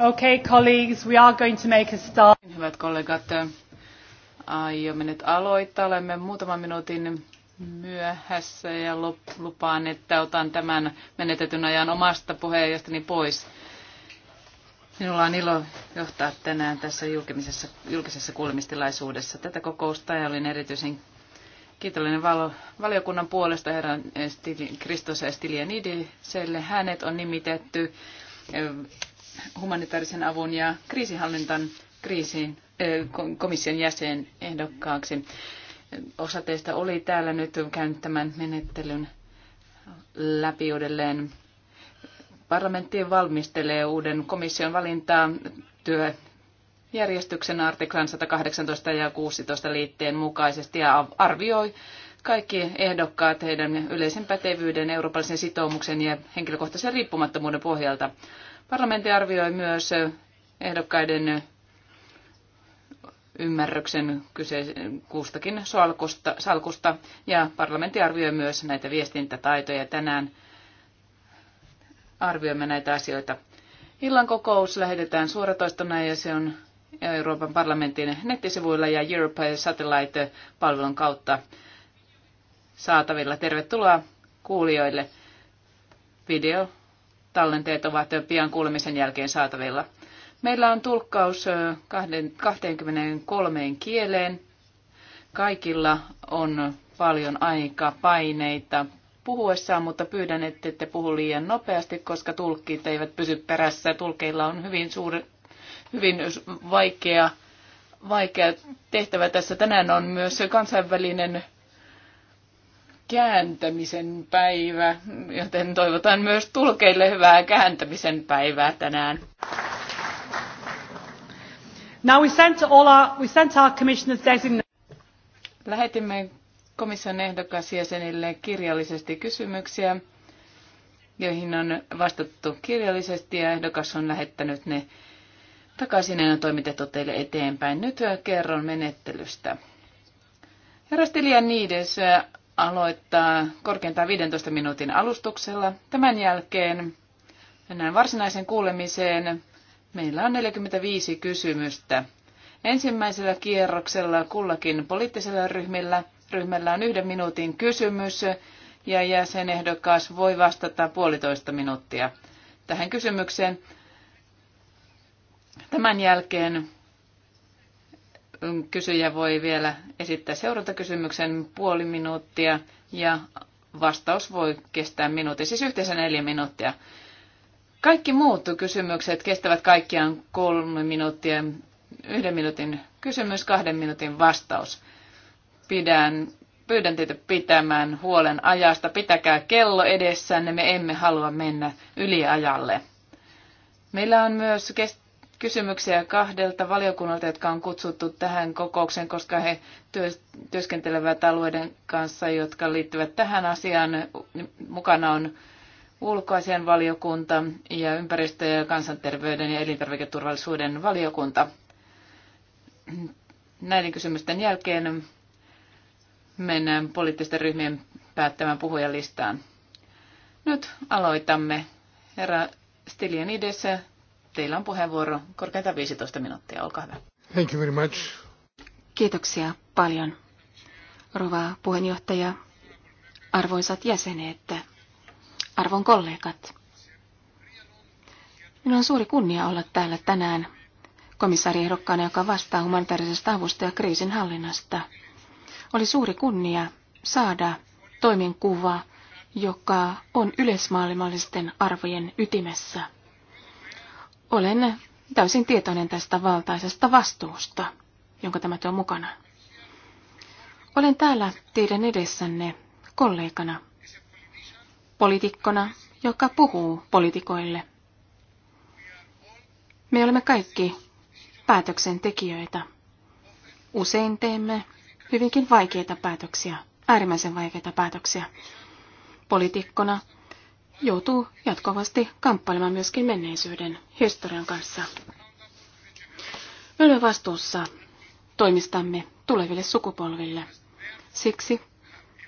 Okay, colleagues, we are going to make a start. Hyvät kollegat, aiomme nyt aloittaa. Olemme muutaman minuutin myöhässä ja lupaan, että otan tämän menetetyn ajan omasta puheenjohtani pois. Minulla on ilo johtaa tänään tässä julkisessa, julkisessa kuulemistilaisuudessa tätä kokousta ja olin erityisen kiitollinen valo, valiokunnan puolesta herran Stili, Kristos Stilianidiselle. Hänet on nimitetty eh, humanitaarisen avun ja kriisihallintan kriisiin, eh, komission jäsen ehdokkaaksi. Osa teistä oli täällä nyt käynyt tämän menettelyn läpi uudelleen. Parlamentti valmistelee uuden komission valintaa työ järjestyksen artiklan 118 ja 16 liitteen mukaisesti ja arvioi kaikki ehdokkaat heidän yleisen pätevyyden, eurooppalaisen sitoumuksen ja henkilökohtaisen riippumattomuuden pohjalta. Parlamentti arvioi myös ehdokkaiden ymmärryksen kyseisen kustakin salkusta, salkusta ja parlamentti arvioi myös näitä viestintätaitoja. Tänään arvioimme näitä asioita. Illan kokous lähetetään suoratoistona ja se on Euroopan parlamentin nettisivuilla ja Europe Satellite-palvelun kautta saatavilla. Tervetuloa kuulijoille. Video tallenteet ovat pian kuulemisen jälkeen saatavilla. Meillä on tulkkaus 23 kieleen. Kaikilla on paljon aika paineita puhuessaan, mutta pyydän, että te puhu liian nopeasti, koska tulkkit eivät pysy perässä. Tulkeilla on hyvin, suuri, hyvin vaikea, vaikea tehtävä tässä. Tänään on myös kansainvälinen kääntämisen päivä, joten toivotan myös tulkeille hyvää kääntämisen päivää tänään. Now we sent all our, we sent our commissioners designate. Lähetimme komission ehdokasjäsenille kirjallisesti kysymyksiä, joihin on vastattu kirjallisesti ja ehdokas on lähettänyt ne takaisin ja toimitettu teille eteenpäin. Nyt kerron menettelystä. Herra Niides, aloittaa korkeintaan 15 minuutin alustuksella. Tämän jälkeen mennään varsinaiseen kuulemiseen. Meillä on 45 kysymystä. Ensimmäisellä kierroksella kullakin poliittisella ryhmillä, ryhmällä on yhden minuutin kysymys ja jäsenehdokas voi vastata puolitoista minuuttia tähän kysymykseen. Tämän jälkeen Kysyjä voi vielä esittää seurantakysymyksen puoli minuuttia ja vastaus voi kestää minuutin, siis yhteensä neljä minuuttia. Kaikki muut kysymykset kestävät kaikkiaan kolme minuuttia, yhden minuutin kysymys, kahden minuutin vastaus. Pidän, pyydän teitä pitämään huolen ajasta. Pitäkää kello edessänne, me emme halua mennä yliajalle. Meillä on myös kysymyksiä kahdelta valiokunnalta, jotka on kutsuttu tähän kokoukseen, koska he työskentelevät alueiden kanssa, jotka liittyvät tähän asiaan. Mukana on ulkoasian valiokunta ja ympäristö- ja kansanterveyden ja elintarviketurvallisuuden valiokunta. Näiden kysymysten jälkeen mennään poliittisten ryhmien päättämään puhujalistaan. Nyt aloitamme. Herra Stilianides, Teillä on puheenvuoro korkeintaan 15 minuuttia. Olkaa hyvä. Thank you very much. Kiitoksia paljon, rouva puheenjohtaja, arvoisat jäsenet, arvon kollegat. Minulla on suuri kunnia olla täällä tänään komissaariehdokkaana, joka vastaa humanitaarisesta avusta ja kriisin hallinnasta. Oli suuri kunnia saada toimenkuva, joka on yleismaailmallisten arvojen ytimessä. Olen täysin tietoinen tästä valtaisesta vastuusta, jonka tämä tuo mukana. Olen täällä teidän edessänne kollegana, poliitikkona, joka puhuu poliitikoille. Me olemme kaikki päätöksentekijöitä. Usein teemme hyvinkin vaikeita päätöksiä, äärimmäisen vaikeita päätöksiä. Poliitikkona joutuu jatkuvasti kamppailemaan myöskin menneisyyden historian kanssa. Me vastuussa toimistamme tuleville sukupolville. Siksi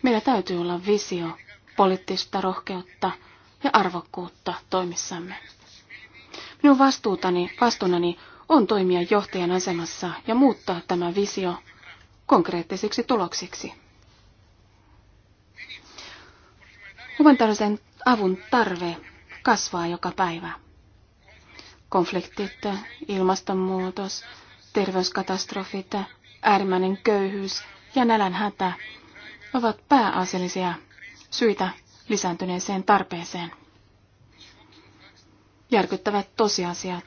meillä täytyy olla visio, poliittista rohkeutta ja arvokkuutta toimissamme. Minun vastuutani, vastuunani on toimia johtajan asemassa ja muuttaa tämä visio konkreettisiksi tuloksiksi. Humanitaarisen avun tarve kasvaa joka päivä. Konfliktit, ilmastonmuutos, terveyskatastrofit, äärimmäinen köyhyys ja nälänhätä ovat pääasiallisia syitä lisääntyneeseen tarpeeseen. Järkyttävät tosiasiat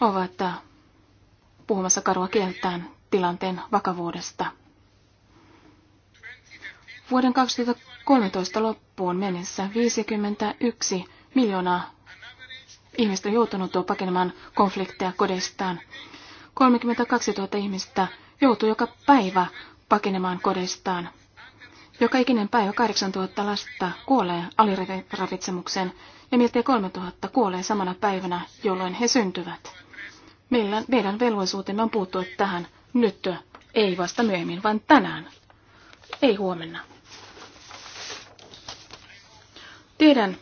ovat puhumassa karua kieltään tilanteen vakavuudesta. Vuoden 2010 13 loppuun mennessä 51 miljoonaa ihmistä on joutunut pakenemaan konflikteja kodestaan. 32 000 ihmistä joutuu joka päivä pakenemaan kodestaan. Joka ikinen päivä 8 000 lasta kuolee aliravitsemukseen ja miltei 3 000 kuolee samana päivänä, jolloin he syntyvät. Meillä, meidän velvollisuutemme on puuttua tähän nyt, ei vasta myöhemmin, vaan tänään, ei huomenna. Tiedän,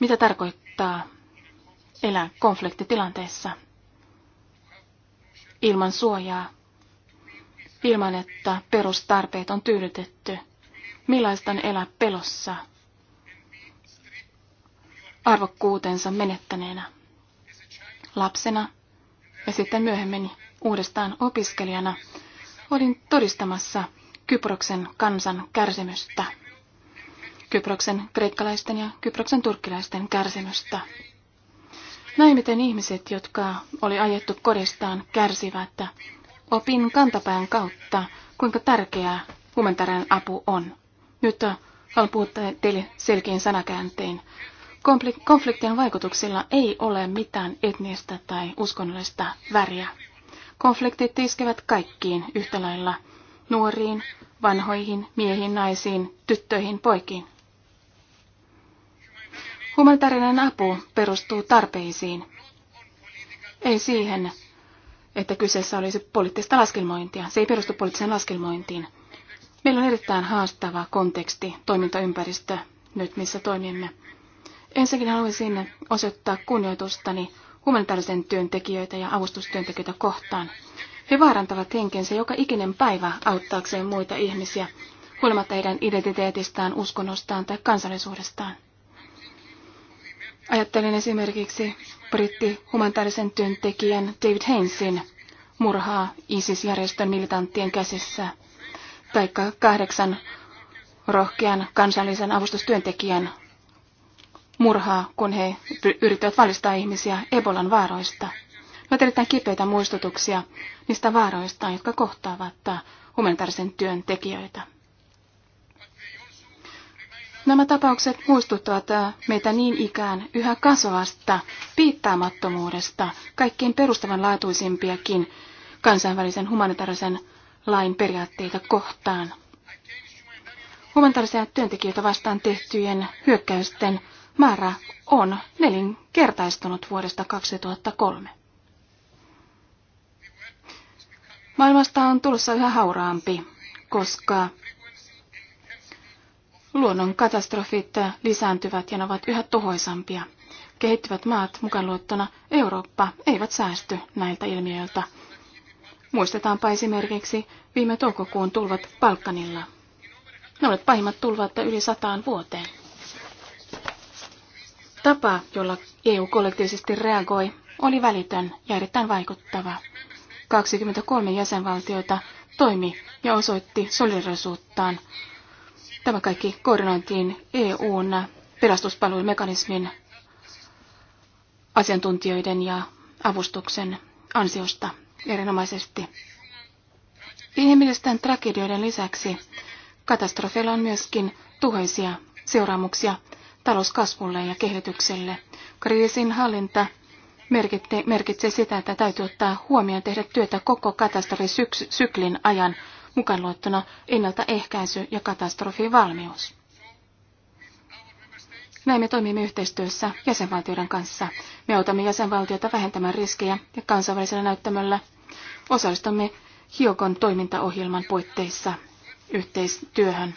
mitä tarkoittaa elää konfliktitilanteessa ilman suojaa, ilman että perustarpeet on tyydytetty. Millaista on elää pelossa, arvokkuutensa menettäneenä, lapsena ja sitten myöhemmin uudestaan opiskelijana olin todistamassa Kyproksen kansan kärsimystä. Kyproksen kreikkalaisten ja Kyproksen turkkilaisten kärsimystä. Näin miten ihmiset, jotka oli ajettu kodistaan, kärsivät. Opin kantapään kautta, kuinka tärkeää humanitaarinen apu on. Nyt haluan puhua teille selkein sanakääntein. Konfliktien vaikutuksilla ei ole mitään etnistä tai uskonnollista väriä. Konfliktit iskevät kaikkiin yhtä lailla. Nuoriin, vanhoihin, miehiin, naisiin, tyttöihin, poikiin, Humanitaarinen apu perustuu tarpeisiin, ei siihen, että kyseessä olisi poliittista laskelmointia. Se ei perustu poliittiseen laskelmointiin. Meillä on erittäin haastava konteksti, toimintaympäristö nyt, missä toimimme. Ensinnäkin haluaisin osoittaa kunnioitustani humanitaarisen työntekijöitä ja avustustyöntekijöitä kohtaan. He vaarantavat henkensä joka ikinen päivä auttaakseen muita ihmisiä, huolimatta heidän identiteetistään, uskonnostaan tai kansallisuudestaan. Ajattelen esimerkiksi britti humanitaarisen työntekijän David Hainsin murhaa ISIS-järjestön militanttien käsissä, taikka kahdeksan rohkean kansallisen avustustyöntekijän murhaa, kun he yrittävät valistaa ihmisiä Ebolan vaaroista. Ne ovat erittäin kipeitä muistutuksia niistä vaaroista, jotka kohtaavat humanitaarisen työn tekijöitä. Nämä tapaukset muistuttavat äh, meitä niin ikään yhä kasvavasta piittaamattomuudesta, kaikkein perustavanlaatuisimpiakin kansainvälisen humanitaarisen lain periaatteita kohtaan. Humanitaarisia työntekijöitä vastaan tehtyjen hyökkäysten määrä on nelinkertaistunut vuodesta 2003. Maailmasta on tulossa yhä hauraampi, koska Luonnon katastrofit lisääntyvät ja ne ovat yhä tuhoisampia. Kehittyvät maat, mukaan luettuna Eurooppa, eivät säästy näiltä ilmiöiltä. Muistetaanpa esimerkiksi viime toukokuun tulvat Balkanilla. Ne olivat pahimmat tulvat yli sataan vuoteen. Tapa, jolla EU kollektiivisesti reagoi, oli välitön ja erittäin vaikuttava. 23 jäsenvaltiota toimi ja osoitti solidarisuuttaan Tämä kaikki koordinointiin EUn pelastuspalvelumekanismin asiantuntijoiden ja avustuksen ansiosta erinomaisesti. Inhimillisten tragedioiden lisäksi katastrofeilla on myöskin tuhoisia seuraamuksia talouskasvulle ja kehitykselle. Kriisin hallinta merkitsee sitä, että täytyy ottaa huomioon tehdä työtä koko katastrofisyklin ajan mukaan luettuna ennaltaehkäisy ja katastrofivalmius. Näin me toimimme yhteistyössä jäsenvaltioiden kanssa. Me autamme jäsenvaltioita vähentämään riskejä ja kansainvälisellä näyttämöllä osallistumme Hiokon toimintaohjelman puitteissa yhteistyöhön.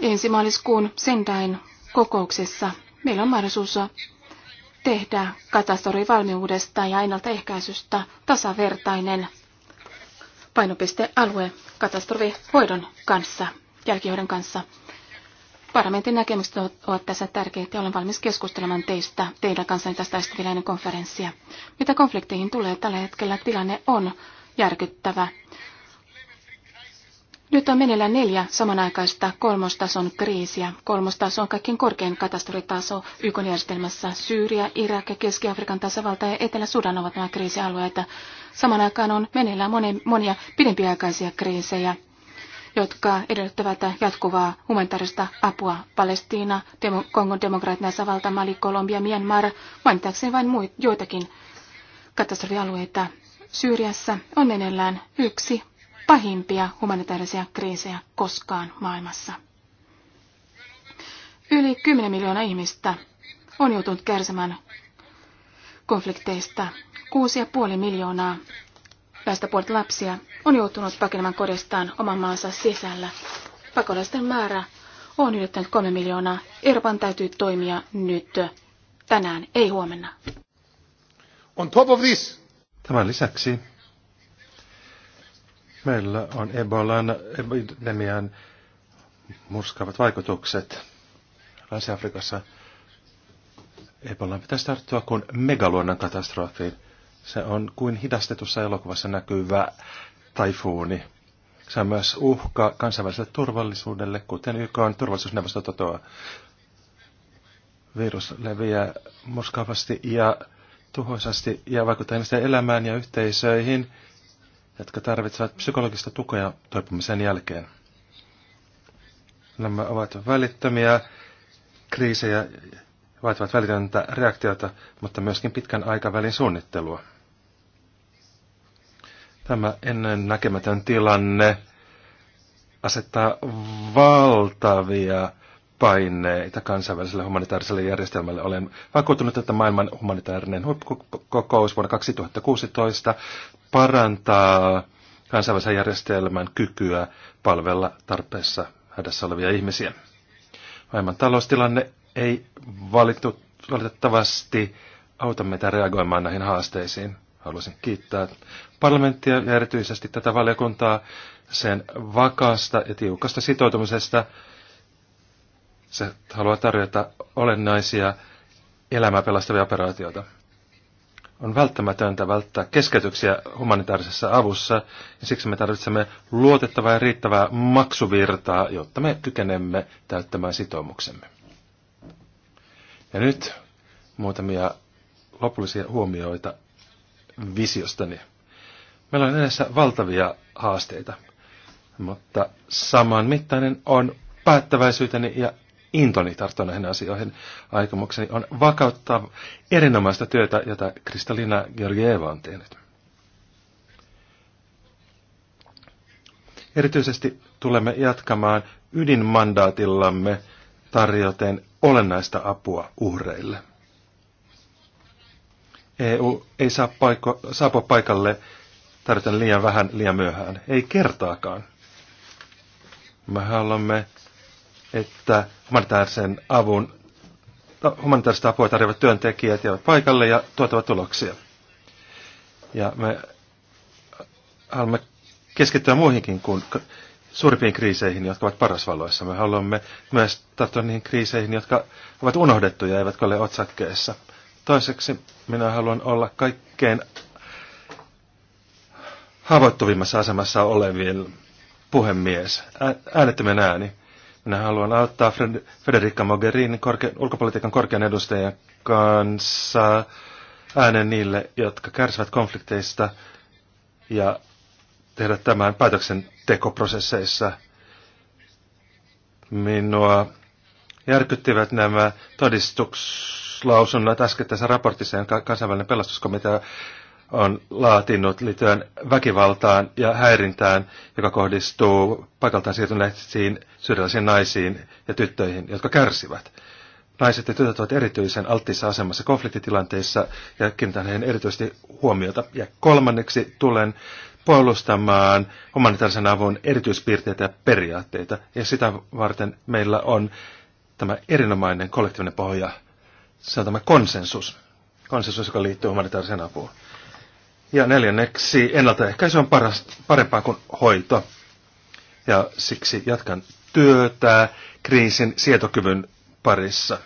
Ensi maaliskuun Sendain kokouksessa meillä on mahdollisuus tehdä katastrofivalmiudesta ja ennaltaehkäisystä tasavertainen painopistealue katastrofihoidon kanssa, jälkihoidon kanssa. Parlamentin näkemykset ovat tässä tärkeitä ja olen valmis keskustelemaan teistä, teidän kanssanne tästä äsken konferenssia. Mitä konflikteihin tulee tällä hetkellä, tilanne on järkyttävä. Nyt on meneillään neljä samanaikaista kolmostason kriisiä. Kolmostaso on kaikkein korkein katastrofitaso YK järjestelmässä. Syyria, Irak, Keski-Afrikan tasavalta ja Etelä-Sudan ovat nämä kriisialueita. Saman aikaan on meneillään monia pidempiaikaisia kriisejä jotka edellyttävät jatkuvaa humanitaarista apua. Palestiina, demo, Kongon demokraattinen tasavalta, Mali, Kolombia, Myanmar, mainitakseni vain muit, joitakin katastrofialueita. Syyriassa on meneillään yksi pahimpia humanitaarisia kriisejä koskaan maailmassa. Yli 10 miljoonaa ihmistä on joutunut kärsimään konflikteista. 6,5 miljoonaa väestä puolet lapsia on joutunut pakenemaan kodistaan oman maansa sisällä. Pakolaisten määrä on ylittänyt 3 miljoonaa. Euroopan täytyy toimia nyt, tänään, ei huomenna. On top of this. Tämän lisäksi Meillä on Ebolan epidemian murskaavat vaikutukset Länsi-Afrikassa. Ebolan pitäisi tarttua kuin megaluonnon katastrofiin. Se on kuin hidastetussa elokuvassa näkyvä taifuuni. Se on myös uhka kansainväliselle turvallisuudelle, kuten YK on turvallisuusneuvosto totoa. Virus leviää murskaavasti ja tuhoisasti ja vaikuttaa ihmisten elämään ja yhteisöihin – jotka tarvitsevat psykologista tukea toipumisen jälkeen. Nämä ovat välittömiä kriisejä, vaativat välitöntä reaktiota, mutta myöskin pitkän aikavälin suunnittelua. Tämä ennen näkemätön tilanne asettaa valtavia paineita kansainväliselle humanitaariselle järjestelmälle. Olen vakuuttunut, että maailman humanitaarinen huippukokous vuonna 2016 parantaa kansainvälisen järjestelmän kykyä palvella tarpeessa hädässä olevia ihmisiä. Maailman taloustilanne ei valittu, valitettavasti auta meitä reagoimaan näihin haasteisiin. Haluaisin kiittää parlamenttia ja erityisesti tätä valiokuntaa sen vakaasta ja tiukasta sitoutumisesta. Se haluaa tarjota olennaisia elämää pelastavia operaatioita on välttämätöntä välttää keskeytyksiä humanitaarisessa avussa, ja siksi me tarvitsemme luotettavaa ja riittävää maksuvirtaa, jotta me kykenemme täyttämään sitoumuksemme. Ja nyt muutamia lopullisia huomioita visiostani. Meillä on edessä valtavia haasteita, mutta saman mittainen on päättäväisyyteni ja intoni tarttua näihin asioihin. Aikomukseni on vakauttaa erinomaista työtä, jota Kristalina Georgieva on tehnyt. Erityisesti tulemme jatkamaan ydinmandaatillamme tarjoten olennaista apua uhreille. EU ei saa paiko, saapua paikalle tarjoten liian vähän liian myöhään. Ei kertaakaan. Me haluamme että humanitaarisen avun, no, humanitaarista apua tarjoavat työntekijät jäävät paikalle ja tuottavat tuloksia. Ja me haluamme keskittyä muihinkin kuin suurimpiin kriiseihin, jotka ovat paras valoissa. Me haluamme myös tarttua niihin kriiseihin, jotka ovat unohdettuja, eivätkä ole otsakkeessa. Toiseksi minä haluan olla kaikkein haavoittuvimmassa asemassa olevien puhemies, äänettömän ääni. Minä haluan auttaa Fred, Federica Mogherini korke, ulkopolitiikan korkean edustajan kanssa äänen niille, jotka kärsivät konflikteista ja tehdä tämän päätöksen tekoprosesseissa. Minua järkyttivät nämä todistukslausunnot äskettäisessä raportissa, jonka kansainvälinen pelastuskomitea on laatinut liittyen väkivaltaan ja häirintään, joka kohdistuu paikaltaan siirtyneisiin syrjäisiin naisiin ja tyttöihin, jotka kärsivät. Naiset ja tytöt ovat erityisen alttiissa asemassa konfliktitilanteissa ja kiinnitän heihin erityisesti huomiota. Ja kolmanneksi tulen puolustamaan humanitaarisen avun erityispiirteitä ja periaatteita. Ja sitä varten meillä on tämä erinomainen kollektiivinen pohja, se on tämä konsensus. Konsensus, joka liittyy humanitaariseen apuun. Ja neljänneksi, ennaltaehkäisy on paras, parempaa kuin hoito. Ja siksi jatkan työtä kriisin sietokyvyn parissa.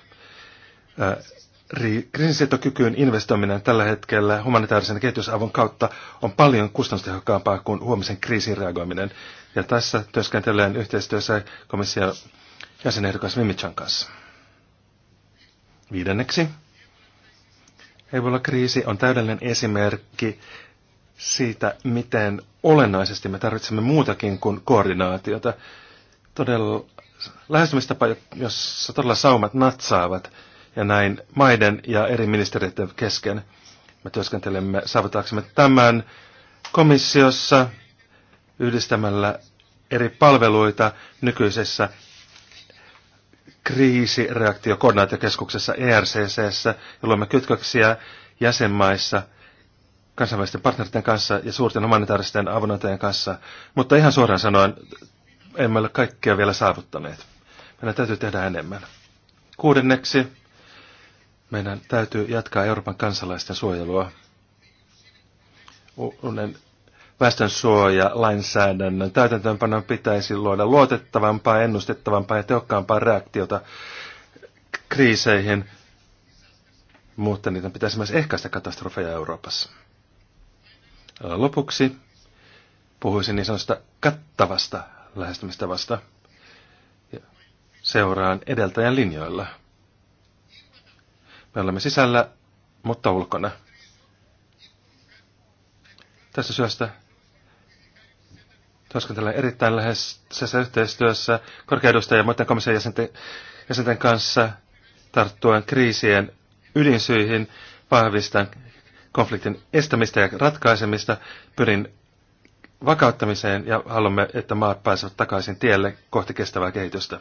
Kriisinsietokykyyn investoiminen tällä hetkellä humanitaarisen kehitysavun kautta on paljon kustannustehokkaampaa kuin huomisen kriisin reagoiminen. Ja tässä työskentelen yhteistyössä komission jäsenehdokas Vimitsan kanssa. Viidenneksi. Ebola-kriisi on täydellinen esimerkki siitä, miten olennaisesti me tarvitsemme muutakin kuin koordinaatiota. Todella lähestymistapa, jossa todella saumat natsaavat ja näin maiden ja eri ministeriöiden kesken. Me työskentelemme saavutaaksemme tämän komissiossa yhdistämällä eri palveluita nykyisessä kriisireaktiokoordinaatiokeskuksessa ERCCssä, jolloin me kytköksiä jäsenmaissa kansainvälisten partnerien kanssa ja suurten humanitaaristen avunantajien kanssa. Mutta ihan suoraan sanoen, emme ole kaikkea vielä saavuttaneet. Meidän täytyy tehdä enemmän. Kuudenneksi, meidän täytyy jatkaa Euroopan kansalaisten suojelua. Unen väestönsuoja lainsäädännön täytäntöönpanon pitäisi luoda luotettavampaa, ennustettavampaa ja tehokkaampaa reaktiota kriiseihin, mutta niitä pitäisi myös ehkäistä katastrofeja Euroopassa. Lopuksi puhuisin niin sanotusta kattavasta lähestymistavasta. Seuraan edeltäjän linjoilla. Me olemme sisällä, mutta ulkona. Tässä syöstä työskentelee erittäin läheisessä yhteistyössä korkeudusta ja muiden komission jäsenten, jäsenten kanssa tarttuen kriisien ydinsyihin, vahvistan konfliktin estämistä ja ratkaisemista, pyrin vakauttamiseen ja haluamme, että maat pääsevät takaisin tielle kohti kestävää kehitystä.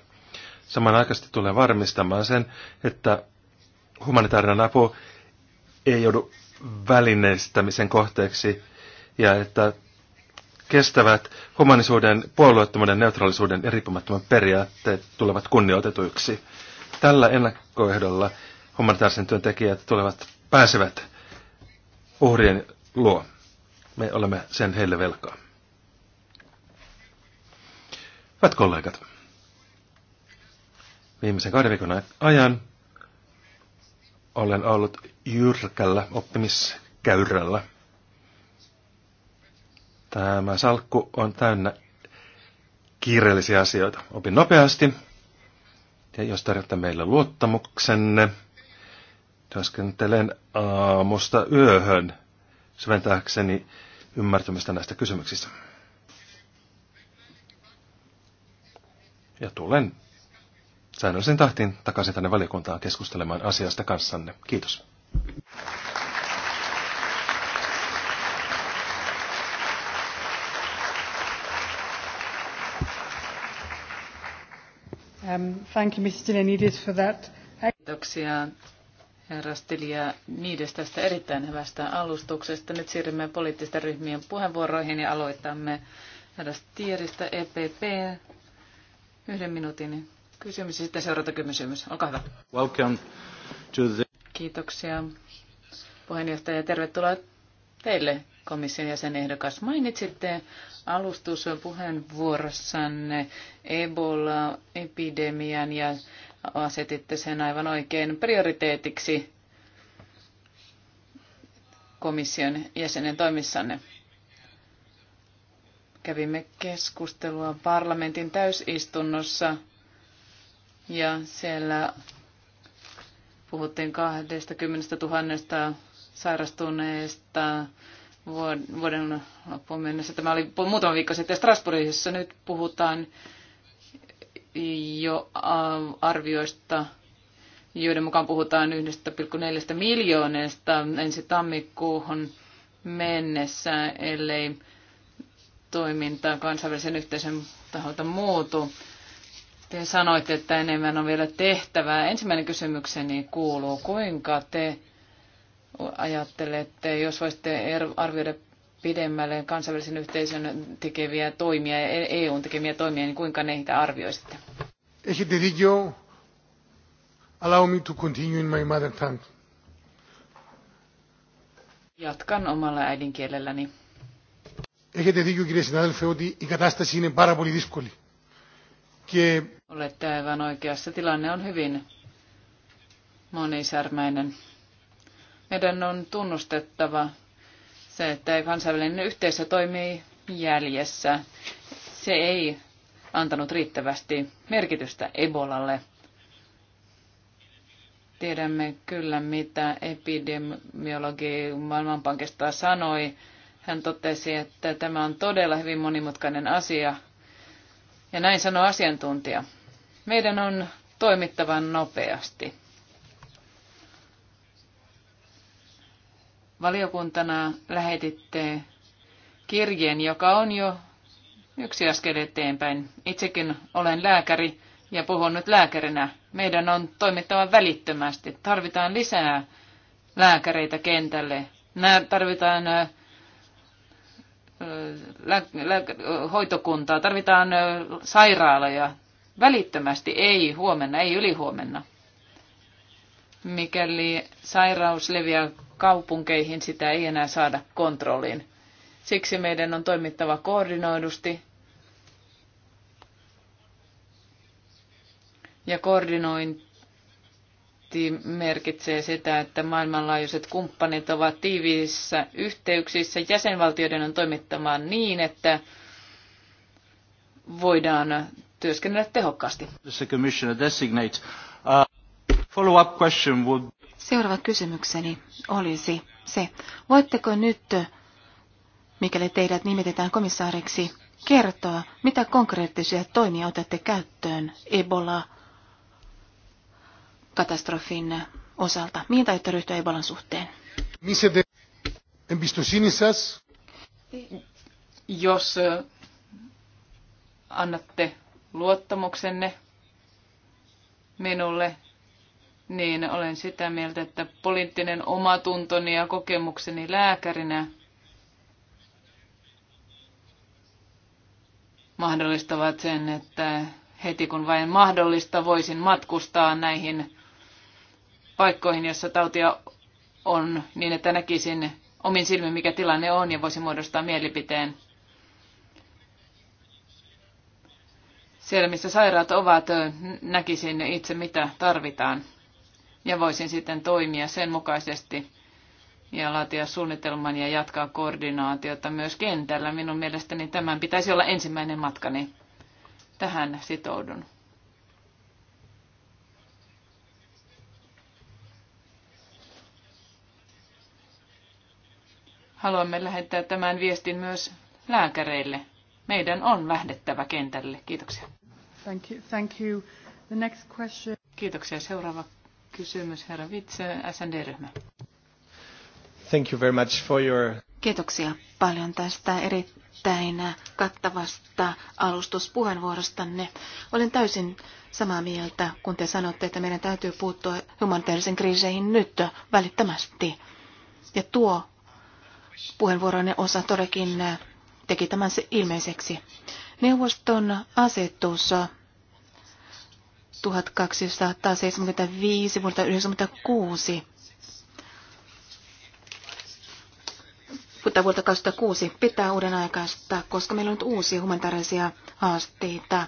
Samanaikaisesti tulee varmistamaan sen, että humanitaarinen apu ei joudu välineistämisen kohteeksi ja että kestävät humanisuuden, puolueettomuuden, neutraalisuuden ja riippumattoman periaatteet tulevat kunnioitetuiksi. Tällä ennakkoehdolla humanitaarisen työntekijät tulevat pääsevät uhrien luo. Me olemme sen heille velkaa. Hyvät kollegat, viimeisen kahden viikon ajan olen ollut jyrkällä oppimiskäyrällä – Tämä salkku on täynnä kiireellisiä asioita. Opin nopeasti. Ja jos tarjotte meille luottamuksenne, työskentelen aamusta yöhön syventääkseni ymmärtämistä näistä kysymyksistä. Ja tulen säännöllisen tahtiin takaisin tänne valiokuntaan keskustelemaan asiasta kanssanne. Kiitos. Um, Kiitoksia herra Stylianides tästä erittäin hyvästä alustuksesta. Nyt siirrymme poliittisten ryhmien puheenvuoroihin ja aloitamme herra Stieristä EPP. Yhden minuutin kysymys ja sitten seurata kysymys. Olkaa hyvä. Welcome to the... Kiitoksia puheenjohtaja ja tervetuloa teille, komission jäsenehdokas. Mainitsitte alustuspuheenvuorossanne Ebola-epidemian ja asetitte sen aivan oikein prioriteetiksi komission jäsenen toimissanne. Kävimme keskustelua parlamentin täysistunnossa ja siellä puhuttiin 20 000 sairastuneesta vuoden loppuun mennessä. Tämä oli muutama viikko sitten Strasbourgissa. Nyt puhutaan jo arvioista, joiden mukaan puhutaan 1,4 miljoonasta ensi tammikuuhun mennessä, ellei toimintaa kansainvälisen yhteisön taholta muutu. Te sanoitte, että enemmän on vielä tehtävää. Ensimmäinen kysymykseni kuuluu, kuinka te ajattelette, jos voisitte er-, arvioida pidemmälle kansainvälisen yhteisön tekeviä toimia ja EUn e tekemiä toimia, niin kuinka ne niitä arvioisitte? Έχετε δίκιο. Allow me to continue in my mother tongue. Jatkan omalla äidinkielelläni. Έχετε δίκιο κύριε συνάδελφε ότι η κατάσταση είναι πάρα πολύ δύσκολη. Και... Olette aivan oikeassa. Tilanne on hyvin monisärmäinen. Meidän on tunnustettava se, että kansainvälinen yhteisö toimii jäljessä. Se ei antanut riittävästi merkitystä Ebolalle. Tiedämme kyllä, mitä epidemiologi Maailmanpankista sanoi. Hän totesi, että tämä on todella hyvin monimutkainen asia. Ja näin sanoi asiantuntija. Meidän on toimittava nopeasti. valiokuntana lähetitte kirjeen, joka on jo yksi askel eteenpäin. Itsekin olen lääkäri ja puhun nyt lääkärinä. Meidän on toimittava välittömästi. Tarvitaan lisää lääkäreitä kentälle. Nää tarvitaan lä- lä- hoitokuntaa, tarvitaan sairaaloja. Välittömästi, ei huomenna, ei ylihuomenna. Mikäli sairaus leviää kaupunkeihin, sitä ei enää saada kontrolliin. Siksi meidän on toimittava koordinoidusti ja koordinointi merkitsee sitä, että maailmanlaajuiset kumppanit ovat tiiviissä yhteyksissä. Jäsenvaltioiden on toimittava niin, että voidaan työskennellä tehokkaasti. Uh, follow-up question would... Seuraava kysymykseni olisi se, voitteko nyt, mikäli teidät nimitetään komissaariksi, kertoa, mitä konkreettisia toimia otatte käyttöön Ebola-katastrofin osalta? Mihin taitte ryhtyä Ebolan suhteen? Jos annatte luottamuksenne minulle niin olen sitä mieltä, että poliittinen omatuntoni ja kokemukseni lääkärinä mahdollistavat sen, että heti kun vain mahdollista voisin matkustaa näihin paikkoihin, jossa tautia on, niin että näkisin omin silmin, mikä tilanne on ja voisin muodostaa mielipiteen. Siellä, missä sairaat ovat, näkisin itse, mitä tarvitaan ja voisin sitten toimia sen mukaisesti ja laatia suunnitelman ja jatkaa koordinaatiota myös kentällä. Minun mielestäni tämän pitäisi olla ensimmäinen matkani. Tähän sitoudun. Haluamme lähettää tämän viestin myös lääkäreille. Meidän on lähdettävä kentälle. Kiitoksia. Thank you. Thank you. The next question. Kiitoksia. Seuraava kysymys, herra Vitse, SND-ryhmä. Thank you very much for your... Kiitoksia paljon tästä erittäin kattavasta alustuspuheenvuorostanne. Olen täysin samaa mieltä, kun te sanotte, että meidän täytyy puuttua humanitaarisen kriiseihin nyt välittömästi. Ja tuo puheenvuoronne osa todellakin teki tämän ilmeiseksi. Neuvoston asetus 1275 vuodelta 1996. Mutta vuotta 2006 pitää uuden aikaista, koska meillä on nyt uusia humanitaarisia haasteita.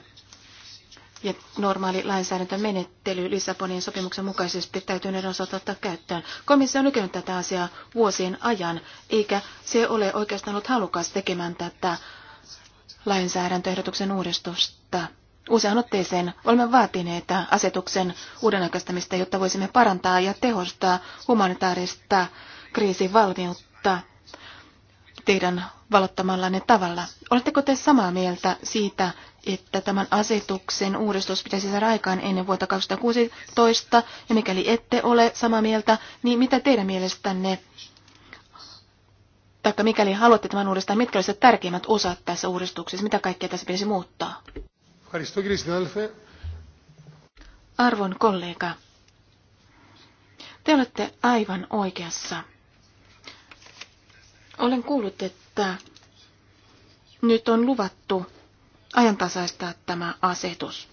Ja normaali lainsäädäntömenettely Lissabonin sopimuksen mukaisesti täytyy ne osalta ottaa käyttöön. Komissio on lykänyt tätä asiaa vuosien ajan, eikä se ole oikeastaan ollut halukas tekemään tätä lainsäädäntöehdotuksen uudistusta. Usean otteeseen olemme vaatineet asetuksen uudenaikaistamista, jotta voisimme parantaa ja tehostaa humanitaarista kriisivalmiutta teidän valottamallanne tavalla. Oletteko te samaa mieltä siitä, että tämän asetuksen uudistus pitäisi saada aikaan ennen vuotta 2016, ja mikäli ette ole samaa mieltä, niin mitä teidän mielestänne, tai mikäli haluatte tämän uudistaa, mitkä olisivat tärkeimmät osat tässä uudistuksessa, mitä kaikkea tässä pitäisi muuttaa? Arvon kollega, te olette aivan oikeassa. Olen kuullut, että nyt on luvattu ajantasaistaa tämä asetus.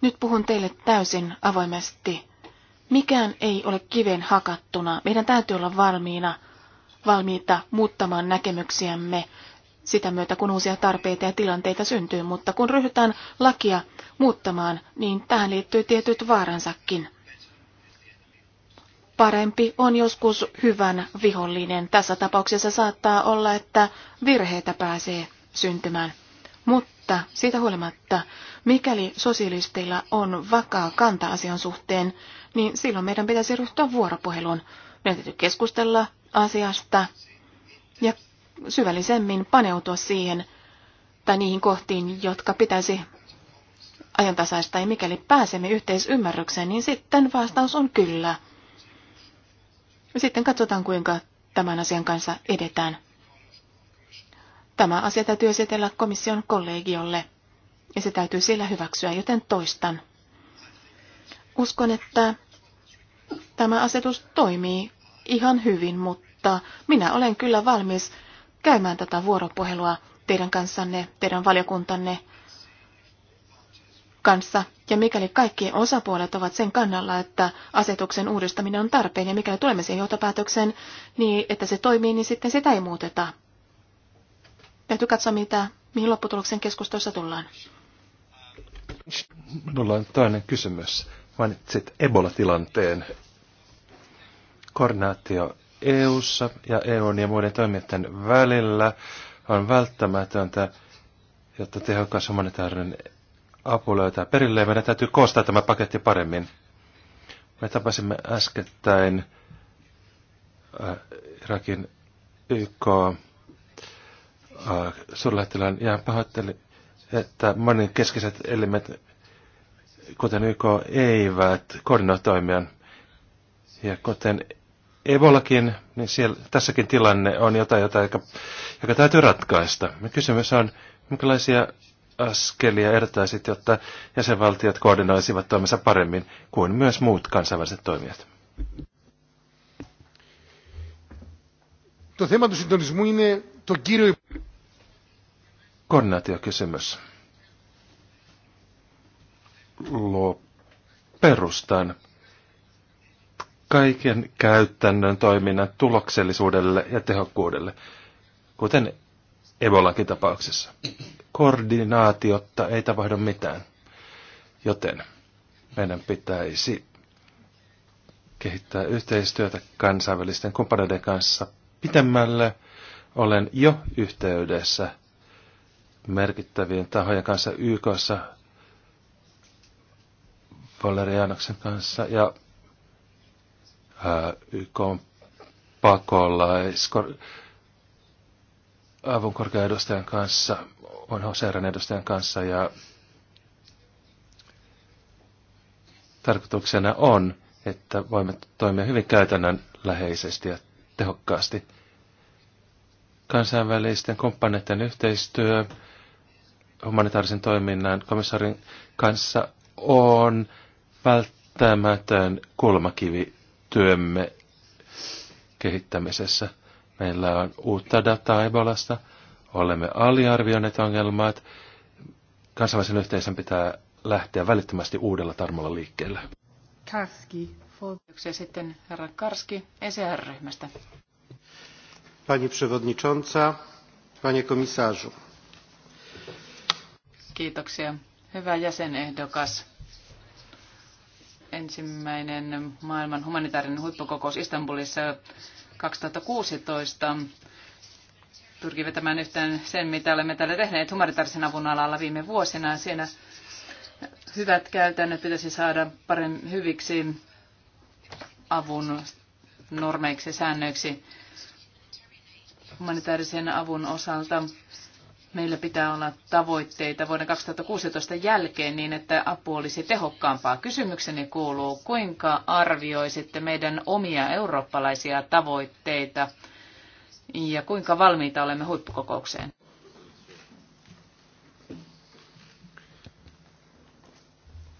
Nyt puhun teille täysin avoimesti. Mikään ei ole kiven hakattuna. Meidän täytyy olla valmiina valmiita muuttamaan näkemyksiämme sitä myötä, kun uusia tarpeita ja tilanteita syntyy, mutta kun ryhdytään lakia muuttamaan, niin tähän liittyy tietyt vaaransakin. Parempi on joskus hyvän vihollinen. Tässä tapauksessa saattaa olla, että virheitä pääsee syntymään. Mutta siitä huolimatta, mikäli sosialisteilla on vakaa kanta asian suhteen, niin silloin meidän pitäisi ryhtyä vuoropuheluun. Meidän täytyy keskustella asiasta ja syvällisemmin paneutua siihen tai niihin kohtiin, jotka pitäisi ajantasaista. Ja mikäli pääsemme yhteisymmärrykseen, niin sitten vastaus on kyllä. Sitten katsotaan, kuinka tämän asian kanssa edetään. Tämä asia täytyy esitellä komission kollegiolle, ja se täytyy sillä hyväksyä, joten toistan. Uskon, että tämä asetus toimii ihan hyvin, mutta mutta minä olen kyllä valmis käymään tätä vuoropuhelua teidän kanssanne, teidän valiokuntanne kanssa. Ja mikäli kaikki osapuolet ovat sen kannalla, että asetuksen uudistaminen on tarpeen ja mikäli tulemme siihen johtopäätökseen, niin että se toimii, niin sitten sitä ei muuteta. Täytyy katsoa, mitä, mihin lopputuloksen keskustelussa tullaan. Minulla on toinen kysymys. Mainitsit Ebola-tilanteen. Koordinaatio EU:ssa ja EUn ja muiden toimijoiden välillä on välttämätöntä, jotta tehokas humanitaarinen apu löytää perille. Meidän täytyy koostaa tämä paketti paremmin. Me tapasimme äskettäin äh, Irakin YK äh, suurlähettilään ja pahoitteli, että monen keskiset elimet, kuten YK, eivät koordinoitoimia. Ja kuten Ebolakin, niin siellä, tässäkin tilanne on jotain, jota joka, joka täytyy ratkaista. Kysymys on, minkälaisia askelia ehdottaisit, jotta jäsenvaltiot koordinoisivat toimensa paremmin kuin myös muut kansainväliset toimijat? Koordinaatiokysymys luo perustan kaiken käytännön toiminnan tuloksellisuudelle ja tehokkuudelle, kuten Ebolakin tapauksessa. Koordinaatiotta ei tapahdu mitään, joten meidän pitäisi kehittää yhteistyötä kansainvälisten kumppaneiden kanssa pitemmälle. Olen jo yhteydessä merkittävien tahojen kanssa YKssa Valerianoksen kanssa ja Äh, YK on pakolla. avun korkean edustajan kanssa, on Hoseeran edustajan kanssa ja tarkoituksena on, että voimme toimia hyvin käytännön läheisesti ja tehokkaasti. Kansainvälisten kumppaneiden yhteistyö humanitaarisen toiminnan komissaarin kanssa on välttämätön kulmakivi työmme kehittämisessä. Meillä on uutta dataa Ebolasta, olemme aliarvioineet ongelmat. Kansainvälisen yhteisön pitää lähteä välittömästi uudella tarmolla liikkeelle. Karski, ja sitten herra Karski ECR-ryhmästä. Pani przewodnicząca, panie komisarzu. Kiitoksia. Hyvä jäsenehdokas ensimmäinen maailman humanitaarinen huippukokous Istanbulissa 2016 pyrkii vetämään yhtään sen, mitä olemme täällä tehneet humanitaarisen avun alalla viime vuosina. Siinä hyvät käytännöt pitäisi saada paremmin hyviksi avun normeiksi ja säännöiksi humanitaarisen avun osalta. Meillä pitää olla tavoitteita vuoden 2016 jälkeen niin, että apu olisi tehokkaampaa. Kysymykseni kuuluu, kuinka arvioisitte meidän omia eurooppalaisia tavoitteita ja kuinka valmiita olemme huippukokoukseen?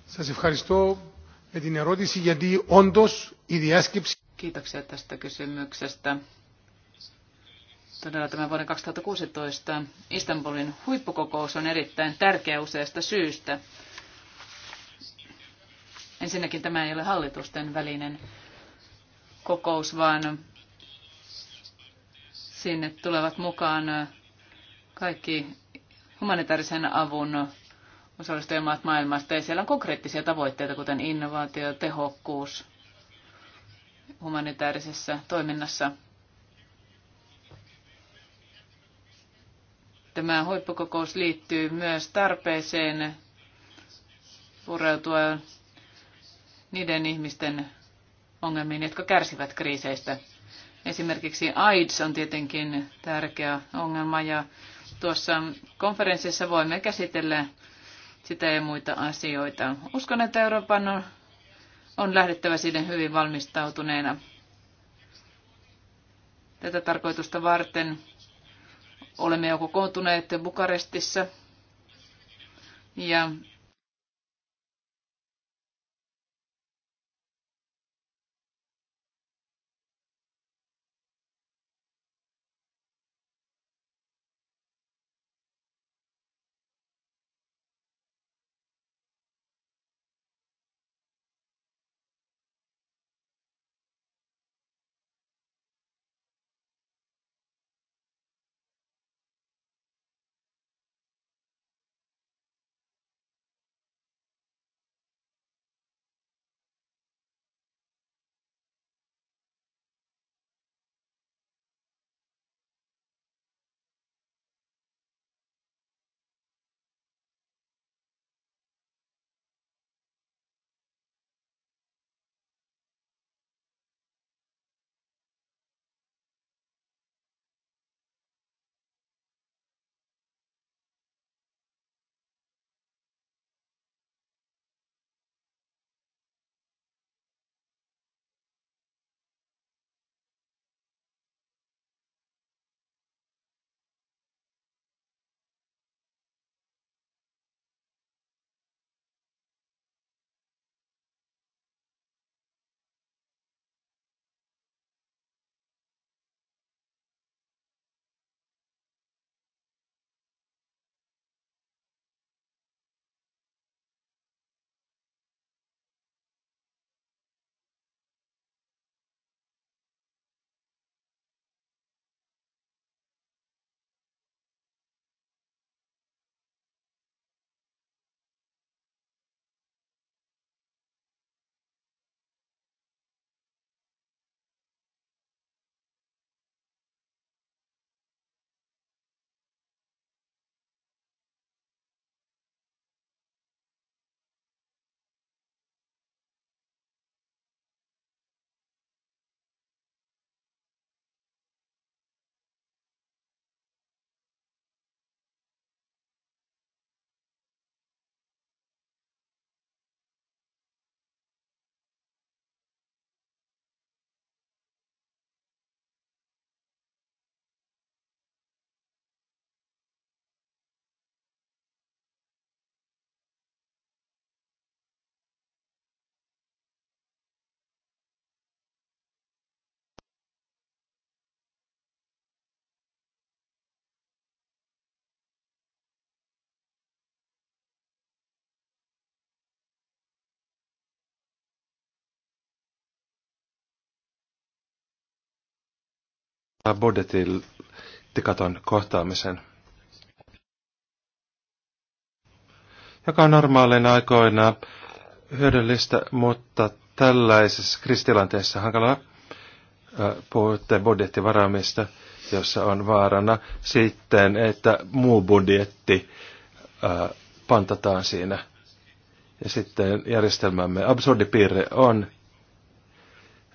Σας ευχαριστώ με την ερώτηση γιατί όντως η διάσκεψη... Kiitoksia tästä kysymyksestä. Todella tämä vuoden 2016 Istanbulin huippukokous on erittäin tärkeä useasta syystä. Ensinnäkin tämä ei ole hallitusten välinen kokous, vaan sinne tulevat mukaan kaikki humanitaarisen avun osallistujamaat maailmasta. Ja siellä on konkreettisia tavoitteita, kuten innovaatio, tehokkuus humanitaarisessa toiminnassa – Tämä huippukokous liittyy myös tarpeeseen pureutua niiden ihmisten ongelmiin, jotka kärsivät kriiseistä. Esimerkiksi AIDS on tietenkin tärkeä ongelma ja tuossa konferenssissa voimme käsitellä sitä ja muita asioita. Uskon, että Euroopan on, on lähdettävä siihen hyvin valmistautuneena. Tätä tarkoitusta varten Olemme jo kokoontuneet Bukarestissa ja Tikaton kohtaamisen, joka on normaaleina aikoina hyödyllistä, mutta tällaisessa kristilanteessa hankala puhutte budjettivaraamista, jossa on vaarana sitten, että muu budjetti pantataan siinä. Ja sitten järjestelmämme absurdipiirre on,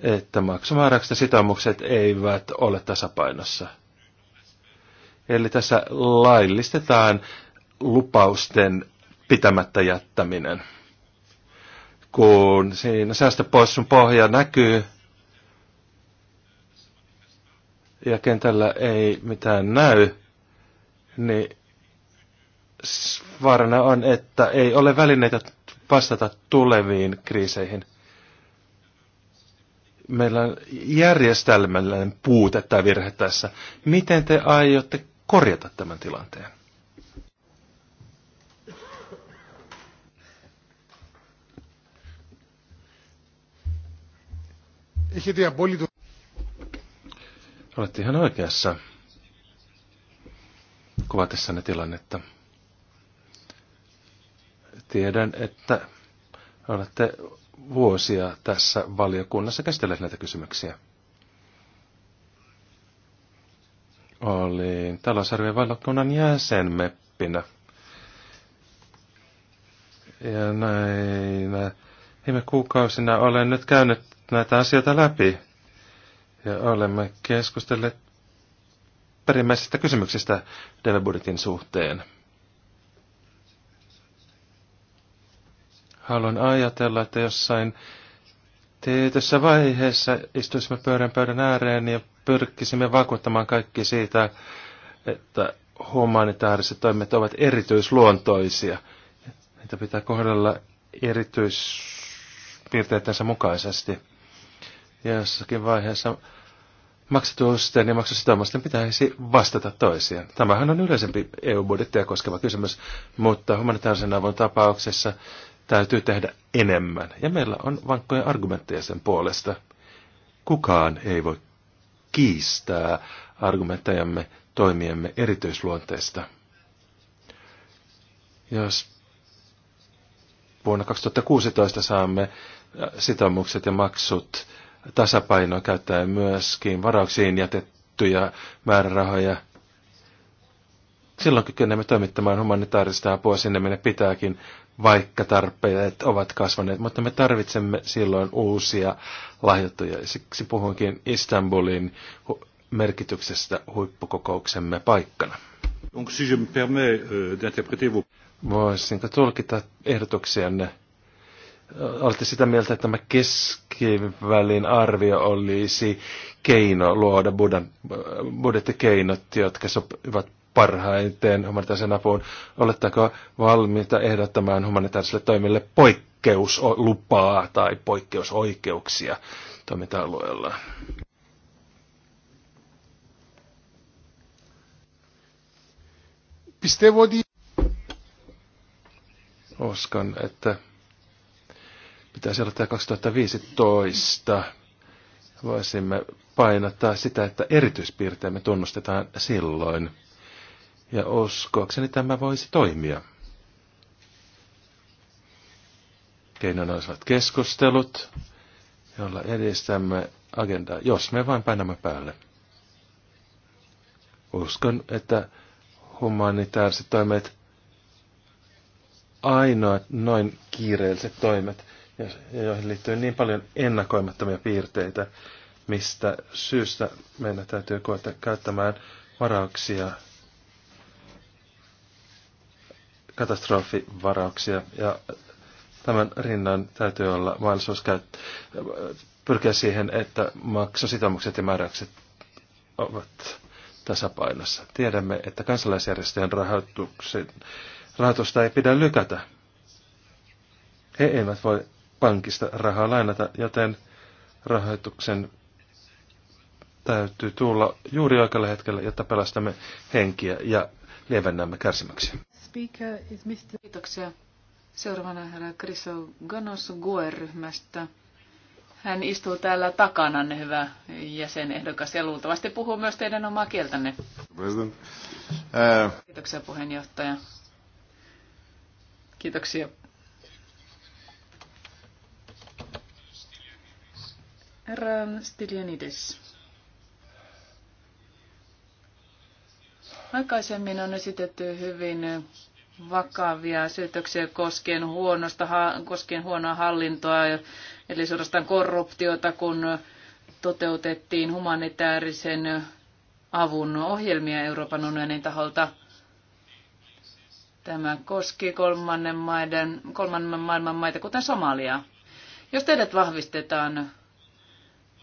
että maksumääräykset ja sitoumukset eivät ole tasapainossa. Eli tässä laillistetaan lupausten pitämättä jättäminen. Kun siinä säästöpoissun pohja näkyy ja kentällä ei mitään näy, niin vaarana on, että ei ole välineitä vastata tuleviin kriiseihin meillä on järjestelmällinen puute tai virhe tässä. Miten te aiotte korjata tämän tilanteen? Olette ihan oikeassa kuvatessanne tilannetta. Tiedän, että olette vuosia tässä valiokunnassa käsitellä näitä kysymyksiä. Olin talousarvion valiokunnan jäsenmeppinä. Ja näin viime kuukausina olen nyt käynyt näitä asioita läpi. Ja olemme keskustelleet perimmäisistä kysymyksistä Delebudjetin suhteen. haluan ajatella, että jossain tietyssä vaiheessa istuisimme pöydän pöydän ääreen ja pyrkisimme vakuuttamaan kaikki siitä, että humanitaariset toimet ovat erityisluontoisia. Niitä pitää kohdella erityispiirteitänsä mukaisesti. Ja jossakin vaiheessa maksatusten ja maksusitoumusten pitäisi vastata toisiaan. Tämähän on yleisempi EU-budjettia koskeva kysymys, mutta humanitaarisen avun tapauksessa täytyy tehdä enemmän. Ja meillä on vankkoja argumentteja sen puolesta. Kukaan ei voi kiistää argumenttejamme toimiemme erityisluonteesta. Jos vuonna 2016 saamme äh, sitoumukset ja maksut tasapainoa käyttäen myöskin varauksiin jätettyjä määrärahoja – Silloin kykenemme toimittamaan humanitaarista apua sinne, minne pitääkin, vaikka tarpeet ovat kasvaneet. Mutta me tarvitsemme silloin uusia lahjoittajia. Siksi puhunkin Istanbulin merkityksestä huippukokouksemme paikkana. Donc, si euh, Voisinko tulkita ehdotuksianne? Olette sitä mieltä, että tämä keskivälin arvio olisi keino luoda budan, budjettikeinot, jotka sopivat parhaiten humanitaarisen apuun. Oletteko valmiita ehdottamaan humanitaariselle toimille poikkeuslupaa tai poikkeusoikeuksia toiminta-alueella? Oskan, että pitäisi tämä 2015. Voisimme painottaa sitä, että erityispiirteemme tunnustetaan silloin. Ja uskoakseni tämä voisi toimia. Keinona olisivat keskustelut, joilla edistämme agendaa, jos me vain painamme päälle. Uskon, että humanitaariset toimet, ainoat noin kiireelliset toimet, joihin liittyy niin paljon ennakoimattomia piirteitä, mistä syystä meidän täytyy koeta käyttämään varauksia katastrofivarauksia ja tämän rinnan täytyy olla mahdollisuus pyrkiä siihen, että maksusitoumukset ja määräykset ovat tasapainossa. Tiedämme, että kansalaisjärjestöjen rahoitusta ei pidä lykätä. He eivät voi pankista rahaa lainata, joten rahoituksen täytyy tulla juuri oikealla hetkellä, jotta pelastamme henkiä ja lievennämme kärsimyksiä speaker is Mr. Kiitoksia. Seuraavana herra Kriso Ganos GUE-ryhmästä. Hän istuu täällä takananne, hyvä jäsenehdokas, ja luultavasti puhuu myös teidän omaa kieltänne. President. Äh. Kiitoksia puheenjohtaja. Kiitoksia. Herra Stylianides. Aikaisemmin on esitetty hyvin vakavia syytöksiä koskien, huonosta, koskien huonoa hallintoa, eli suorastaan korruptiota, kun toteutettiin humanitaarisen avun ohjelmia Euroopan unionin taholta. Tämä koski kolmannen, maiden, kolmannen maailman maita, kuten Somaliaa. Jos teidät vahvistetaan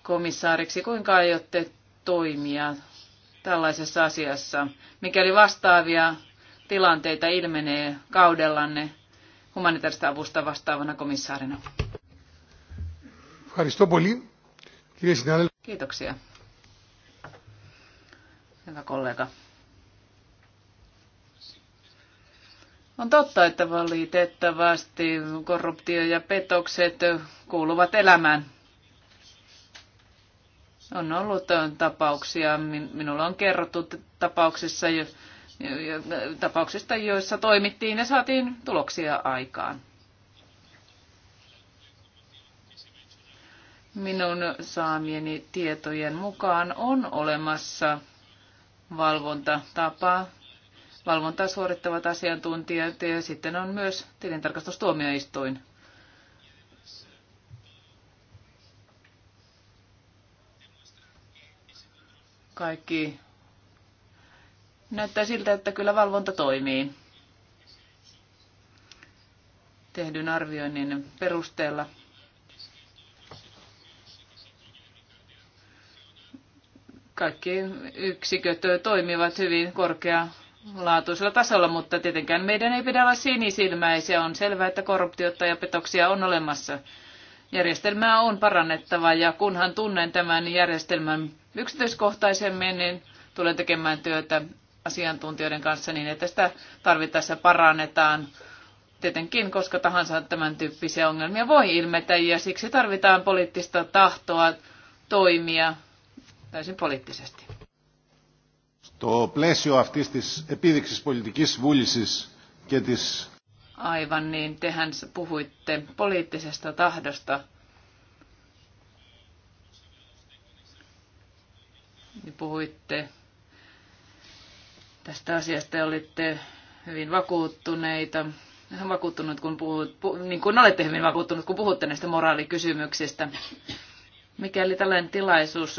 komissaariksi, kuinka aiotte toimia tällaisessa asiassa. Mikäli vastaavia tilanteita ilmenee kaudellanne humanitaarista avusta vastaavana komissaarina. Kiitoksia. Hyvä kollega. On totta, että valitettavasti korruptio ja petokset kuuluvat elämään. On ollut tapauksia, minulla on kerrottu tapauksissa, tapauksista, joissa toimittiin ja saatiin tuloksia aikaan. Minun saamieni tietojen mukaan on olemassa valvontatapa, valvontaa suorittavat asiantuntijat ja sitten on myös tilintarkastustuomioistuin kaikki näyttää siltä, että kyllä valvonta toimii. Tehdyn arvioinnin perusteella kaikki yksiköt toimivat hyvin korkealaatuisella tasolla, mutta tietenkään meidän ei pidä olla sinisilmäisiä. On selvää, että korruptiota ja petoksia on olemassa. Järjestelmää on parannettava ja kunhan tunnen tämän järjestelmän yksityiskohtaisemmin, niin tulen tekemään työtä asiantuntijoiden kanssa niin, että sitä tarvittaessa parannetaan. Tietenkin koska tahansa tämän tyyppisiä ongelmia voi ilmetä ja siksi tarvitaan poliittista tahtoa toimia täysin poliittisesti. Το πλαίσιο αυτής της επίδειξης πολιτικής βούλησης και της Aivan niin, tehän puhuitte poliittisesta tahdosta. Niin puhuitte tästä asiasta ja olitte hyvin vakuuttuneita. Vakuuttunut, kun puhut, pu, niin kuin olette hyvin vakuuttunut, kun puhutte näistä moraalikysymyksistä. Mikäli tällainen tilaisuus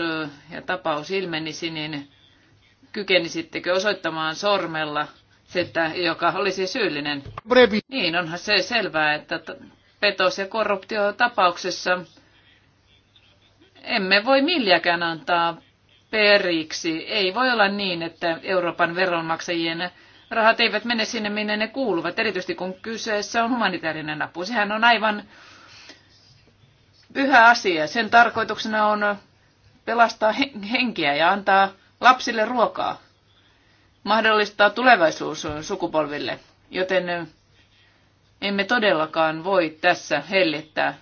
ja tapaus ilmenisi, niin kykenisittekö osoittamaan sormella – sitten, joka olisi syyllinen. Brevi. Niin, onhan se selvää, että petos- ja korruptiotapauksessa emme voi milläkään antaa periksi. Ei voi olla niin, että Euroopan veronmaksajien rahat eivät mene sinne, minne ne kuuluvat, erityisesti kun kyseessä on humanitaarinen apu. Sehän on aivan pyhä asia. Sen tarkoituksena on pelastaa henkiä ja antaa lapsille ruokaa mahdollistaa tulevaisuus sukupolville, joten emme todellakaan voi tässä hellittää.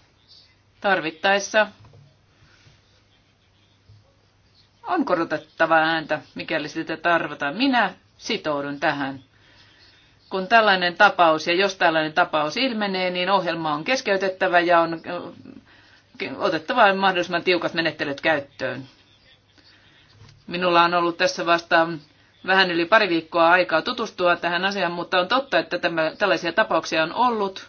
Tarvittaessa on korotettava ääntä, mikäli sitä tarvitaan. Minä sitoudun tähän. Kun tällainen tapaus ja jos tällainen tapaus ilmenee, niin ohjelma on keskeytettävä ja on otettava mahdollisimman tiukat menettelyt käyttöön. Minulla on ollut tässä vastaan vähän yli pari viikkoa aikaa tutustua tähän asiaan, mutta on totta, että tämä, tällaisia tapauksia on ollut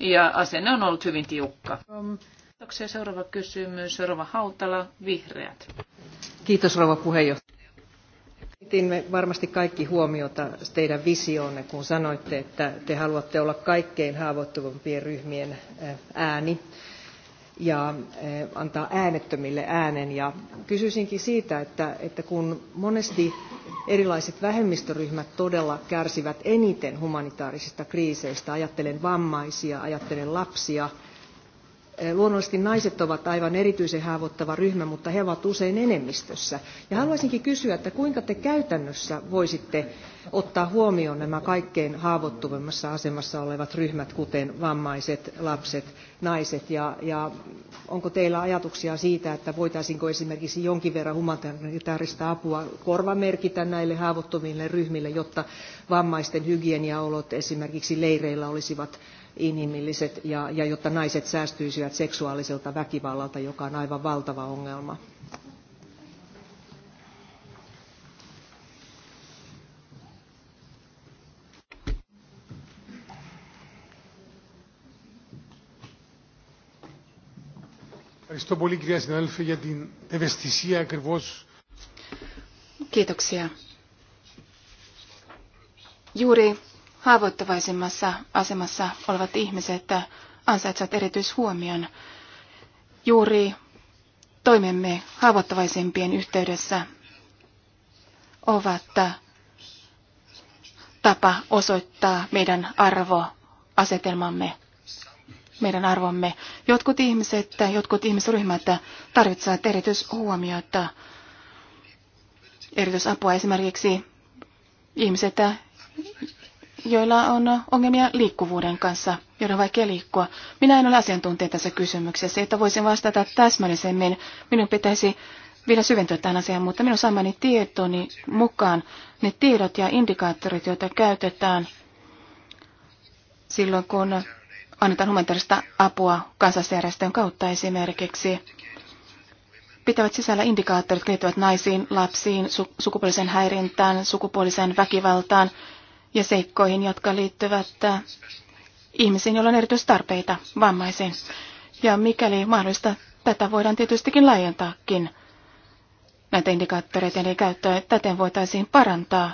ja asenne on ollut hyvin tiukka. Um, Kiitoksia. Seuraava kysymys, Rova Hautala, Vihreät. Kiitos Rova puheenjohtaja. Kiitimme varmasti kaikki huomiota teidän visioonne, kun sanoitte, että te haluatte olla kaikkein haavoittuvampien ryhmien ääni ja antaa äänettömille äänen. Ja kysyisinkin siitä, että, että kun monesti erilaiset vähemmistöryhmät todella kärsivät eniten humanitaarisista kriiseistä. Ajattelen vammaisia, ajattelen lapsia, Luonnollisesti naiset ovat aivan erityisen haavoittava ryhmä, mutta he ovat usein enemmistössä. Ja haluaisinkin kysyä, että kuinka te käytännössä voisitte ottaa huomioon nämä kaikkein haavoittuvimmassa asemassa olevat ryhmät, kuten vammaiset, lapset, naiset, ja, ja onko teillä ajatuksia siitä, että voitaisiinko esimerkiksi jonkin verran humanitaarista apua korvamerkitä näille haavoittuville ryhmille, jotta vammaisten hygieniaolot esimerkiksi leireillä olisivat inhimilliset ja, ja jotta naiset säästyisivät seksuaaliselta väkivallalta, joka on aivan valtava ongelma. Kiitoksia. Juuri haavoittuvaisimmassa asemassa olevat ihmiset ansaitsevat erityishuomion. Juuri toimemme haavoittuvaisimpien yhteydessä ovat tapa osoittaa meidän arvoasetelmamme, meidän arvomme. Jotkut ihmiset, jotkut ihmisryhmät tarvitsevat erityishuomiota, erityisapua esimerkiksi ihmiset, joilla on ongelmia liikkuvuuden kanssa, joiden on vaikea liikkua. Minä en ole asiantuntija tässä kysymyksessä, että voisin vastata täsmällisemmin. Minun pitäisi vielä syventyä tähän asiaan, mutta minun saamani tietoni mukaan ne tiedot ja indikaattorit, joita käytetään silloin, kun annetaan humanitaarista apua kansalaisjärjestön kautta esimerkiksi, pitävät sisällä indikaattorit liittyvät naisiin, lapsiin, su- sukupuolisen häirintään, sukupuoliseen väkivaltaan, ja seikkoihin, jotka liittyvät ihmisiin, joilla on erityistarpeita, vammaisiin. Ja mikäli mahdollista, tätä voidaan tietystikin laajentaakin. Näitä indikaattoreita eli käyttöä täten voitaisiin parantaa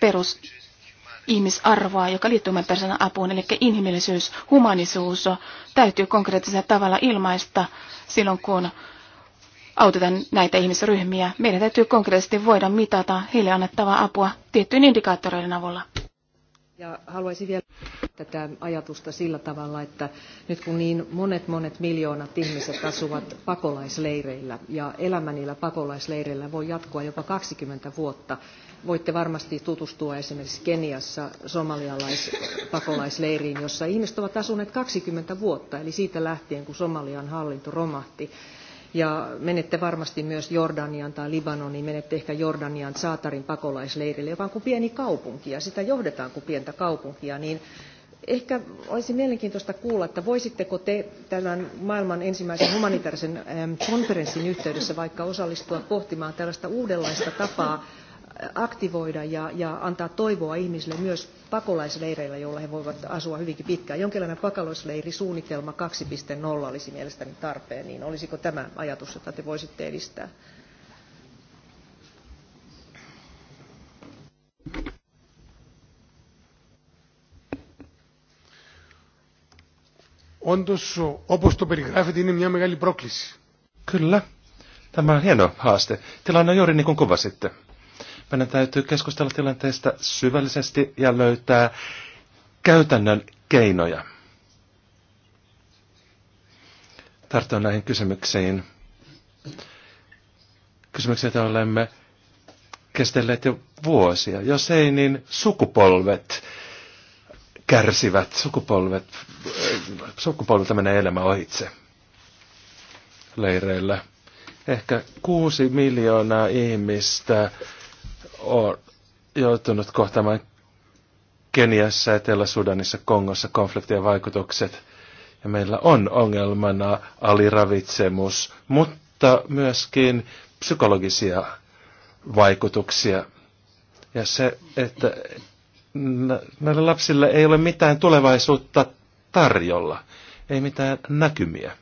perus ihmisarvoa, joka liittyy humanitaarisena apuun, eli inhimillisyys, humanisuus täytyy konkreettisella tavalla ilmaista silloin, kun autetaan näitä ihmisryhmiä. Meidän täytyy konkreettisesti voida mitata heille annettavaa apua tiettyjen indikaattoreiden avulla. Ja haluaisin vielä tätä ajatusta sillä tavalla, että nyt kun niin monet monet miljoonat ihmiset asuvat pakolaisleireillä ja elämä niillä pakolaisleireillä voi jatkua jopa 20 vuotta, voitte varmasti tutustua esimerkiksi Keniassa somalialaispakolaisleiriin, jossa ihmiset ovat asuneet 20 vuotta, eli siitä lähtien kun Somalian hallinto romahti ja menette varmasti myös Jordanian tai Libanoniin, niin menette ehkä Jordanian Saatarin pakolaisleirille, joka on kuin pieni kaupunki ja sitä johdetaan kuin pientä kaupunkia, niin Ehkä olisi mielenkiintoista kuulla, että voisitteko te tämän maailman ensimmäisen humanitaarisen konferenssin yhteydessä vaikka osallistua pohtimaan tällaista uudenlaista tapaa aktivoida ja, ja antaa toivoa ihmisille myös pakolaisleireillä, joilla he voivat asua hyvinkin pitkään. Jonkinlainen pakolaisleirisuunnitelma 2.0 olisi mielestäni tarpeen, niin olisiko tämä ajatus, jota te voisitte edistää? Όντως, όπως το περιγράφεται, είναι μια μεγάλη πρόκληση. Kyllä. Tämä on hieno haaste. Tilanne on juuri niin kuin kuvasitte. Meidän täytyy keskustella tilanteesta syvällisesti ja löytää käytännön keinoja. Tartun näihin kysymyksiin. Kysymyksiä, joita olemme kestelleet jo vuosia. Jos ei, niin sukupolvet kärsivät, sukupolvet, sukupolvelta menee elämä ohitse leireillä. Ehkä kuusi miljoonaa ihmistä on joutunut kohtaamaan Keniassa, Etelä-Sudanissa, Kongossa konfliktien vaikutukset. Ja meillä on ongelmana aliravitsemus, mutta myöskin psykologisia vaikutuksia. Ja se, että näillä lapsilla ei ole mitään tulevaisuutta tarjolla, ei mitään näkymiä.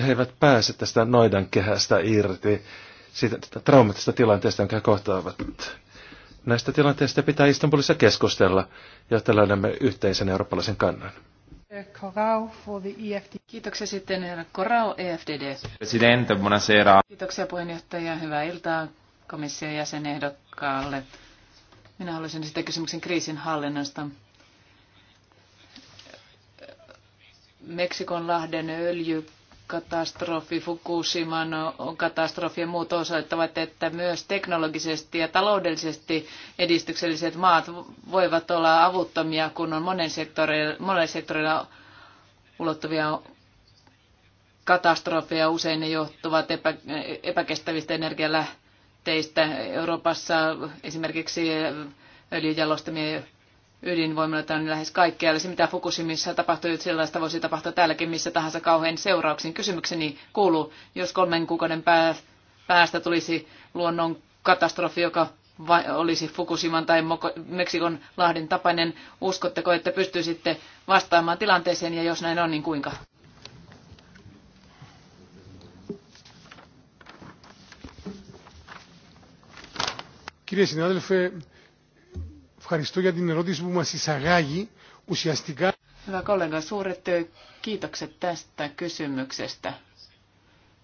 he eivät pääse tästä noidan kehästä irti, siitä traumatista tilanteesta, jonka he kohtaavat. Näistä tilanteista pitää Istanbulissa keskustella, jotta löydämme yhteisen eurooppalaisen kannan. Corau for the EFD. Kiitoksia sitten herra Corau, EFDD. Presidente, buonasera. Kiitoksia puheenjohtaja, hyvää iltaa komission jäsenehdokkaalle. Minä haluaisin sitä kysymyksen kriisin hallinnasta. Meksikon lahden öljy katastrofi, Fukushiman katastrofi ja muut osoittavat, että myös teknologisesti ja taloudellisesti edistykselliset maat voivat olla avuttomia, kun on monen sektorilla, monen sektorilla ulottuvia katastrofeja. Usein ne johtuvat epä, epäkestävistä energialähteistä. Euroopassa esimerkiksi öljyjalostamien on lähes kaikkialla. Se, mitä Fukushimissa tapahtui, sellaista voisi tapahtua täälläkin missä tahansa kauhean seurauksiin. Kysymykseni kuuluu, jos kolmen kuukauden päästä tulisi luonnon katastrofi, joka olisi Fukushiman tai Meksikon lahden tapainen, uskotteko, että pystyisitte vastaamaan tilanteeseen ja jos näin on, niin kuinka? Κύριε συνάδελφε, Ευχαριστώ για την ερώτηση που μας εισαγάγει. Ουσιαστικά... Hyvä kollega, suuret kiitokset tästä kysymyksestä.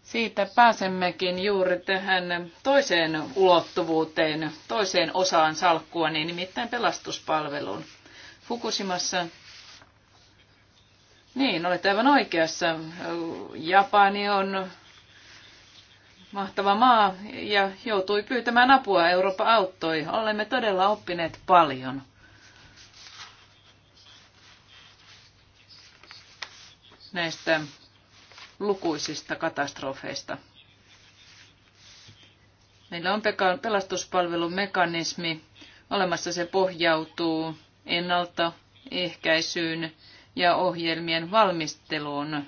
Siitä pääsemmekin juuri tähän toiseen ulottuvuuteen, toiseen osaan salkkua, niin nimittäin pelastuspalveluun. Fukushimassa, niin olet aivan oikeassa, Japani on mahtava maa ja joutui pyytämään apua. Eurooppa auttoi. Olemme todella oppineet paljon. näistä lukuisista katastrofeista. Meillä on pelastuspalvelumekanismi olemassa, se pohjautuu ennaltaehkäisyyn ja ohjelmien valmisteluun,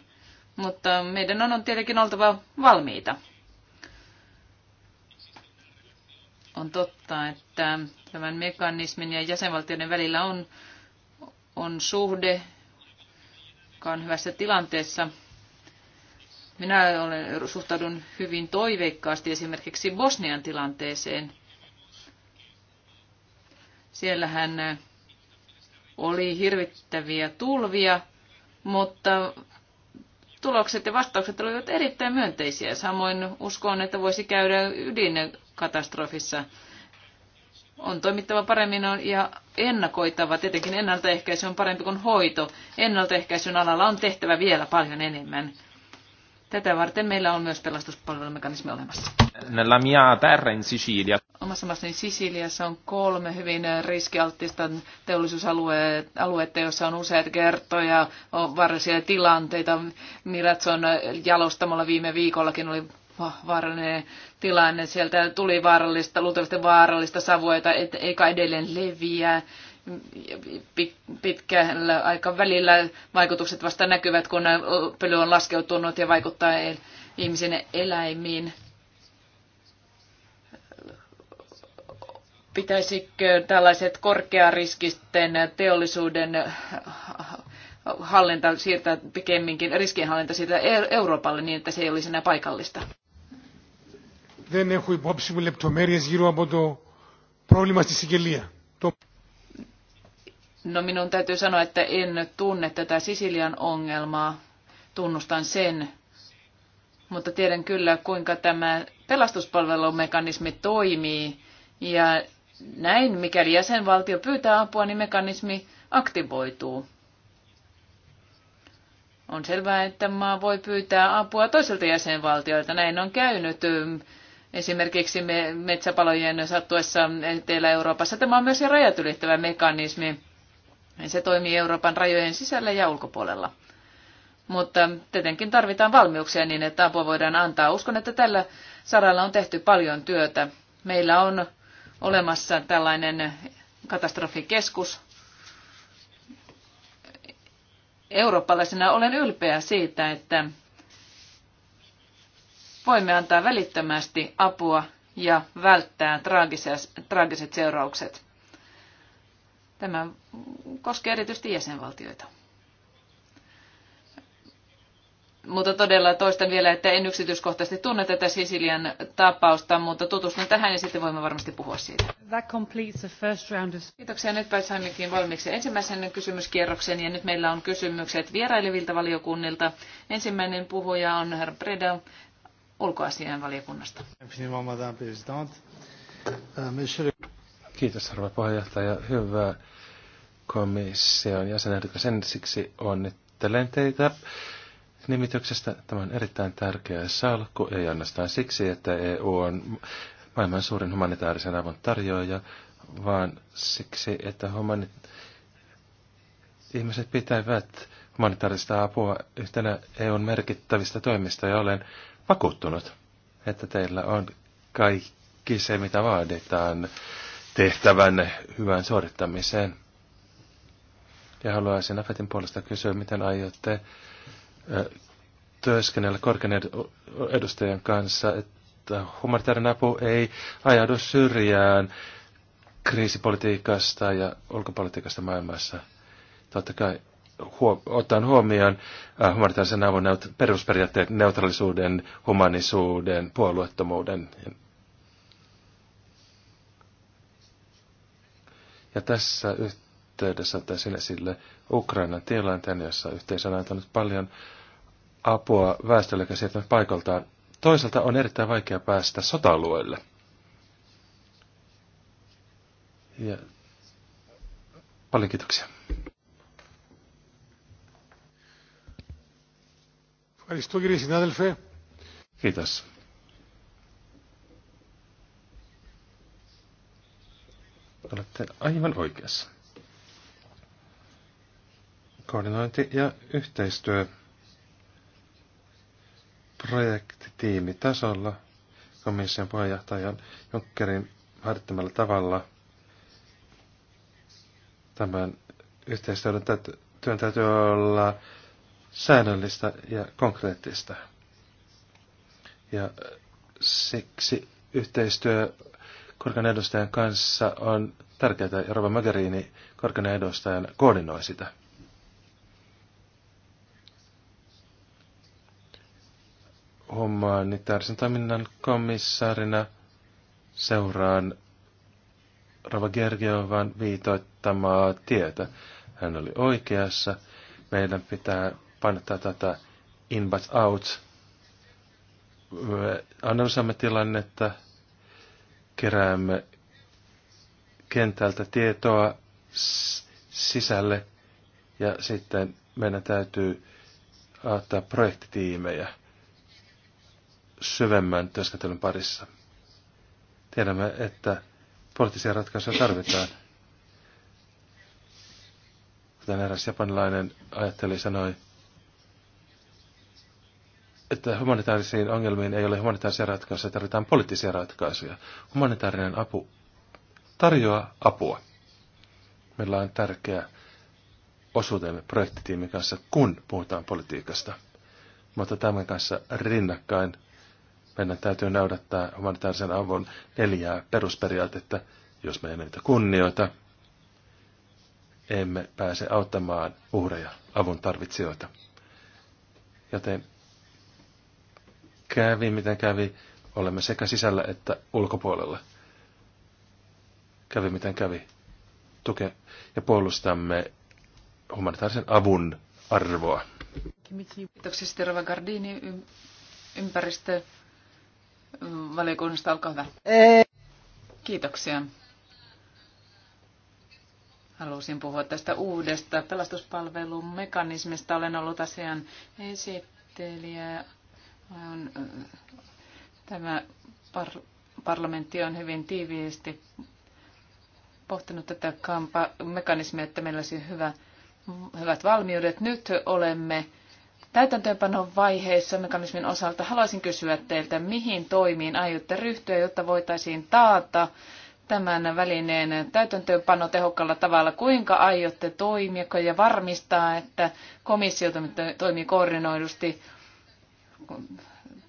mutta meidän on tietenkin oltava valmiita. On totta, että tämän mekanismin ja jäsenvaltioiden välillä on, on suhde, joka on hyvässä tilanteessa. Minä olen, suhtaudun hyvin toiveikkaasti esimerkiksi Bosnian tilanteeseen. Siellähän äh, oli hirvittäviä tulvia, mutta tulokset ja vastaukset olivat erittäin myönteisiä. Samoin uskon, että voisi käydä ydin katastrofissa. On toimittava paremmin ja ennakoitava. Tietenkin ennaltaehkäisy on parempi kuin hoito. Ennaltaehkäisyn alalla on tehtävä vielä paljon enemmän. Tätä varten meillä on myös pelastuspalvelumekanismi olemassa. Nella mia terra in Sicilia. Omassa maassani Sisiliassa on kolme hyvin riskialttista teollisuusaluetta, jossa on useat kertoja on varsia tilanteita. Miratson jalostamolla viime viikollakin oli vaarallinen tilanne. Sieltä tuli vaarallista, luultavasti vaarallista savua, jota eikä edelleen leviä pitkällä aikavälillä vaikutukset vasta näkyvät, kun pöly on laskeutunut ja vaikuttaa ihmisen eläimiin. Pitäisikö tällaiset korkeariskisten teollisuuden hallinta siirtää pikemminkin, riskienhallinta siirtää Euroopalle niin, että se ei olisi enää paikallista? δεν έχω υπόψη μου λεπτομέρειες γύρω από το πρόβλημα στη Σικελία. No minun täytyy sanoa, että en tunne tätä Sisilian ongelmaa. Tunnustan sen. Mutta tiedän kyllä, kuinka tämä pelastuspalvelumekanismi toimii. Ja näin, mikäli jäsenvaltio pyytää apua, niin mekanismi aktivoituu. On selvää, että maa voi pyytää apua toiselta jäsenvaltiolta. Näin on käynyt esimerkiksi me, metsäpalojen sattuessa Etelä-Euroopassa. Tämä on myös rajat ylittävä mekanismi. Se toimii Euroopan rajojen sisällä ja ulkopuolella. Mutta tietenkin tarvitaan valmiuksia niin, että apua voidaan antaa. Uskon, että tällä saralla on tehty paljon työtä. Meillä on olemassa tällainen katastrofikeskus. Eurooppalaisena olen ylpeä siitä, että voimme antaa välittömästi apua ja välttää traagiset, traagiset seuraukset. Tämä koskee erityisesti jäsenvaltioita. Mutta todella toistan vielä, että en yksityiskohtaisesti tunne tätä Sisilian tapausta, mutta tutustun tähän ja sitten voimme varmasti puhua siitä. That completes the first round of... Kiitoksia. Nyt saimmekin valmiiksi ensimmäisen kysymyskierroksen ja nyt meillä on kysymykset vierailevilta valiokunnilta. Ensimmäinen puhuja on herra Preda ulkoasian valiokunnasta. Euh, Kiitos, arvoisa puheenjohtaja. Hyvä komission jäsenehdokas. Ensiksi onnittelen teitä nimityksestä. Tämä on erittäin tärkeä salkku, ei ainoastaan siksi, että EU on maailman suurin humanitaarisen avun tarjoaja, vaan siksi, että humanit- ihmiset pitävät humanitaarista apua yhtenä EUn merkittävistä toimista, ja olen vakuuttunut, että teillä on kaikki se, mitä vaaditaan tehtävän hyvän suorittamiseen. Ja haluaisin Afetin puolesta kysyä, miten aiotte työskennellä korkean edustajan kanssa, että humanitaarinen apu ei ajaudu syrjään kriisipolitiikasta ja ulkopolitiikasta maailmassa. Totta kai ottaen huomioon äh, humanitaarisen avun perusperiaatteet, neutraalisuuden, humanisuuden, puolueettomuuden. Ja tässä yhteydessä ottaisin esille Ukrainan tilanteen, jossa yhteisö on antanut paljon apua väestölle, joka siirtynyt paikaltaan. Toisaalta on erittäin vaikea päästä sota-alueelle. Ja paljon kiitoksia. Kiitos. Olette aivan oikeassa. Koordinointi ja yhteistyö projektitiimitasolla komission puheenjohtajan Junckerin harjoittamalla tavalla tämän yhteistyön työn täytyy olla säännöllistä ja konkreettista. Ja siksi yhteistyö korkean edustajan kanssa on tärkeää, ja Rova Magarini korkean edustajan koordinoi sitä. Humanitaarisen toiminnan komissaarina seuraan Rova Gergiovan viitoittamaa tietä. Hän oli oikeassa. Meidän pitää painottaa tätä in but out. Me analysoimme tilannetta, keräämme kentältä tietoa sisälle ja sitten meidän täytyy ottaa projektitiimejä syvemmän työskentelyn parissa. Tiedämme, että poliittisia ratkaisuja tarvitaan. Kuten eräs japanilainen ajatteli sanoi, että humanitaarisiin ongelmiin ei ole humanitaarisia ratkaisuja, tarvitaan poliittisia ratkaisuja. Humanitaarinen apu tarjoaa apua. Meillä on tärkeä osuutemme projektitiimin kanssa, kun puhutaan politiikasta. Mutta tämän kanssa rinnakkain meidän täytyy noudattaa humanitaarisen avun neljää perusperiaatetta. Jos me emme niitä kunnioita, emme pääse auttamaan uhreja, avun tarvitsijoita. Joten kävi, miten kävi, olemme sekä sisällä että ulkopuolella. Kävi, miten kävi. Tuke ja puolustamme humanitaarisen avun arvoa. Kiitoksia, Sterva Gardini, ympäristö valiokunnasta, olkaa hyvä. Kiitoksia. Halusin puhua tästä uudesta pelastuspalvelun mekanismista. Olen ollut asian esittelijä on, tämä par- parlamentti on hyvin tiiviisti pohtinut tätä kampa- mekanismia, että meillä olisi hyvä, hyvät valmiudet. Nyt olemme täytäntöönpanon vaiheessa mekanismin osalta. Haluaisin kysyä teiltä, mihin toimiin aiotte ryhtyä, jotta voitaisiin taata tämän välineen täytäntöönpano tehokkaalla tavalla. Kuinka aiotte toimia ja varmistaa, että komissio toimii koordinoidusti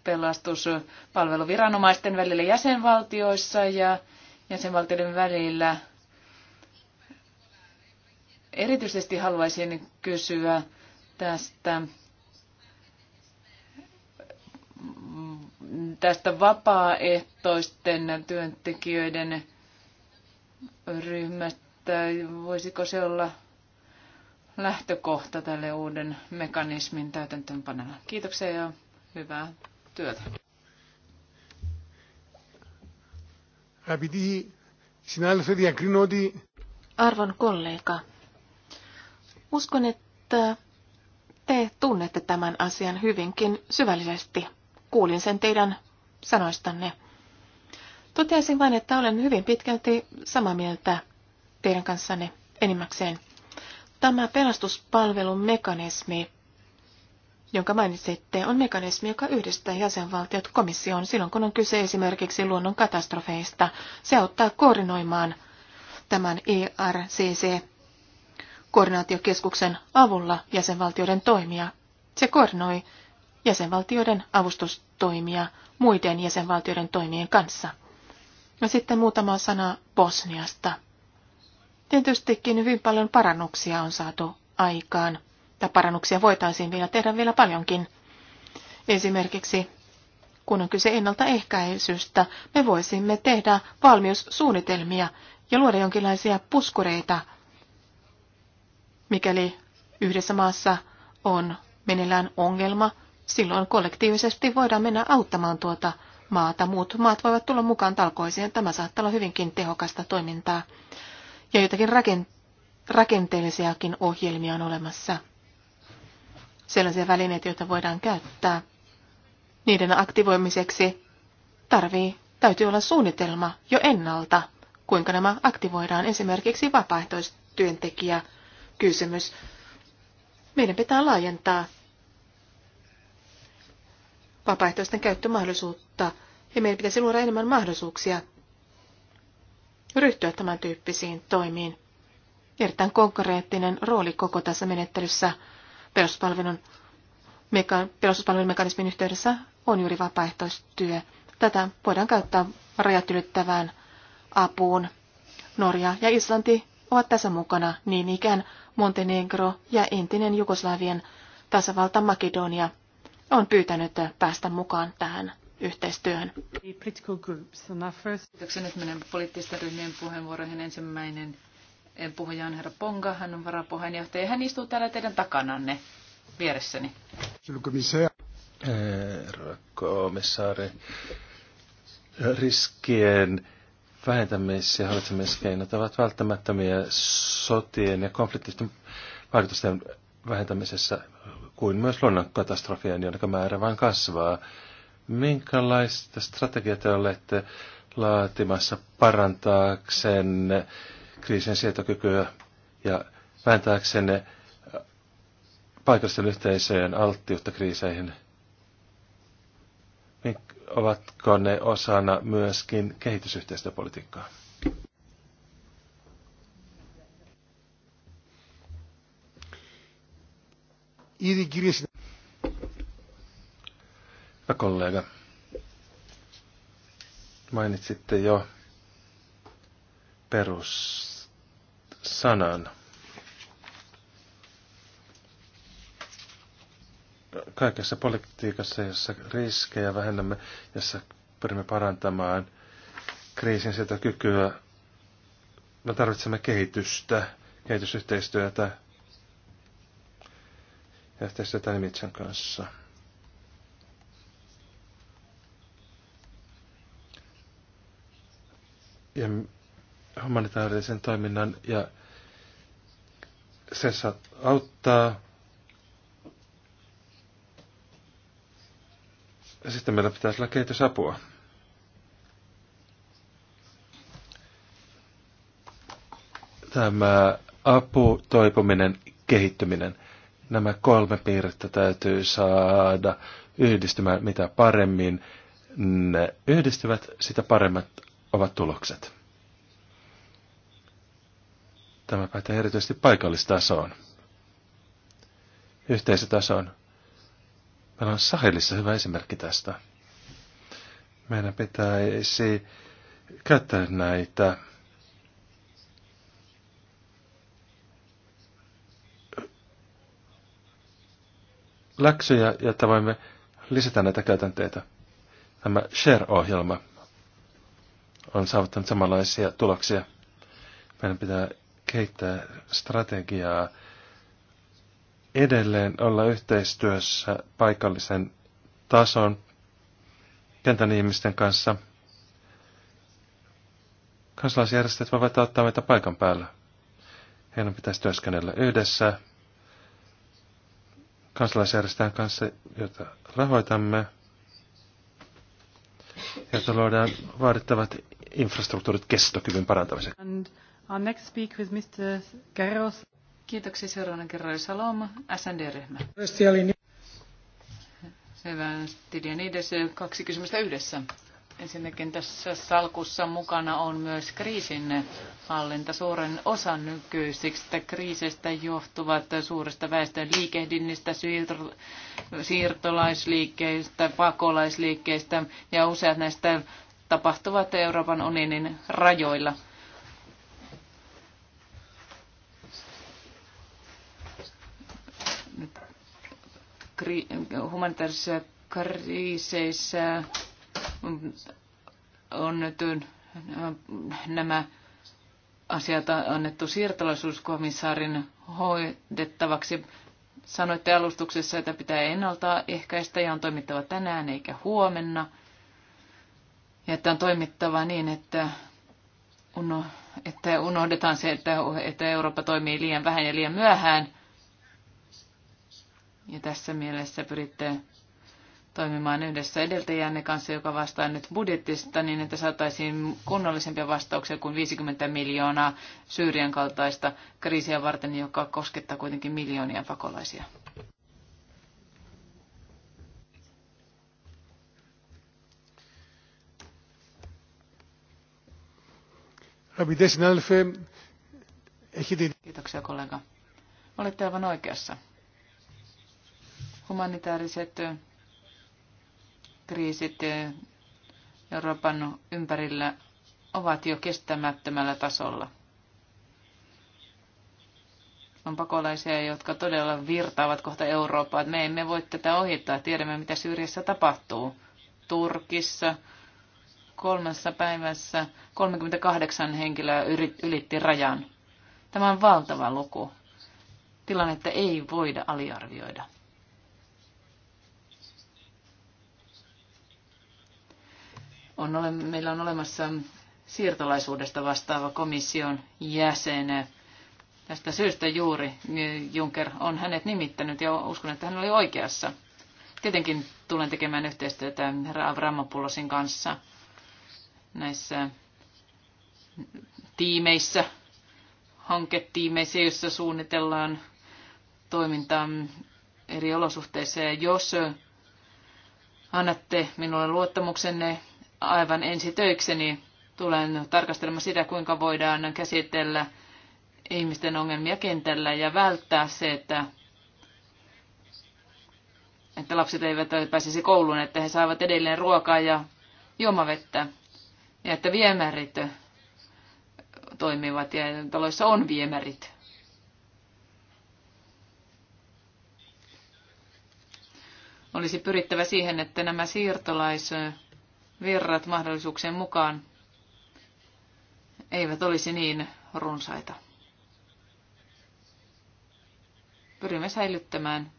pelastuspalveluviranomaisten välillä jäsenvaltioissa ja jäsenvaltioiden välillä. Erityisesti haluaisin kysyä tästä, tästä vapaaehtoisten työntekijöiden ryhmästä. Voisiko se olla lähtökohta tälle uuden mekanismin täytäntöönpanolla? Kiitoksia hyvää työtä. Arvon kollega, uskon, että te tunnette tämän asian hyvinkin syvällisesti. Kuulin sen teidän sanoistanne. Toteaisin vain, että olen hyvin pitkälti samaa mieltä teidän kanssanne enimmäkseen. Tämä pelastuspalvelun mekanismi jonka mainitsitte, on mekanismi, joka yhdistää jäsenvaltiot komissioon silloin, kun on kyse esimerkiksi luonnon katastrofeista. Se auttaa koordinoimaan tämän ERCC-koordinaatiokeskuksen avulla jäsenvaltioiden toimia. Se koordinoi jäsenvaltioiden avustustoimia muiden jäsenvaltioiden toimien kanssa. Ja sitten muutama sana Bosniasta. Tietystikin hyvin paljon parannuksia on saatu aikaan – että parannuksia voitaisiin vielä tehdä vielä paljonkin. Esimerkiksi kun on kyse ennaltaehkäisystä, me voisimme tehdä valmiussuunnitelmia ja luoda jonkinlaisia puskureita, mikäli yhdessä maassa on meneillään ongelma, silloin kollektiivisesti voidaan mennä auttamaan tuota maata. Muut maat voivat tulla mukaan talkoisiin. Tämä saattaa olla hyvinkin tehokasta toimintaa. Ja jotakin rakenteellisiakin ohjelmia on olemassa sellaisia välineitä, joita voidaan käyttää. Niiden aktivoimiseksi tarvii, täytyy olla suunnitelma jo ennalta, kuinka nämä aktivoidaan esimerkiksi vapaaehtoistyöntekijä kysymys. Meidän pitää laajentaa vapaaehtoisten käyttömahdollisuutta ja meidän pitäisi luoda enemmän mahdollisuuksia ryhtyä tämän tyyppisiin toimiin. Erittäin konkreettinen rooli koko tässä menettelyssä peruspalvelun, meka- peruspalvelun mekanismin yhteydessä on juuri vapaaehtoistyö. Tätä voidaan käyttää rajat ylittävään apuun. Norja ja Islanti ovat tässä mukana, niin ikään Montenegro ja entinen Jugoslavian tasavalta Makedonia on pyytänyt päästä mukaan tähän yhteistyöhön. Kiitoksia. Nyt menen poliittisten ryhmien puheenvuoroihin. Ensimmäinen puhuja on herra Ponga, hän on varapuheenjohtaja. Hän istuu täällä teidän takananne vieressäni. Herra komissaari, riskien vähentämis- ja hallitsemiskeinot ovat välttämättömiä sotien ja konfliktisten vaikutusten vähentämisessä kuin myös luonnonkatastrofien, jonka määrä vain kasvaa. Minkälaista strategiaa te olette laatimassa parantaakseen kriisin sietokykyä ja vääntääksenne paikallisten yhteisöjen alttiutta kriiseihin? Ovatko ne osana myöskin kehitysyhteistyöpolitiikkaa? Hyvä kollega, mainitsitte jo perus sanan. Kaikessa politiikassa, jossa riskejä vähennämme, jossa pyrimme parantamaan kriisin sitä kykyä, me tarvitsemme kehitystä, kehitysyhteistyötä ja yhteistyötä Nimitsen kanssa. ja humanitaarisen toiminnan ja se auttaa. Ja sitten meillä pitäisi olla kehitysapua. Tämä apu, toipuminen, kehittyminen. Nämä kolme piirrettä täytyy saada yhdistymään mitä paremmin ne yhdistyvät, sitä paremmat ovat tulokset. Tämä pätee erityisesti paikallistasoon, yhteisötasoon. Meillä on Sahelissa hyvä esimerkki tästä. Meidän pitäisi käyttää näitä läksyjä, jotta voimme lisätä näitä käytänteitä. Tämä Share-ohjelma on saavuttanut samanlaisia tuloksia. Meidän pitää kehittää strategiaa edelleen olla yhteistyössä paikallisen tason kentän ihmisten kanssa. Kansalaisjärjestöt voivat auttaa meitä paikan päällä. Heidän pitäisi työskennellä yhdessä kansalaisjärjestöjen kanssa, joita rahoitamme, ja luodaan vaadittavat infrastruktuurit kestokyvyn parantamiseksi. Our next speaker is Mr. Garros. Kiitoksia seuraavana kerran Saloma, SND-ryhmä. Hyvä, Tidianides. Kaksi kysymystä yhdessä. Ensinnäkin tässä salkussa mukana on myös kriisin hallinta. Suuren osan nykyisistä kriisistä johtuvat suuresta väestön liikehdinnistä, siirtolaisliikkeistä, pakolaisliikkeistä ja useat näistä tapahtuvat Euroopan unionin rajoilla – kri- humanitaarisissa kriiseissä on nyt äh, nämä asiat annettu siirtolaisuuskomissaarin hoidettavaksi. Sanoitte alustuksessa, että pitää ennaltaehkäistä ja on toimittava tänään eikä huomenna. Ja että on toimittava niin, että, uno, että unohdetaan se, että, että Eurooppa toimii liian vähän ja liian myöhään – ja tässä mielessä pyritte toimimaan yhdessä edeltäjänne kanssa, joka vastaa nyt budjettista, niin että saataisiin kunnollisempia vastauksia kuin 50 miljoonaa Syyrian kaltaista kriisiä varten, joka koskettaa kuitenkin miljoonia pakolaisia. Kiitoksia kollega. Olette aivan oikeassa. Humanitaariset kriisit Euroopan ympärillä ovat jo kestämättömällä tasolla. On pakolaisia, jotka todella virtaavat kohta Eurooppaa. Me emme voi tätä ohittaa. Tiedämme, mitä Syyriassa tapahtuu. Turkissa kolmessa päivässä 38 henkilöä ylitti rajan. Tämä on valtava luku. Tilannetta ei voida aliarvioida. on ole, meillä on olemassa siirtolaisuudesta vastaava komission jäsen. Tästä syystä juuri Juncker on hänet nimittänyt ja uskon, että hän oli oikeassa. Tietenkin tulen tekemään yhteistyötä herra Avramopoulosin kanssa näissä tiimeissä, hanketiimeissä, joissa suunnitellaan toimintaa eri olosuhteissa. Ja jos annatte minulle luottamuksenne, aivan ensi töikseni tulen tarkastelemaan sitä, kuinka voidaan käsitellä ihmisten ongelmia kentällä ja välttää se, että, että lapset eivät pääsisi kouluun, että he saavat edelleen ruokaa ja juomavettä ja että viemärit toimivat ja taloissa on viemärit. Olisi pyrittävä siihen, että nämä siirtolaiset virrat mahdollisuuksien mukaan eivät olisi niin runsaita. Pyrimme säilyttämään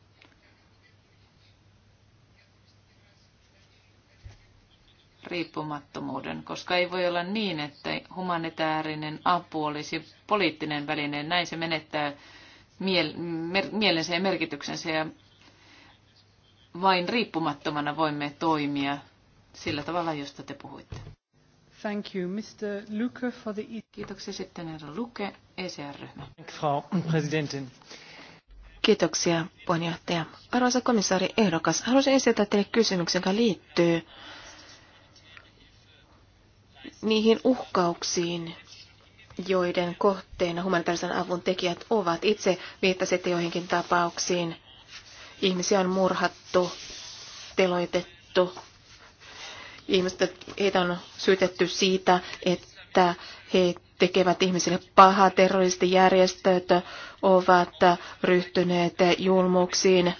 riippumattomuuden, koska ei voi olla niin, että humanitaarinen apu olisi poliittinen väline. Näin se menettää mielensä ja merkityksensä ja vain riippumattomana voimme toimia sillä tavalla, josta te puhuitte. Thank you, Mr. Luke for the... E- Kiitoksia sitten herra Luke, ECR-ryhmä. Kiitoksia, puheenjohtaja. Arvoisa komissaari ehdokas, haluaisin esittää teille kysymyksen, joka liittyy niihin uhkauksiin, joiden kohteena humanitaarisen avun tekijät ovat. Itse viittasitte joihinkin tapauksiin. Ihmisiä on murhattu, teloitettu Ihmiset, heitä on syytetty siitä, että he tekevät ihmisille pahaa. Terroristijärjestöt ovat ryhtyneet julmuuksiin,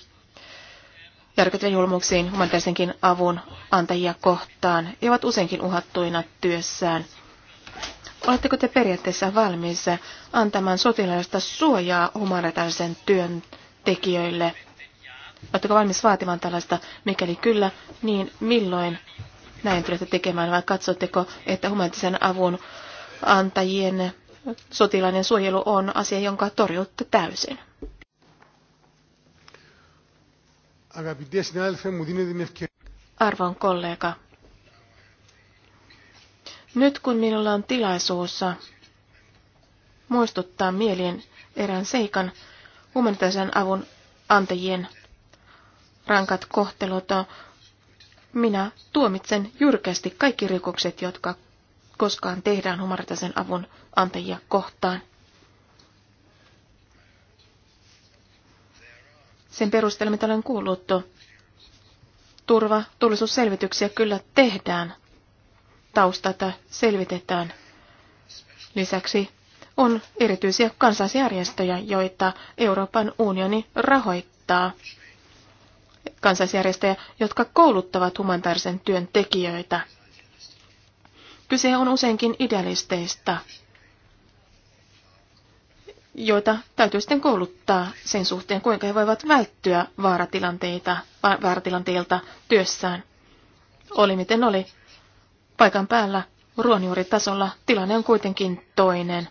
järkyttäviin julmuuksiin humanitaarisenkin avun antajia kohtaan He ovat useinkin uhattuina työssään. Oletteko te periaatteessa valmis antamaan sotilaallista suojaa humanitaarisen työn tekijöille? Oletteko valmis vaatimaan tällaista? Mikäli kyllä, niin milloin näin tulette tekemään, vai katsotteko, että humanitaarisen avun antajien sotilainen suojelu on asia, jonka torjutte täysin? Arvon kollega, nyt kun minulla on tilaisuus muistuttaa mieliin erään seikan, humanitaarisen avun antajien rankat kohtelut minä tuomitsen jyrkästi kaikki rikokset, jotka koskaan tehdään humanitaarisen avun antajia kohtaan. Sen perusteella, mitä olen kuullut, turva, turvallisuusselvityksiä kyllä tehdään. Taustata selvitetään. Lisäksi on erityisiä kansalaisjärjestöjä, joita Euroopan unioni rahoittaa kansalaisjärjestöjä, jotka kouluttavat humanitaarisen työn tekijöitä. Kyse on useinkin idealisteista, joita täytyy sitten kouluttaa sen suhteen, kuinka he voivat välttyä vaaratilanteita, vaaratilanteilta työssään. Oli miten oli. Paikan päällä ruonjuuritasolla tilanne on kuitenkin toinen.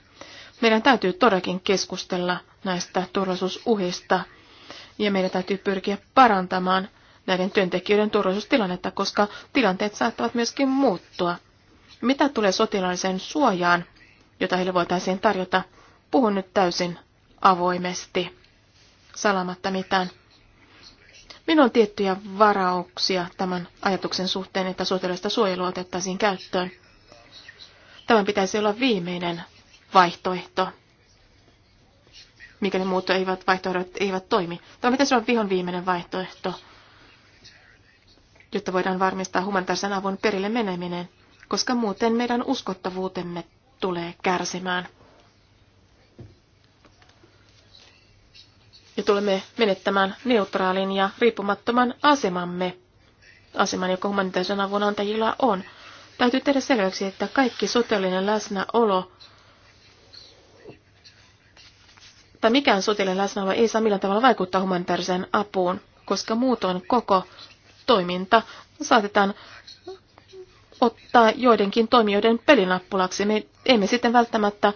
Meidän täytyy todellakin keskustella näistä turvallisuusuhista ja meidän täytyy pyrkiä parantamaan näiden työntekijöiden turvallisuustilannetta, koska tilanteet saattavat myöskin muuttua. Mitä tulee sotilaalliseen suojaan, jota heille voitaisiin tarjota, puhun nyt täysin avoimesti, salamatta mitään. Minulla on tiettyjä varauksia tämän ajatuksen suhteen, että sotilaista suojelua otettaisiin käyttöön. Tämän pitäisi olla viimeinen vaihtoehto mikäli muut eivät, vaihtoehdot eivät toimi. Tämä pitäisi olla vihon viimeinen vaihtoehto, jotta voidaan varmistaa humanitaarisen avun perille meneminen, koska muuten meidän uskottavuutemme tulee kärsimään. Ja tulemme menettämään neutraalin ja riippumattoman asemamme, aseman, joka humanitaarisen avun antajilla on. Täytyy tehdä selväksi, että kaikki sotellinen läsnäolo tai mikään sotilaan läsnäolo ei saa millään tavalla vaikuttaa humanitaariseen apuun, koska muutoin koko toiminta saatetaan ottaa joidenkin toimijoiden pelinappulaksi. Me emme sitten välttämättä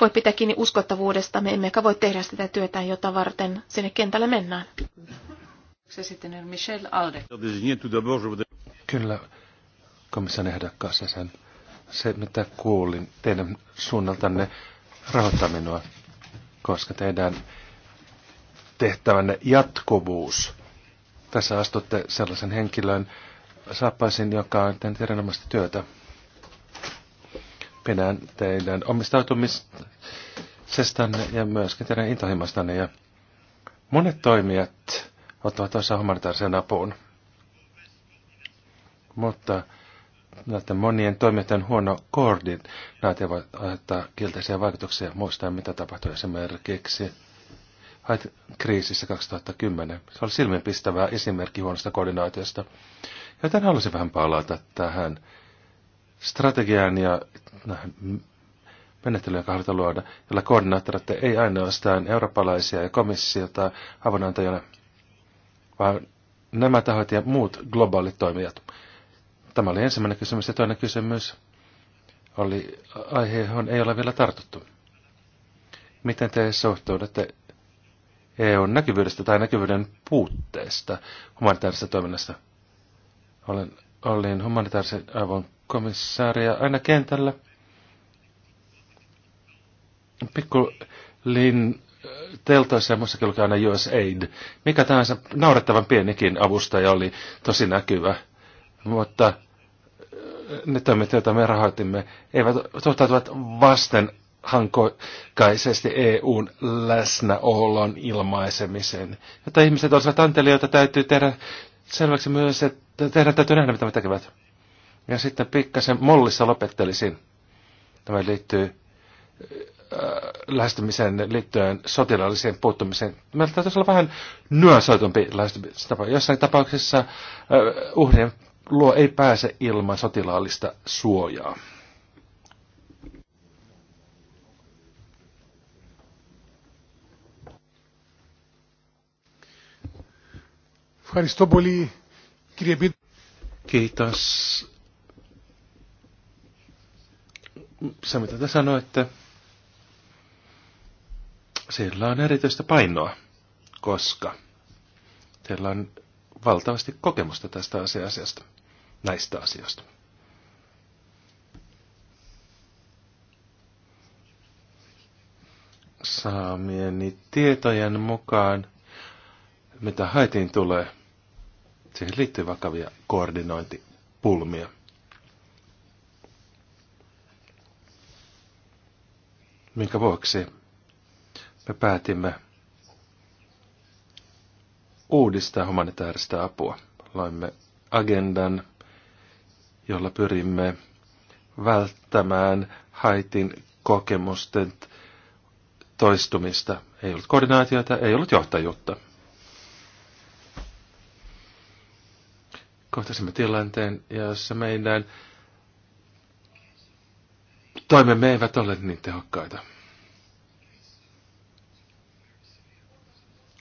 voi pitää kiinni uskottavuudesta, me emmekä voi tehdä sitä työtä, jota varten sinne kentälle mennään. Se sitten on Michel Alde. Kyllä, komission ehdokkaassa sen. Se, mitä kuulin teidän suunnaltanne, rahoittaa minua koska teidän tehtävänne jatkuvuus. Tässä astutte sellaisen henkilön saappaisin, joka on tehnyt erinomaista työtä. Pidän teidän omistautumisestanne ja myöskin teidän intohimastanne. Ja monet toimijat ottavat osaa humanitaariseen apuun. Mutta näiden monien toimijoiden huono koordinaatio voi aiheuttaa kielteisiä vaikutuksia. Muistaa, mitä tapahtui esimerkiksi kriisissä 2010. Se oli silmiinpistävä esimerkki huonosta koordinaatiosta. Joten halusin vähän palata tähän strategiaan ja menettelyyn, joka halutaan luoda, jolla koordinaattorit ei ainoastaan eurooppalaisia ja komissiota avunantajana, vaan nämä tahot ja muut globaalit toimijat Tämä oli ensimmäinen kysymys ja toinen kysymys oli aihe, johon ei ole vielä tartuttu. Miten te suhtaudutte EUn näkyvyydestä tai näkyvyyden puutteesta humanitaarisesta toiminnasta? Olen, olin humanitaarisen avun komissaaria aina kentällä. Pikku lin teltoissa ja muissakin lukee aina USAID. Mikä tahansa naurettavan pienikin avustaja oli tosi näkyvä mutta äh, ne toimet, joita me rahoitimme, eivät suhtautuvat vasten hankokaisesti EUn läsnäolon ilmaisemisen. Jotta ihmiset olisivat antelijoita, täytyy tehdä selväksi myös, että tehdään täytyy nähdä, mitä me tekevät. Ja sitten pikkasen mollissa lopettelisin. Tämä liittyy äh, lähestymiseen liittyen sotilaalliseen puuttumiseen. Meillä täytyisi olla vähän nyansoitumpi lähestymistapa. Jossain tapauksessa äh, uhrien luo ei pääse ilman sotilaallista suojaa. Kiitos. Se mitä te sanoitte, sillä on erityistä painoa, koska teillä on valtavasti kokemusta tästä asiasta näistä asioista. Saamieni tietojen mukaan, mitä haitiin tulee, siihen liittyy vakavia koordinointipulmia. Minkä vuoksi me päätimme uudistaa humanitaarista apua. Loimme agendan jolla pyrimme välttämään haitin kokemusten toistumista. Ei ollut koordinaatiota, ei ollut johtajuutta. Kohtasimme tilanteen, jossa meidän toimemme eivät ole niin tehokkaita.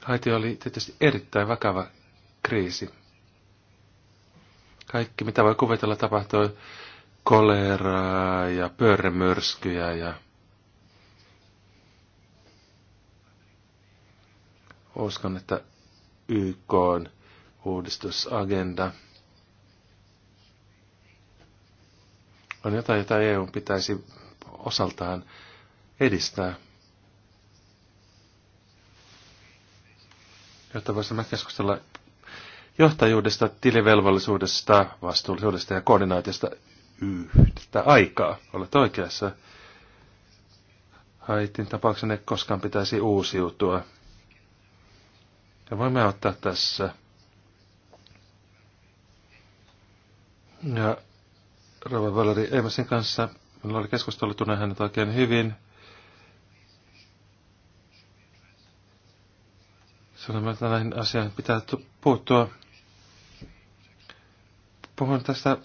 Haiti oli tietysti erittäin vakava kriisi. Kaikki, mitä voi kuvitella, tapahtui koleraa ja pyörremyrskyjä ja uskon, että YK on uudistusagenda. On jotain, jota EU pitäisi osaltaan edistää. Jotta voisimme keskustella johtajuudesta, tilivelvollisuudesta, vastuullisuudesta ja koordinaatiosta yhtä aikaa. Olet oikeassa. Haitin tapauksenne koskaan pitäisi uusiutua. Ja voimme ottaa tässä. Ja Rova Valeri Emersin kanssa minulla oli keskustelu, tunnen hänet oikein hyvin. Sanoimme, että näihin asioihin pitää puuttua Puhun tästä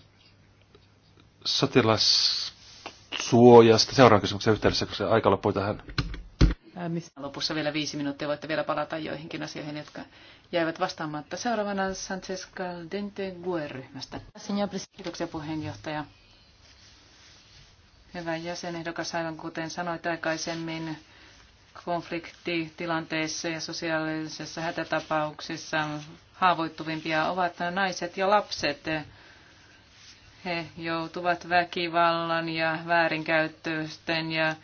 sotilassuojasta seuraavan kysymyksen yhteydessä, koska aika loppui tähän. Lopussa vielä viisi minuuttia. Voitte vielä palata joihinkin asioihin, jotka jäivät vastaamatta. Seuraavana Sanchez Caldente GUE-ryhmästä. Kiitoksia puheenjohtaja. Hyvä jäsenehdokas, aivan kuten sanoit aikaisemmin, konfliktitilanteissa ja sosiaalisessa hätätapauksissa haavoittuvimpia ovat naiset ja lapset he joutuvat väkivallan ja väärinkäytösten ja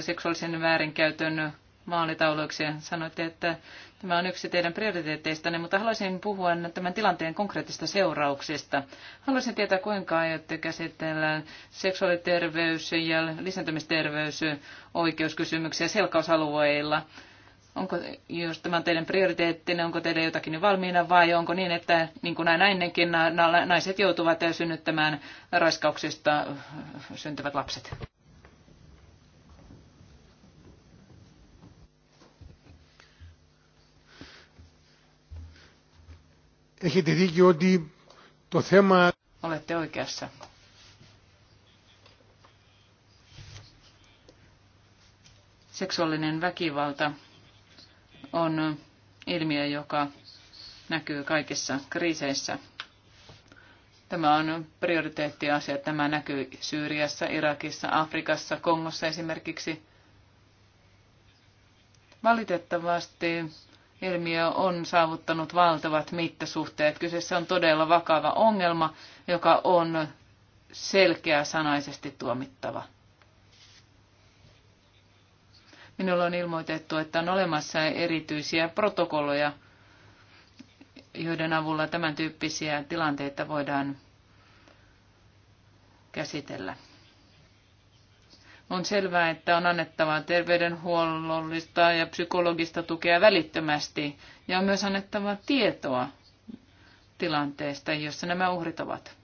seksuaalisen väärinkäytön maalitauluiksi. Sanoitte, että tämä on yksi teidän prioriteetteistanne, mutta haluaisin puhua tämän tilanteen konkreettista seurauksista. Haluaisin tietää, kuinka aiotte käsitellä seksuaaliterveys ja lisääntymisterveys oikeuskysymyksiä selkausalueilla. Onko, jos tämä on teidän prioriteettinne, onko teillä jotakin jo valmiina vai onko niin, että niin kuin aina ennenkin naiset joutuvat synnyttämään raiskauksista syntyvät lapset? Έχετε δίκιο ότι το θέμα... Olette oikeassa. Seksuaalinen väkivalta on ilmiö, joka näkyy kaikissa kriiseissä. Tämä on prioriteettiasia. Tämä näkyy Syyriassa, Irakissa, Afrikassa, Kongossa esimerkiksi. Valitettavasti ilmiö on saavuttanut valtavat mittasuhteet. Kyseessä on todella vakava ongelma, joka on selkeä sanaisesti tuomittava. Minulla on ilmoitettu, että on olemassa erityisiä protokolloja, joiden avulla tämän tyyppisiä tilanteita voidaan käsitellä. On selvää, että on annettava terveydenhuollollista ja psykologista tukea välittömästi ja on myös annettava tietoa tilanteesta, jossa nämä uhrit ovat.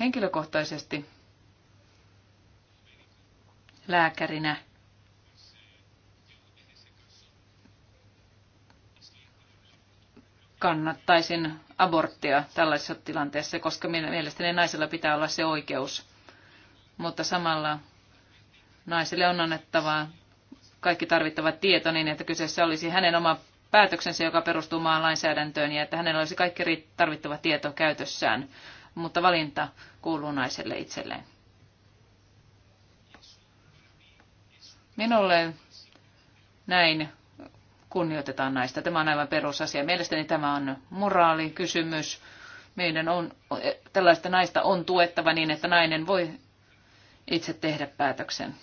Henkilökohtaisesti lääkärinä kannattaisin aborttia tällaisessa tilanteessa, koska mielestäni naisella pitää olla se oikeus. Mutta samalla naiselle on annettava kaikki tarvittava tieto niin, että kyseessä olisi hänen oma päätöksensä, joka perustuu maan lainsäädäntöön ja että hänellä olisi kaikki tarvittava tieto käytössään, mutta valinta kuuluu naiselle itselleen. Minulle näin kunnioitetaan naista. Tämä on aivan perusasia. Mielestäni tämä on moraalikysymys. Meidän on, tällaista naista on tuettava niin, että nainen voi itse tehdä päätöksen.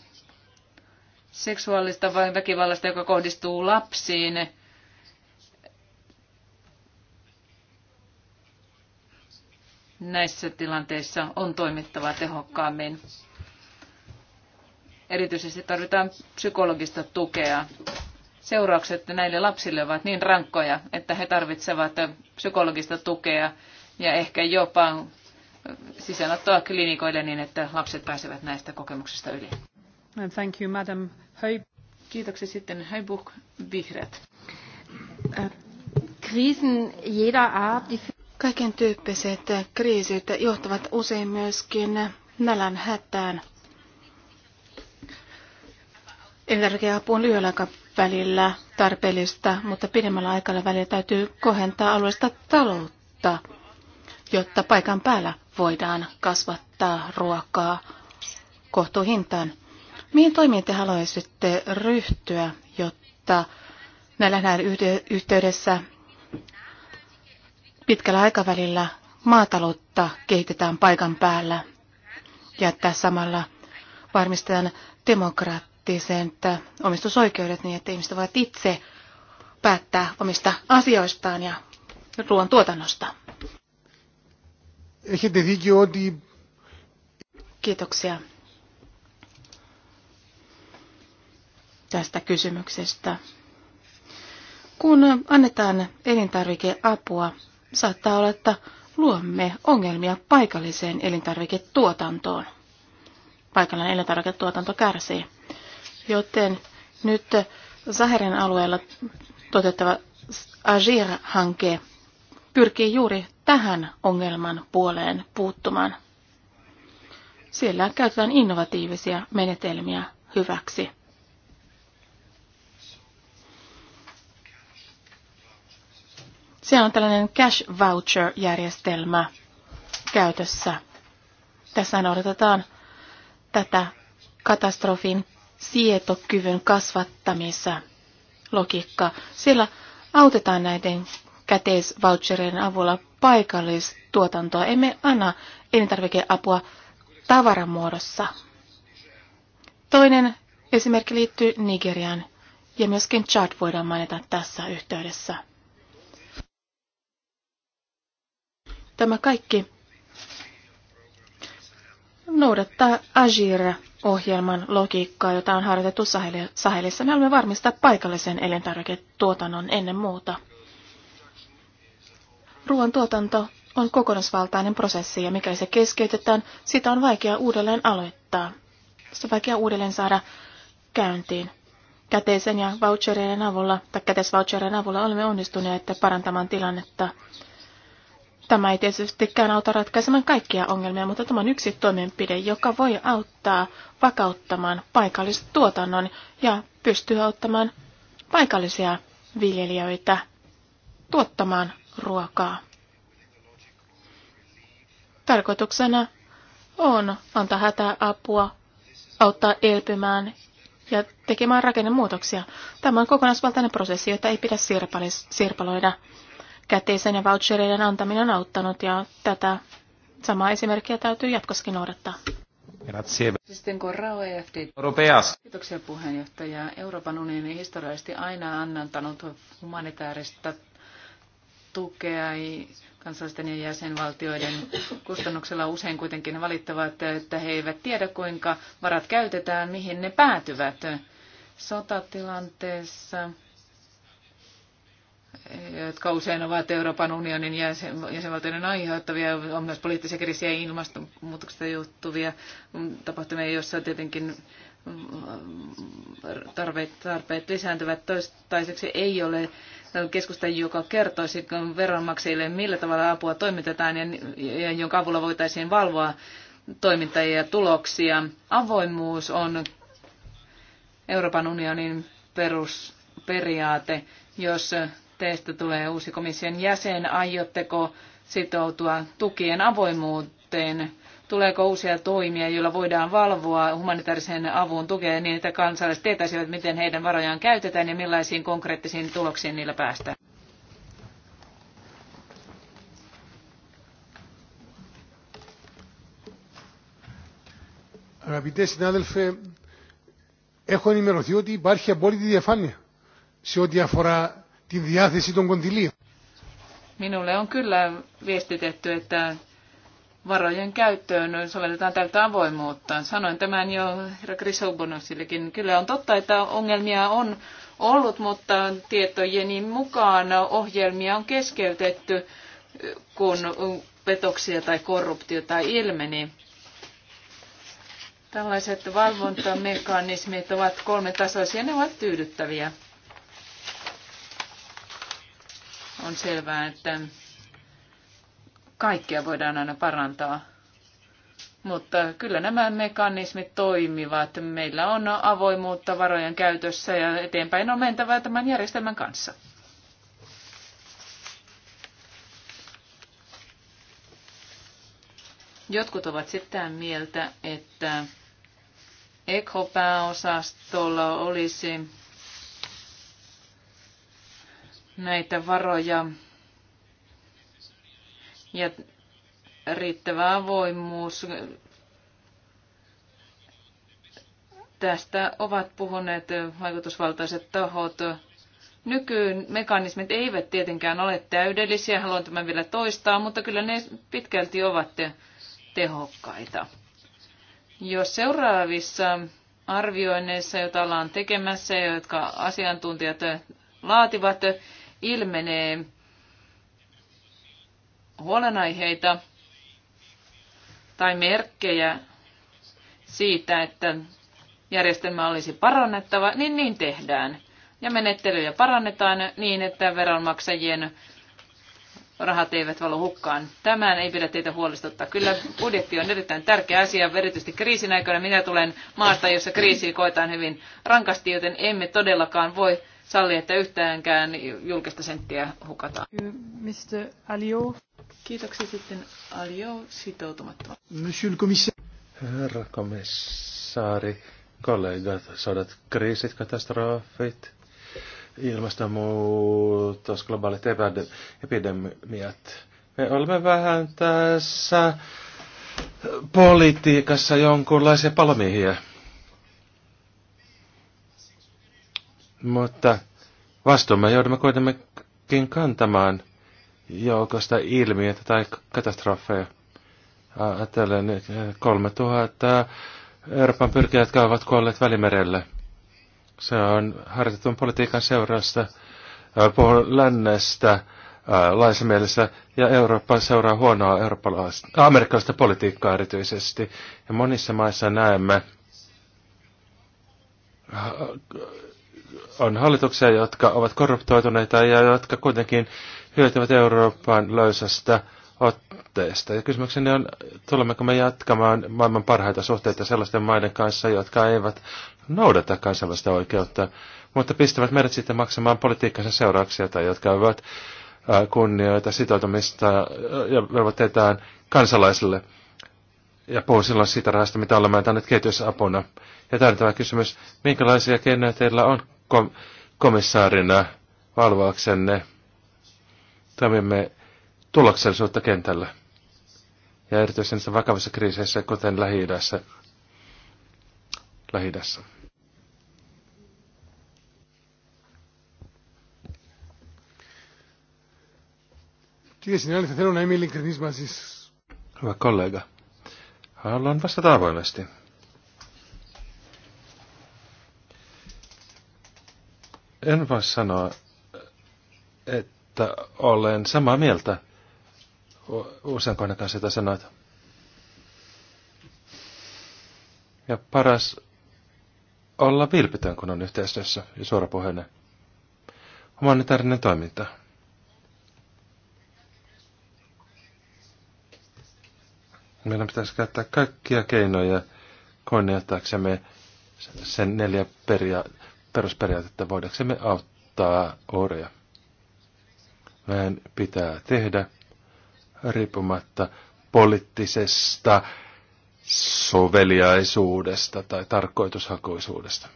Seksuaalista vai väkivallasta, joka kohdistuu lapsiin, näissä tilanteissa on toimittava tehokkaammin. Erityisesti tarvitaan psykologista tukea seuraukset näille lapsille ovat niin rankkoja, että he tarvitsevat psykologista tukea ja ehkä jopa sisäänottoa klinikoille niin, että lapset pääsevät näistä kokemuksista yli. And thank you, Madam Hoib. Kiitoksia sitten Heibuch Vihreät. Äh, kriisin jeder Art. Kaiken tyyppiset kriisit johtavat usein myöskin nälän hätään. Energiaapuun on lyhyellä välillä tarpeellista, mutta pidemmällä aikalla välillä täytyy kohentaa alueesta taloutta, jotta paikan päällä voidaan kasvattaa ruokaa kohtuuhintaan. Mihin toimiin te haluaisitte ryhtyä, jotta näillä yhteydessä pitkällä aikavälillä maataloutta kehitetään paikan päällä ja että samalla varmistetaan demokraattia? se, että omistusoikeudet niin, että ihmiset voivat itse päättää omista asioistaan ja ruoan tuotannosta. Kiitoksia tästä kysymyksestä. Kun annetaan elintarvikeapua, saattaa olla, että luomme ongelmia paikalliseen elintarviketuotantoon. Paikallinen elintarviketuotanto kärsii. Joten nyt Saharin alueella toteuttava Agir-hanke pyrkii juuri tähän ongelman puoleen puuttumaan. Siellä käytetään innovatiivisia menetelmiä hyväksi. Siellä on tällainen cash voucher-järjestelmä käytössä. Tässä odotetaan tätä katastrofin sietokyvyn kasvattamissa logiikka. Sillä autetaan näiden käteisvoucherien avulla paikallistuotantoa. Emme anna elintarvikeapua tavaramuodossa. Toinen esimerkki liittyy Nigeriaan ja myöskin Chad voidaan mainita tässä yhteydessä. Tämä kaikki noudattaa Agir-ohjelman logiikkaa, jota on harjoitettu Sahelissa. Me haluamme varmistaa paikallisen elintarviketuotannon ennen muuta. Ruoan tuotanto on kokonaisvaltainen prosessi ja mikäli se keskeytetään, sitä on vaikea uudelleen aloittaa. Sitä on vaikea uudelleen saada käyntiin. Käteisen ja voucherien avulla, tai avulla olemme onnistuneet parantamaan tilannetta Tämä ei tietystikään auta ratkaisemaan kaikkia ongelmia, mutta tämä on yksi toimenpide, joka voi auttaa vakauttamaan tuotannon ja pystyy auttamaan paikallisia viljelijöitä tuottamaan ruokaa. Tarkoituksena on antaa hätäapua, auttaa elpymään ja tekemään rakennemuutoksia. Tämä on kokonaisvaltainen prosessi, jota ei pidä sirpaloida käteisen ja vouchereiden antaminen on auttanut ja tätä samaa esimerkkiä täytyy jatkossakin noudattaa. Sitten EFD. Europeas. Kiitoksia puheenjohtaja. Euroopan unioni historiallisesti aina annantanut humanitaarista tukea kansallisten ja jäsenvaltioiden kustannuksella usein kuitenkin he valittavat, että he eivät tiedä kuinka varat käytetään, mihin ne päätyvät sotatilanteessa jotka usein ovat Euroopan unionin jäsen, jäsenvaltioiden aiheuttavia, on myös poliittisia kriisiä ja ilmastonmuutoksesta johtuvia tapahtumia, joissa tietenkin tarpeet, tarpeet lisääntyvät. Toistaiseksi ei ole keskusta, joka kertoisi veronmaksajille, millä tavalla apua toimitetaan ja, ja jonka avulla voitaisiin valvoa toimintaa ja tuloksia. Avoimuus on Euroopan unionin perusperiaate, jos teistä tulee uusi komission jäsen. Aiotteko sitoutua tukien avoimuuteen? Tuleeko uusia toimia, joilla voidaan valvoa humanitaarisen avun tukea niin, että kansalaiset tietäisivät, miten heidän varojaan käytetään ja millaisiin konkreettisiin tuloksiin niillä päästään? Αγαπητέ συνάδελφε, έχω ενημερωθεί ότι υπάρχει απόλυτη διαφάνεια σε ό,τι αφορά τη διάθεση των κοντιλίων. Minulle on kyllä viestitetty, että varojen käyttöön sovelletaan täyttä avoimuutta. Sanoin tämän jo herra Chrysobonosillekin. Kyllä on totta, että ongelmia on ollut, mutta tietojeni mukaan ohjelmia on keskeytetty, kun petoksia tai korruptiota ilmeni. Tällaiset valvontamekanismit ovat kolmetasoisia, ne ovat tyydyttäviä. on selvää, että kaikkea voidaan aina parantaa. Mutta kyllä nämä mekanismit toimivat. Meillä on avoimuutta varojen käytössä ja eteenpäin on mentävä tämän järjestelmän kanssa. Jotkut ovat sitä mieltä, että ekopääosastolla olisi näitä varoja ja riittävä avoimuus. Tästä ovat puhuneet vaikutusvaltaiset tahot. mekanismit eivät tietenkään ole täydellisiä, haluan tämän vielä toistaa, mutta kyllä ne pitkälti ovat tehokkaita. Jos seuraavissa arvioinneissa, joita ollaan tekemässä ja jotka asiantuntijat laativat, ilmenee huolenaiheita tai merkkejä siitä, että järjestelmä olisi parannettava, niin niin tehdään. Ja menettelyjä parannetaan niin, että veronmaksajien rahat eivät valu hukkaan. Tämän ei pidä teitä huolestuttaa. Kyllä budjetti on erittäin tärkeä asia, erityisesti kriisin aikana. Minä tulen maasta, jossa kriisiä koetaan hyvin rankasti, joten emme todellakaan voi salli, että yhtäänkään julkista senttiä hukataan. Mr. Alio. Kiitoksia sitten Alio sitoutumatta. Monsieur le commissaire. Herra komissaari, kollegat, sodat, kriisit, katastrofit, ilmastonmuutos, globaalit epidemiat. Me olemme vähän tässä politiikassa jonkunlaisia palomiehiä. Mutta me joudumme kuitenkin kantamaan joukosta ilmiötä tai katastrofeja. Ajattelen 3000 Euroopan pyrkijät, jotka ovat kuolleet Välimerelle. Se on harjoitetun politiikan seurausta. Puhun lännestä laisamielessä ja Eurooppa seuraa huonoa amerikkalaista politiikkaa erityisesti. Ja monissa maissa näemme on hallituksia, jotka ovat korruptoituneita ja jotka kuitenkin hyötyvät Euroopan löysästä otteesta. Ja kysymykseni on, tulemmeko me jatkamaan maailman parhaita suhteita sellaisten maiden kanssa, jotka eivät noudata kansainvälistä oikeutta, mutta pistävät meidät sitten maksamaan politiikkansa seurauksia tai jotka ovat kunnioita sitoutumista ja velvoitteitaan kansalaisille. Ja puhun silloin siitä rahasta, mitä olemme tänne kehitysapuna. Ja tärkeä kysymys, minkälaisia keinoja teillä on kom- komissaarina valvoaksenne. Toimimme tuloksellisuutta kentällä ja erityisesti vakavissa kriiseissä, kuten Lähi-idässä. lähi idässä Hyvä kollega, haluan vastata avoimesti. En voi sanoa, että olen samaa mieltä. Usein kanssa, sitä sanoit. Ja paras olla vilpitön, kun on yhteistyössä ja suorapuheinen. Humanitaarinen toiminta. Meidän pitäisi käyttää kaikkia keinoja kunnioittaaksemme sen neljä peria- perusperiaatetta voidaksemme auttaa oreja. Meidän pitää tehdä riippumatta poliittisesta soveliaisuudesta tai tarkoitushakuisuudesta.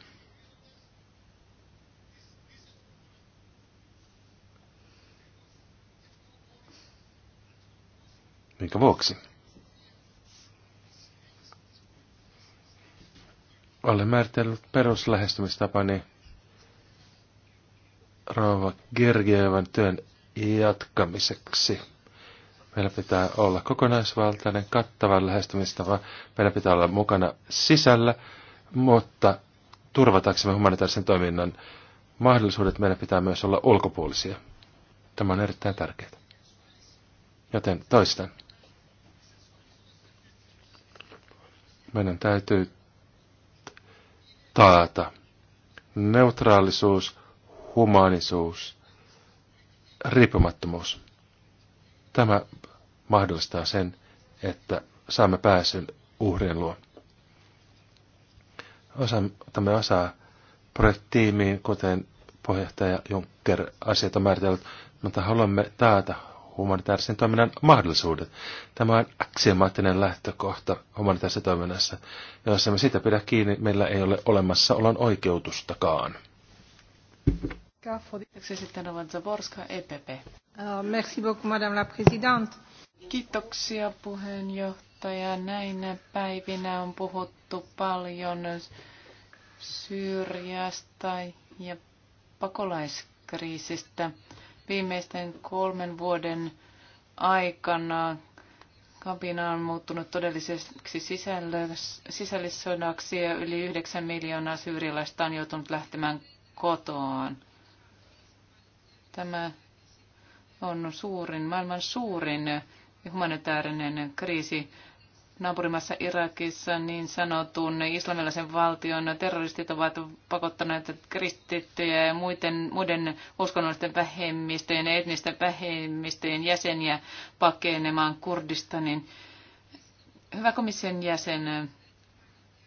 Minkä vuoksi? Olen määritellyt peruslähestymistapani rouva Gergievan työn jatkamiseksi. Meillä pitää olla kokonaisvaltainen, kattava lähestymistapa. Meillä pitää olla mukana sisällä, mutta turvataksemme humanitaarisen toiminnan mahdollisuudet meillä pitää myös olla ulkopuolisia. Tämä on erittäin tärkeää. Joten toistan. Meidän täytyy taata neutraalisuus, humaanisuus, riippumattomuus. Tämä mahdollistaa sen, että saamme pääsyn uhrien luo. Osamme osaa projektiimiin, kuten puheenjohtaja Juncker asiat on määritellyt, mutta haluamme taata humanitaarisen toiminnan mahdollisuudet. Tämä on aksiomaattinen lähtökohta humanitaarisessa toiminnassa. Jos emme sitä pidä kiinni, meillä ei ole olemassaolon oikeutustakaan. Sitten on e euh, Kiitoksia puheenjohtaja. Näinä päivinä on puhuttu paljon Syyriasta ja pakolaiskriisistä. Viimeisten kolmen vuoden aikana kapina on muuttunut todelliseksi sisällissodaksi ja yli 9 miljoonaa syyrialaista on joutunut lähtemään kotoaan. Tämä on suurin, maailman suurin humanitaarinen kriisi naapurimassa Irakissa niin sanotun islamilaisen valtion terroristit ovat pakottaneet kristittyjä ja muiden, muiden uskonnollisten vähemmistöjen ja etnisten vähemmistöjen jäseniä pakenemaan Kurdistanin. Hyvä komission jäsen,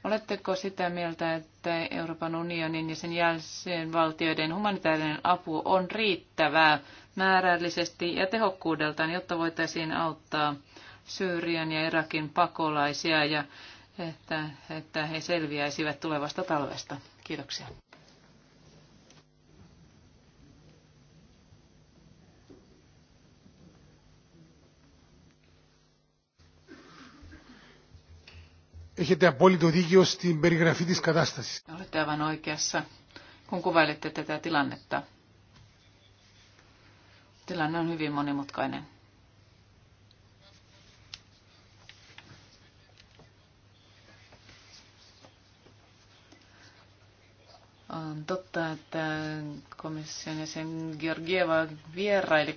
Oletteko sitä mieltä, että Euroopan unionin ja sen jäsenvaltioiden humanitaarinen apu on riittävää määrällisesti ja tehokkuudeltaan, jotta voitaisiin auttaa Syyrian ja Irakin pakolaisia ja että, että he selviäisivät tulevasta talvesta? Kiitoksia. Έχετε απόλυτο δίκιο στην περιγραφή της κατάστασης. Olette aivan oikeassa, kun kuvailette tätä tilannetta. Tilanne on hyvin monimutkainen. On totta, että komission jäsen Georgieva vieraili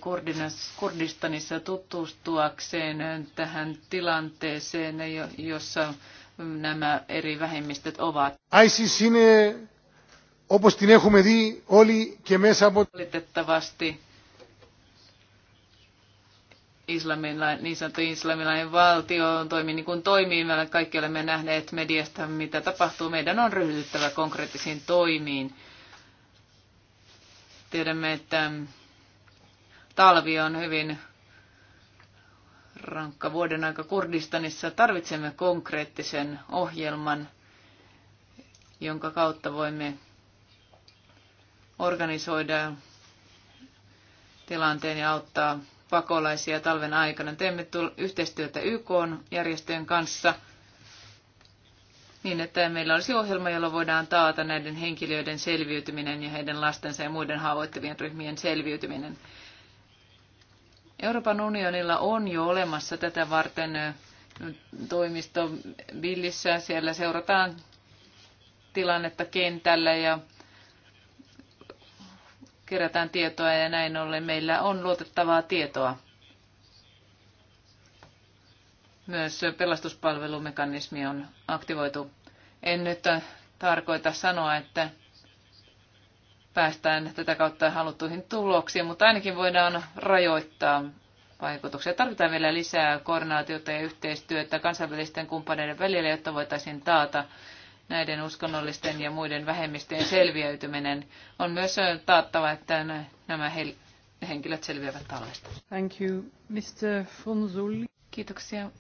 Kurdistanissa tutustuakseen tähän tilanteeseen, jossa nämä eri vähemmistöt ovat. ISIS είναι, όπως την έχουμε δει όλοι και μέσα από... Valitettavasti islamilla, niin sanottu islamilainen valtio toimii niin kuin toimii. Me kaikki olemme nähneet mediasta, mitä tapahtuu. Meidän on ryhdyttävä konkreettisiin toimiin. Tiedämme, että talvi on hyvin rankka vuoden aika Kurdistanissa. Tarvitsemme konkreettisen ohjelman, jonka kautta voimme organisoida tilanteen ja auttaa pakolaisia talven aikana. Teemme yhteistyötä YK-järjestöjen kanssa niin, että meillä olisi ohjelma, jolla voidaan taata näiden henkilöiden selviytyminen ja heidän lastensa ja muiden haavoittavien ryhmien selviytyminen. Euroopan unionilla on jo olemassa tätä varten toimisto Villissä. Siellä seurataan tilannetta kentällä ja kerätään tietoa ja näin ollen meillä on luotettavaa tietoa. Myös pelastuspalvelumekanismi on aktivoitu. En nyt tarkoita sanoa, että päästään tätä kautta haluttuihin tuloksiin, mutta ainakin voidaan rajoittaa vaikutuksia. Tarvitaan vielä lisää koordinaatiota ja yhteistyötä kansainvälisten kumppaneiden välillä, jotta voitaisiin taata näiden uskonnollisten ja muiden vähemmistöjen selviäytyminen. On myös taattava, että nämä henkilöt selviävät tallesta. Thank you, Mr. Funzulli. Kiitoksia,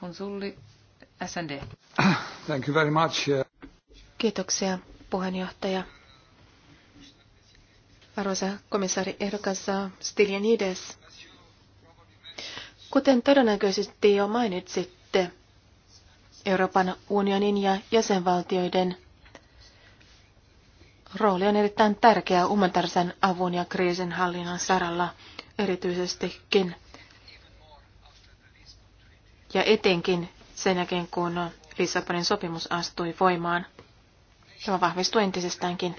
Funzulli, SND. Thank you very much. Kiitoksia, puheenjohtaja arvoisa komissaari ehdokas Stylianides. Kuten todennäköisesti jo mainitsitte, Euroopan unionin ja jäsenvaltioiden rooli on erittäin tärkeä humanitaarisen avun ja hallinnan saralla erityisestikin. Ja etenkin sen jälkeen, kun Lissabonin sopimus astui voimaan. Tämä vahvistui entisestäänkin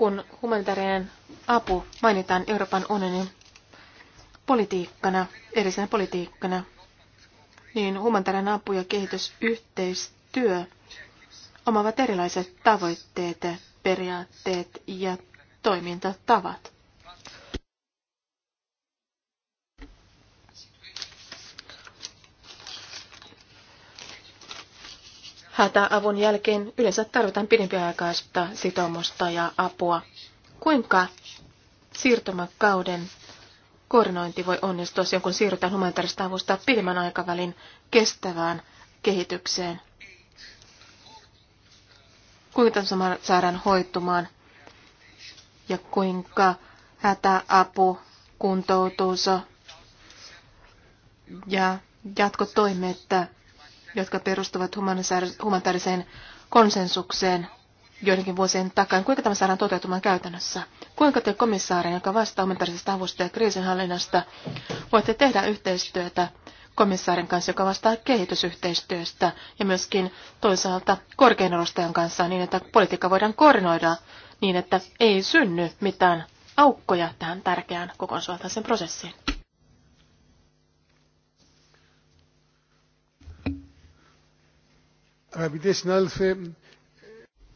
kun humanitaarinen apu mainitaan Euroopan unionin politiikkana, erisenä politiikkana, niin humanitaarinen apu ja kehitysyhteistyö omaavat erilaiset tavoitteet, periaatteet ja toimintatavat. Hätäavun jälkeen yleensä tarvitaan pidempiaikaista sitoumusta ja apua. Kuinka siirtymäkauden koordinointi voi onnistua, jos kun siirrytään humanitaarista avusta pidemmän aikavälin kestävään kehitykseen? Kuinka tämä saadaan hoitumaan ja kuinka hätäapu, kuntoutuu ja jatkotoimet jotka perustuvat humanitaariseen konsensukseen joidenkin vuosien takaa. Kuinka tämä saadaan toteutumaan käytännössä? Kuinka te komissaarin, joka vastaa humanitaarisesta avusta ja kriisinhallinnasta, voitte tehdä yhteistyötä komissaarin kanssa, joka vastaa kehitysyhteistyöstä ja myöskin toisaalta korkean edustajan kanssa niin, että politiikka voidaan koordinoida niin, että ei synny mitään aukkoja tähän tärkeään kokonaisvaltaiseen prosessiin.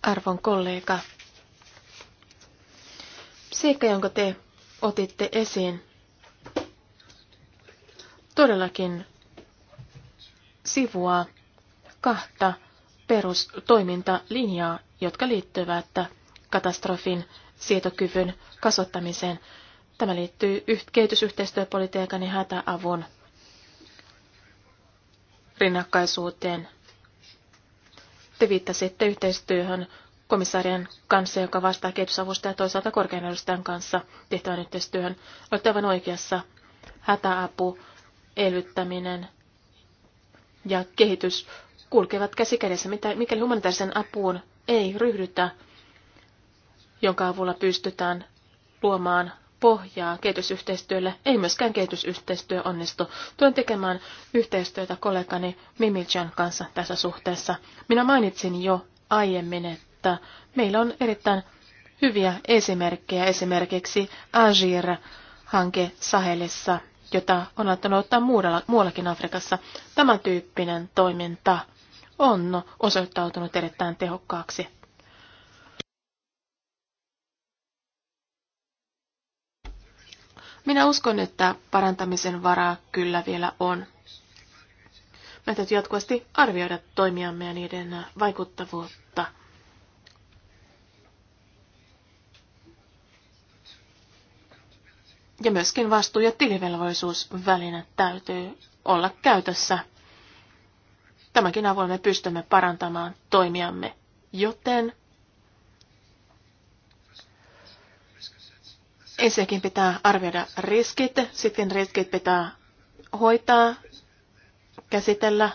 Arvon kollega, seikka, jonka te otitte esiin, todellakin sivuaa kahta perustoimintalinjaa, jotka liittyvät katastrofin sietokyvyn kasvattamiseen. Tämä liittyy kehitysyhteistyöpolitiikan ja hätäavun rinnakkaisuuteen te viittasitte yhteistyöhön komissaarien kanssa, joka vastaa kehitysavusta ja toisaalta korkean edustajan kanssa tehtävän yhteistyöhön. Olette aivan oikeassa. Hätäapu, elvyttäminen ja kehitys kulkevat käsi kädessä. Mikäli humanitaarisen apuun ei ryhdytä, jonka avulla pystytään luomaan pohjaa kehitysyhteistyölle, ei myöskään kehitysyhteistyö onnistu. tuen tekemään yhteistyötä kollegani Mimichan kanssa tässä suhteessa. Minä mainitsin jo aiemmin, että meillä on erittäin hyviä esimerkkejä, esimerkiksi Agir-hanke Sahelissa, jota on laittanut ottaa muuallakin Afrikassa. Tämän tyyppinen toiminta on osoittautunut erittäin tehokkaaksi. Minä uskon, että parantamisen varaa kyllä vielä on. Me täytyy jatkuvasti arvioida toimiamme ja niiden vaikuttavuutta. Ja myöskin vastuu- ja tilivelvollisuusväline täytyy olla käytössä. Tämäkin avulla me pystymme parantamaan toimiamme, joten Ensinnäkin pitää arvioida riskit, sitten riskit pitää hoitaa, käsitellä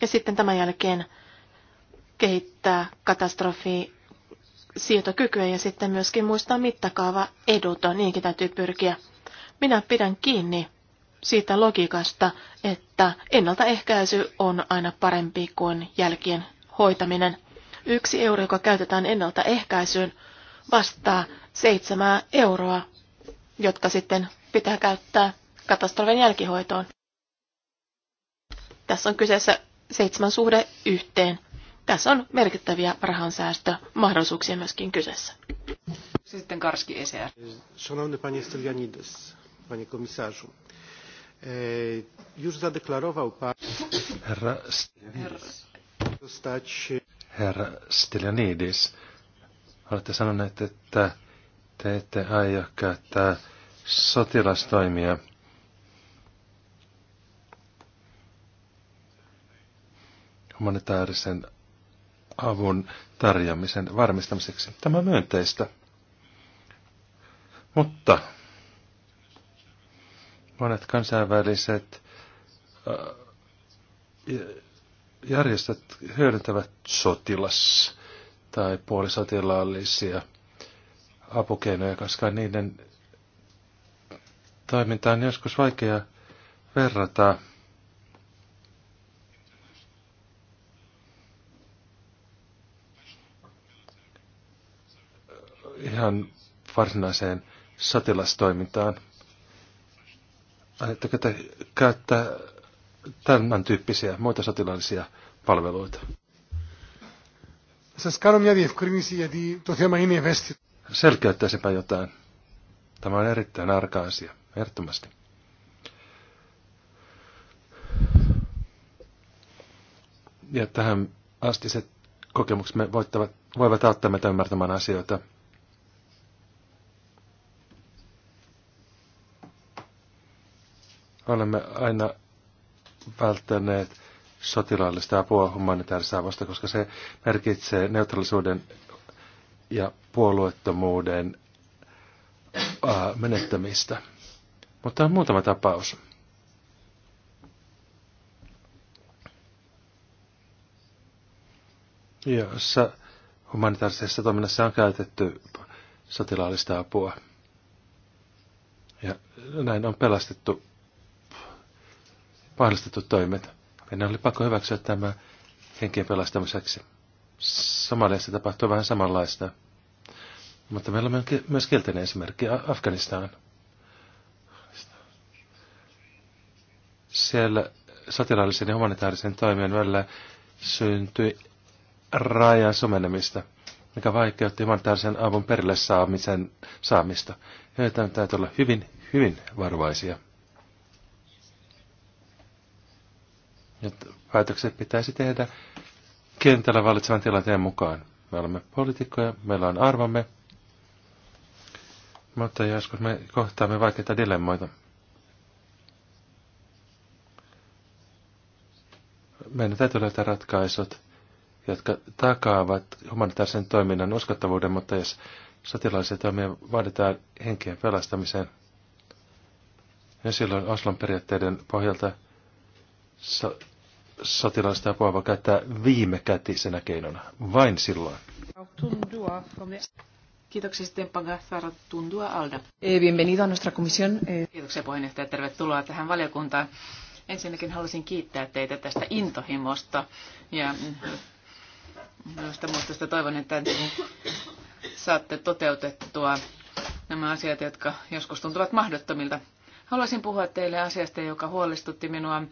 ja sitten tämän jälkeen kehittää katastrofi sietokykyä ja sitten myöskin muistaa mittakaava edut, niinkin täytyy pyrkiä. Minä pidän kiinni siitä logiikasta, että ennaltaehkäisy on aina parempi kuin jälkien hoitaminen. Yksi euro, joka käytetään ennaltaehkäisyyn, vastaa seitsemää euroa, jotka sitten pitää käyttää katastrofin jälkihoitoon. Tässä on kyseessä seitsemän suhde yhteen. Tässä on merkittäviä rahansäästömahdollisuuksia myöskin kyseessä. Sitten Karski ECR. Szanowny panie Stylianides, panie komisarzu. E, już zadeklarował pan... Herra, Stylianides. Herra Stylianides, olette sanoneet, että te ette aio käyttää sotilastoimia. humanitaarisen avun tarjoamisen varmistamiseksi. Tämä on myönteistä. Mutta monet kansainväliset äh, järjestöt hyödyntävät sotilas- tai puolisotilaallisia apukeinoja, koska niiden toiminta on joskus vaikea verrata ihan varsinaiseen sotilastoimintaan. Ajatteko te käyttää tämän tyyppisiä muita sotilaallisia palveluita? Se κάνω μια διευκρίνηση di το θέμα είναι selkeyttäisipä jotain. Tämä on erittäin arka asia, ehdottomasti. Ja tähän asti kokemukset me voittavat, voivat auttaa meitä ymmärtämään asioita. Olemme aina välttäneet sotilaallista apua humanitaarista avusta, koska se merkitsee neutraalisuuden ja puolueettomuuden äh, menettämistä. Mutta on muutama tapaus. jossa humanitaarisessa toiminnassa on käytetty sotilaallista apua. Ja näin on pelastettu, mahdollistettu toimet. Meidän oli pakko hyväksyä tämä henkien pelastamiseksi. Somaliassa tapahtuu vähän samanlaista. Mutta meillä on myös kielteinen esimerkki Afganistan. Siellä sotilaallisen ja humanitaarisen toimien välillä syntyi rajan sumenemista, mikä vaikeutti humanitaarisen avun perille saamisen, saamista. on täytyy olla hyvin, hyvin varovaisia. Jotta päätökset pitäisi tehdä kentällä valitsevan tilanteen mukaan. Me olemme poliitikkoja, meillä on arvomme, mutta joskus me kohtaamme vaikeita dilemmoita. Meidän täytyy löytää ratkaisut, jotka takaavat humanitaarisen toiminnan uskottavuuden, mutta jos sotilaisia toimia vaaditaan henkien pelastamiseen, niin silloin Oslon periaatteiden pohjalta so- sotilaista apua voi käyttää viimekätisenä keinona, vain silloin. Kiitoksia sitten Pagathar Tundua Alda. Eh, bienvenido a nuestra comisión. Eh. Kiitoksia puheenjohtaja. Tervetuloa tähän valiokuntaan. Ensinnäkin haluaisin kiittää teitä tästä intohimosta ja noista muistosta toivon, että saatte toteutettua nämä asiat, jotka joskus tuntuvat mahdottomilta. Haluaisin puhua teille asiasta, joka huolestutti minua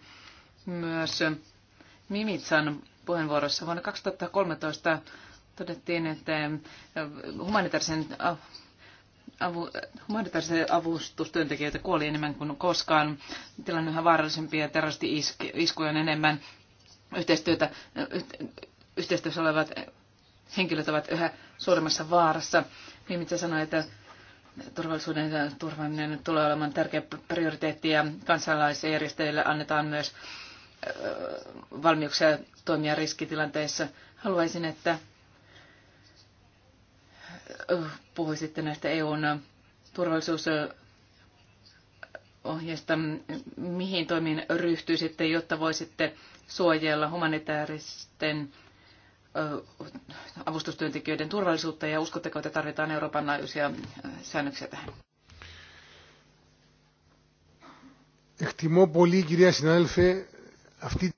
myös Mimitsan puheenvuorossa. Vuonna 2013 todettiin, että äh, humanitaarisen avu, humanitaarisen avustustyöntekijöitä kuoli enemmän kuin koskaan. Tilanne on yhä vaarallisempi ja terroristi-iskuja on enemmän. Yhteistyötä, yhteistyössä olevat henkilöt ovat yhä suuremmassa vaarassa. Niin mitä sanoi, että turvallisuuden turvaaminen tulee olemaan tärkeä prioriteetti ja kansalaisjärjestöille annetaan myös äh, valmiuksia toimia riskitilanteissa. Haluaisin, että puhui sitten näistä EUn turvallisuusohjeista. Mihin toimiin ryhtyisitte, jotta voisitte suojella humanitaaristen avustustyöntekijöiden turvallisuutta ja uskotteko, että tarvitaan Euroopan laajuisia säännöksiä tähän? Εκτιμώ πολύ, κυρία συνάδελφε, αυτή...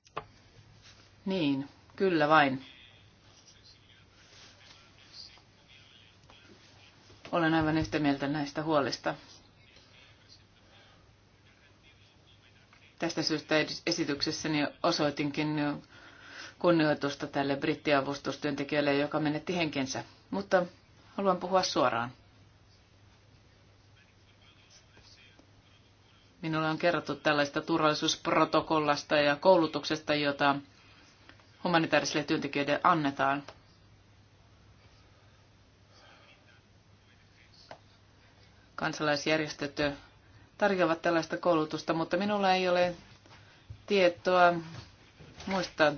Niin, kyllä vain. Olen aivan yhtä mieltä näistä huolista. Tästä syystä esityksessäni osoitinkin kunnioitusta tälle brittiavustustyöntekijälle, joka menetti henkensä. Mutta haluan puhua suoraan. Minulle on kerrottu tällaista turvallisuusprotokollasta ja koulutuksesta, jota humanitaarisille työntekijöille annetaan. kansalaisjärjestöt tarjoavat tällaista koulutusta, mutta minulla ei ole tietoa muista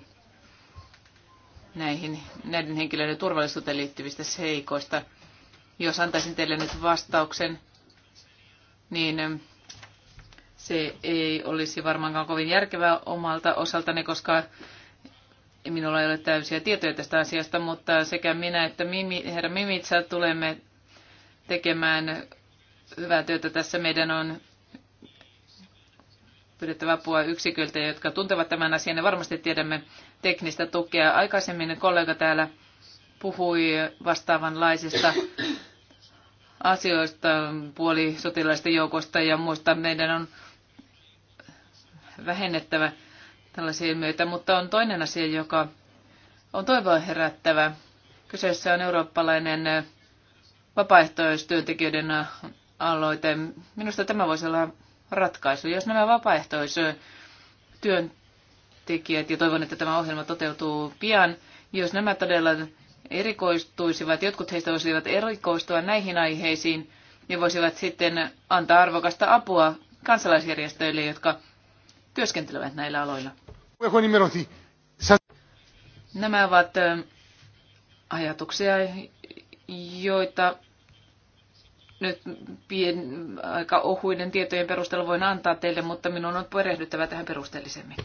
näihin, näiden henkilöiden turvallisuuteen liittyvistä seikoista. Jos antaisin teille nyt vastauksen, niin se ei olisi varmaankaan kovin järkevää omalta osaltani, koska minulla ei ole täysiä tietoja tästä asiasta, mutta sekä minä että Mimi, herra Mimitsa tulemme tekemään hyvää työtä tässä. Meidän on pyydettävä apua yksiköiltä, jotka tuntevat tämän asian ja varmasti tiedämme teknistä tukea. Aikaisemmin kollega täällä puhui vastaavanlaisista asioista, puoli sotilaisten joukosta ja muista. Meidän on vähennettävä tällaisia ilmiöitä, mutta on toinen asia, joka on toivoa herättävä. Kyseessä on eurooppalainen vapaaehtoistyöntekijöiden aloite. Minusta tämä voisi olla ratkaisu. Jos nämä vapaaehtoistyöntekijät, ja toivon, että tämä ohjelma toteutuu pian, jos nämä todella erikoistuisivat, jotkut heistä voisivat erikoistua näihin aiheisiin ja voisivat sitten antaa arvokasta apua kansalaisjärjestöille, jotka työskentelevät näillä aloilla. Nämä ovat ajatuksia, joita nyt pien, aika ohuinen tietojen perusteella voin antaa teille, mutta minun on perehdyttävä tähän perusteellisemmin.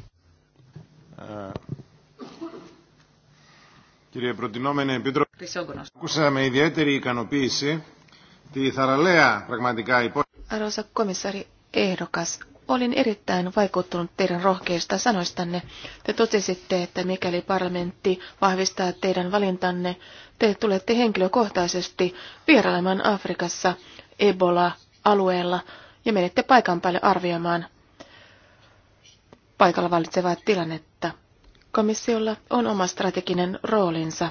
Κύριε Προτινόμενε Επίτροπε, άκουσα με ιδιαίτερη ικανοποίηση τη θαραλέα πραγματικά υπόθεση. Arvoisa komissari ehdokas, Olin erittäin vaikuttunut teidän rohkeista sanoistanne. Te totesitte, että mikäli parlamentti vahvistaa teidän valintanne, te tulette henkilökohtaisesti vierailemaan Afrikassa Ebola-alueella ja menette paikan päälle arvioimaan paikalla valitsevaa tilannetta. Komissiolla on oma strateginen roolinsa.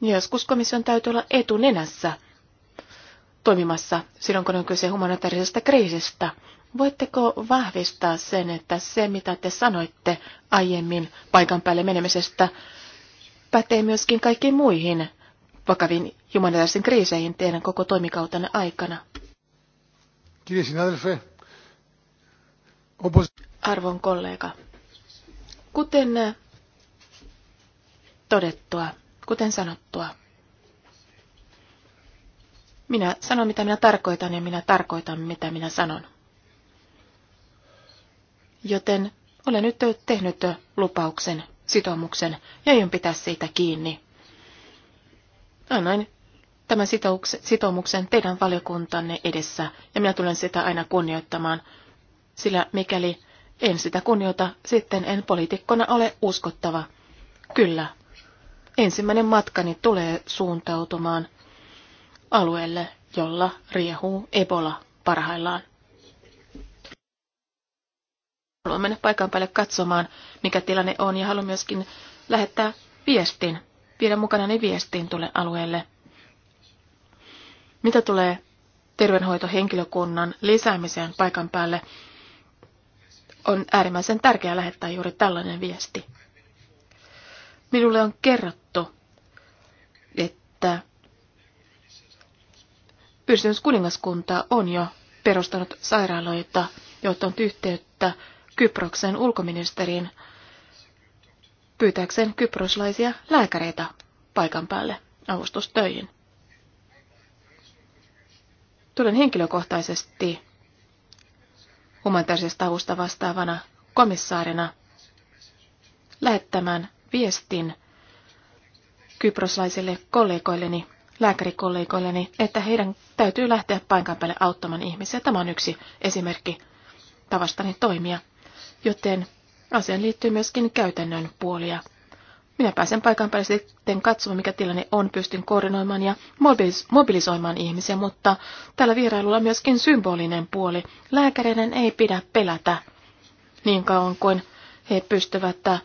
Joskus komission täytyy olla etunenässä – toimimassa silloin, kun on kyse humanitaarisesta kriisistä. Voitteko vahvistaa sen, että se mitä te sanoitte aiemmin paikan päälle menemisestä pätee myöskin kaikkiin muihin vakaviin humanitaarisiin kriiseihin teidän koko toimikautenne aikana? Arvon kollega, kuten todettua, kuten sanottua, minä sanon mitä minä tarkoitan ja minä tarkoitan mitä minä sanon. Joten olen nyt tehnyt lupauksen, sitoumuksen ja aion pitää siitä kiinni. Annoin tämän sitoumuksen teidän valiokuntanne edessä ja minä tulen sitä aina kunnioittamaan, sillä mikäli en sitä kunnioita, sitten en poliitikkona ole uskottava. Kyllä, ensimmäinen matkani tulee suuntautumaan alueelle, jolla riehuu Ebola parhaillaan. Haluan mennä paikan päälle katsomaan, mikä tilanne on, ja haluan myöskin lähettää viestin, viedä ne viestin tuolle alueelle. Mitä tulee terveydenhoitohenkilökunnan lisäämiseen paikan päälle, on äärimmäisen tärkeää lähettää juuri tällainen viesti. Minulle on kerrottu, että yhdistyskuningaskunta on jo perustanut sairaaloita, joita on yhteyttä Kyproksen ulkoministeriin pyytääkseen kyproslaisia lääkäreitä paikan päälle avustustöihin. Tulen henkilökohtaisesti humanitaarisesta avusta vastaavana komissaarina lähettämään viestin kyproslaisille kollegoilleni, lääkärikollegoilleni, että heidän täytyy lähteä paikan päälle auttamaan ihmisiä. Tämä on yksi esimerkki tavastani toimia joten asiaan liittyy myöskin käytännön puolia. Minä pääsen paikan päälle sitten katsomaan, mikä tilanne on, pystyn koordinoimaan ja mobilisoimaan ihmisiä, mutta tällä vierailulla on myöskin symbolinen puoli. Lääkäreiden ei pidä pelätä niin kauan kuin he pystyvät äh,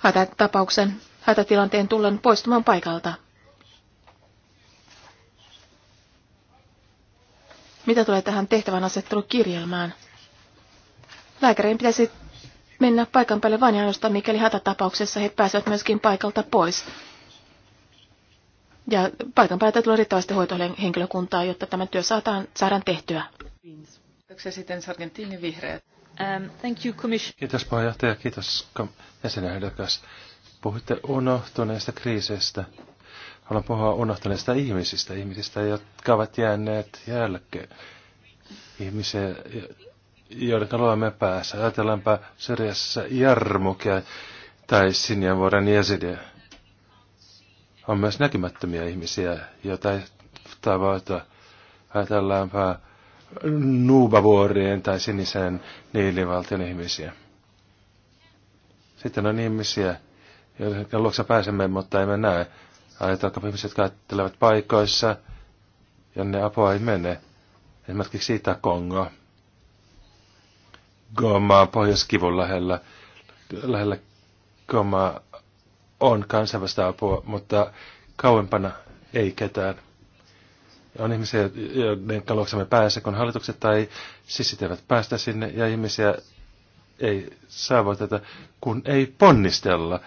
hätätapauksen, hätätilanteen tullen poistumaan paikalta. Mitä tulee tähän tehtävän asettelukirjelmään? Lääkärin pitäisi mennä paikan päälle vain ainoastaan, mikäli hätätapauksessa he pääsevät myöskin paikalta pois. Ja paikan päältä tulee riittävästi hoitohenkilökuntaa, jotta tämä työ saadaan, saadaan tehtyä. Kiitoksia sitten Sargentinin vihreät. Um, thank you, commission. Kiitos puheenjohtaja, kiitos jäsenehdokas. puhutte unohtuneesta kriisistä. Haluan puhua unohtuneista ihmisistä, ihmisistä, jotka ovat jääneet jälkeen. Ihmisiä, joiden me päässä. Ajatellaanpa Syriassa Jarmukia tai Sinjanvuoren jesidiä. On myös näkymättömiä ihmisiä, joita ei tavoita. Ajatellaanpa Nuubavuorien tai sinisen niilivaltion ihmisiä. Sitten on ihmisiä, joiden luokse pääsemme, mutta emme näe. Ajatellaanpa ihmiset, jotka ajattelevat paikoissa, jonne apua ei mene. Esimerkiksi Itä-Kongo. Gomaan pohjoiskivun lähellä, lähellä Gomaa on kansainvälistä apua, mutta kauempana ei ketään. On ihmisiä, joiden luoksemme päässä, kun hallitukset tai sissit eivät päästä sinne, ja ihmisiä ei saavuteta, kun ei ponnistella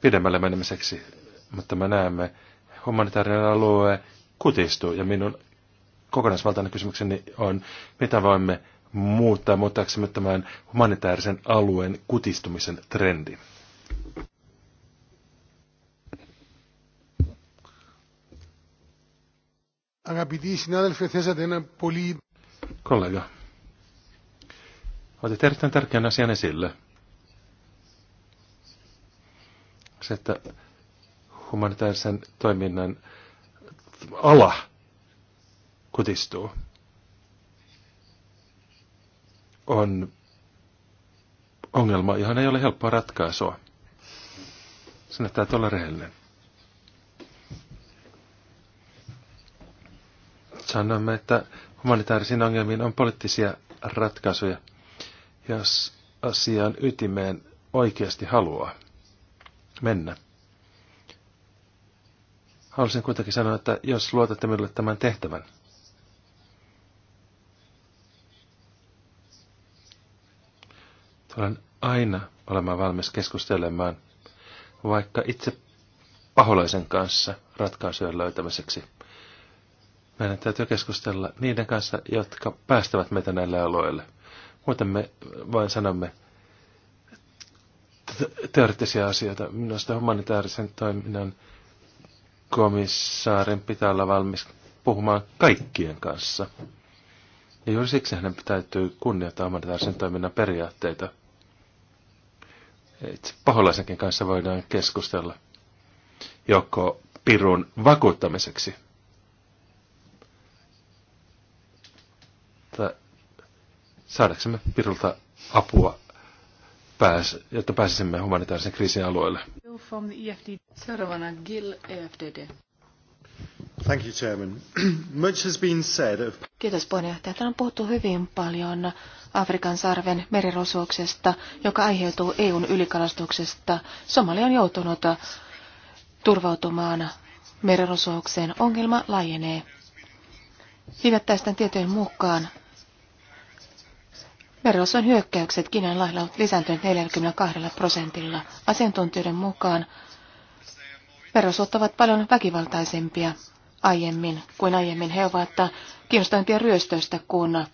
pidemmälle menemiseksi. Mutta me näemme, humanitaarinen alue kutistuu, ja minun kokonaisvaltainen kysymykseni on, mitä voimme muuttaa muuttaaksemme tämän humanitaarisen alueen kutistumisen trendi. Αγαπητοί sinä olet ένα πολύ... otit erittäin tärkeän asian esille. Se, että humanitaarisen toiminnan ala kutistuu on ongelma, johon ei ole helppoa ratkaisua. Sinä täytyy olla rehellinen. Sanomme, että humanitaarisiin ongelmiin on poliittisia ratkaisuja, jos asian ytimeen oikeasti haluaa mennä. Haluaisin kuitenkin sanoa, että jos luotatte minulle tämän tehtävän – Olen aina olemaan valmis keskustelemaan, vaikka itse paholaisen kanssa ratkaisujen löytämiseksi. Meidän täytyy keskustella niiden kanssa, jotka päästävät meitä näille aloille. Muuten me vain sanomme teoreettisia asioita. Minusta humanitaarisen toiminnan komissaarin pitää olla valmis puhumaan kaikkien kanssa. Ja juuri siksi hänen täytyy kunnioittaa humanitaarisen toiminnan periaatteita paholaisenkin kanssa voidaan keskustella joko pirun vakuuttamiseksi tai saadaksemme pirulta apua, pääs, jotta pääsisimme humanitaarisen kriisin alueelle. E Seuraavana Gil EFDD. Thank you, Chairman. Much has been said of... Kiitos puheenjohtaja. Täällä on puhuttu hyvin paljon Afrikan sarven merirosuoksesta, joka aiheutuu EUn ylikalastuksesta. Somalia on joutunut turvautumaan merirosuokseen Ongelma laajenee. Hiljattaisten tietojen mukaan merirosuun hyökkäykset Kiinan lailla ovat lisääntyneet 42 prosentilla. Asiantuntijoiden mukaan merirosuut ovat paljon väkivaltaisempia aiemmin kuin aiemmin. He ovat kiinnostavimpia ryöstöistä kuin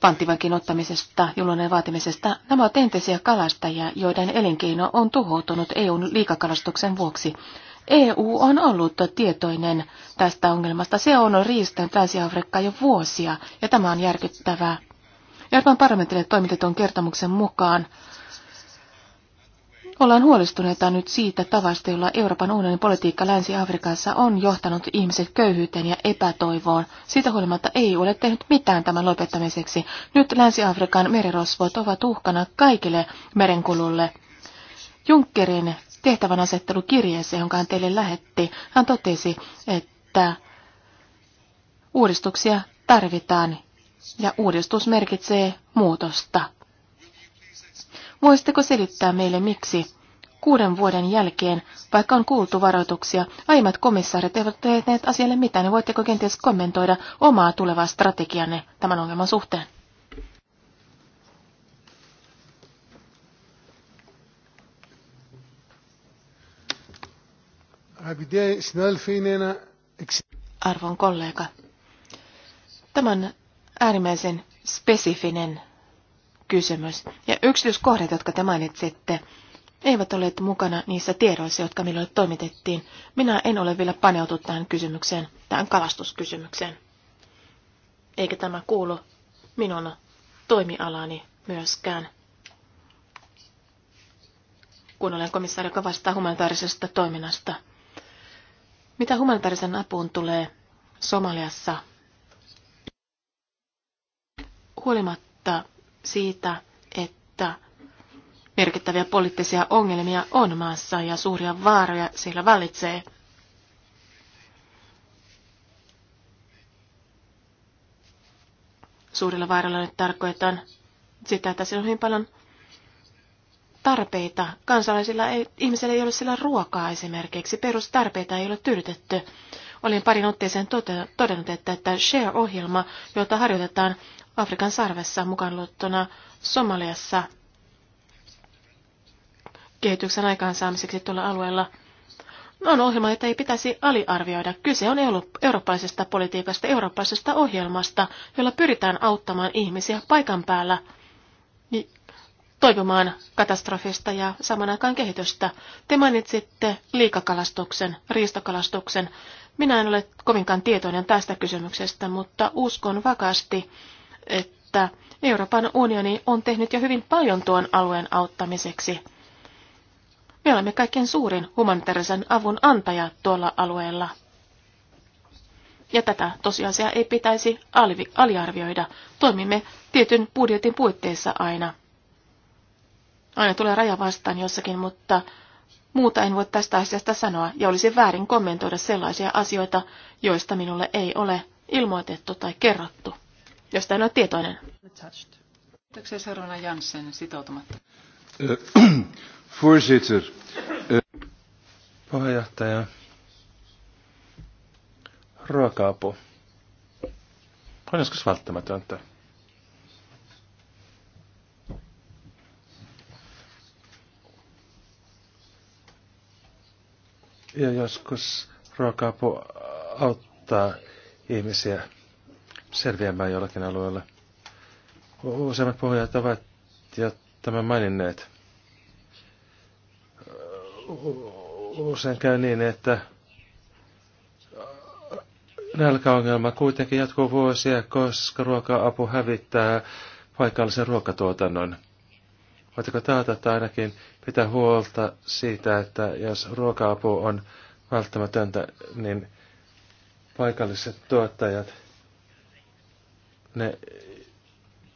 panttivankin ottamisesta, julkinen vaatimisesta. Nämä ovat entisiä kalastajia, joiden elinkeino on tuhoutunut EUn liikakalastuksen vuoksi. EU on ollut tietoinen tästä ongelmasta. Se on riistänyt Länsi-Afrikkaa jo vuosia, ja tämä on järkyttävää. Euroopan parlamentille toimitetun kertomuksen mukaan Ollaan huolestuneita nyt siitä tavasta, jolla Euroopan unionin politiikka Länsi-Afrikassa on johtanut ihmiset köyhyyteen ja epätoivoon. Siitä huolimatta ei ole tehnyt mitään tämän lopettamiseksi. Nyt Länsi-Afrikan merirosvot ovat uhkana kaikille merenkululle. Junckerin tehtävän asettelu kirjeessä, jonka hän teille lähetti, hän totesi, että uudistuksia tarvitaan ja uudistus merkitsee muutosta. Voisitteko selittää meille miksi? Kuuden vuoden jälkeen, vaikka on kuultu varoituksia, aiemmat komissaarit eivät tehneet asialle mitään, niin voitteko kenties kommentoida omaa tulevaa strategianne tämän ongelman suhteen? Arvon kollega, tämän äärimmäisen spesifinen kysymys. Ja yksityiskohdat, jotka te mainitsitte, eivät ole mukana niissä tiedoissa, jotka minulle toimitettiin. Minä en ole vielä paneutunut tähän kysymykseen, tähän kalastuskysymykseen. Eikä tämä kuulu minun toimialani myöskään, kun olen komissaari, joka vastaa humanitaarisesta toiminnasta. Mitä humanitaarisen apuun tulee Somaliassa? Huolimatta siitä, että merkittäviä poliittisia ongelmia on maassa ja suuria vaaroja siellä vallitsee. Suurilla vaaroilla nyt tarkoitan sitä, että siellä on hyvin paljon tarpeita. Kansalaisilla ei, ihmisillä ei ole siellä ruokaa esimerkiksi. Perustarpeita ei ole tyydytetty. Olin parin otteeseen todennut, että, että Share-ohjelma, jota harjoitetaan Afrikan sarvessa mukaan luottona Somaliassa kehityksen aikaansaamiseksi tuolla alueella – on ohjelma, jota ei pitäisi aliarvioida. Kyse on eurooppalaisesta politiikasta, eurooppalaisesta ohjelmasta, jolla pyritään auttamaan ihmisiä paikan päällä toipumaan katastrofista ja saman aikaan kehitystä. Te mainitsitte liikakalastuksen, riistokalastuksen. Minä en ole kovinkaan tietoinen tästä kysymyksestä, mutta uskon vakaasti, että Euroopan unioni on tehnyt jo hyvin paljon tuon alueen auttamiseksi. Me olemme kaikkein suurin humanitaarisen avun antaja tuolla alueella. Ja tätä tosiasiaa ei pitäisi aliarvioida. Toimimme tietyn budjetin puitteissa aina. Aina tulee raja vastaan jossakin, mutta muuta en voi tästä asiasta sanoa, ja olisi väärin kommentoida sellaisia asioita, joista minulle ei ole ilmoitettu tai kerrottu josta en ole tietoinen. Kiitoksia seuraavana Janssen sitoutumatta. Voorzitter. Puheenjohtaja. Ruoka-apu. On joskus välttämätöntä. Ja joskus ruoka-apu auttaa ihmisiä selviämään jollakin alueella. Useimmat puhujat ovat jo tämän maininneet. Usein käy niin, että nälkäongelma kuitenkin jatkuu vuosia, koska ruoka-apu hävittää paikallisen ruokatuotannon. Voitteko taata, että ainakin pitää huolta siitä, että jos ruoka-apu on välttämätöntä, niin paikalliset tuottajat – ne,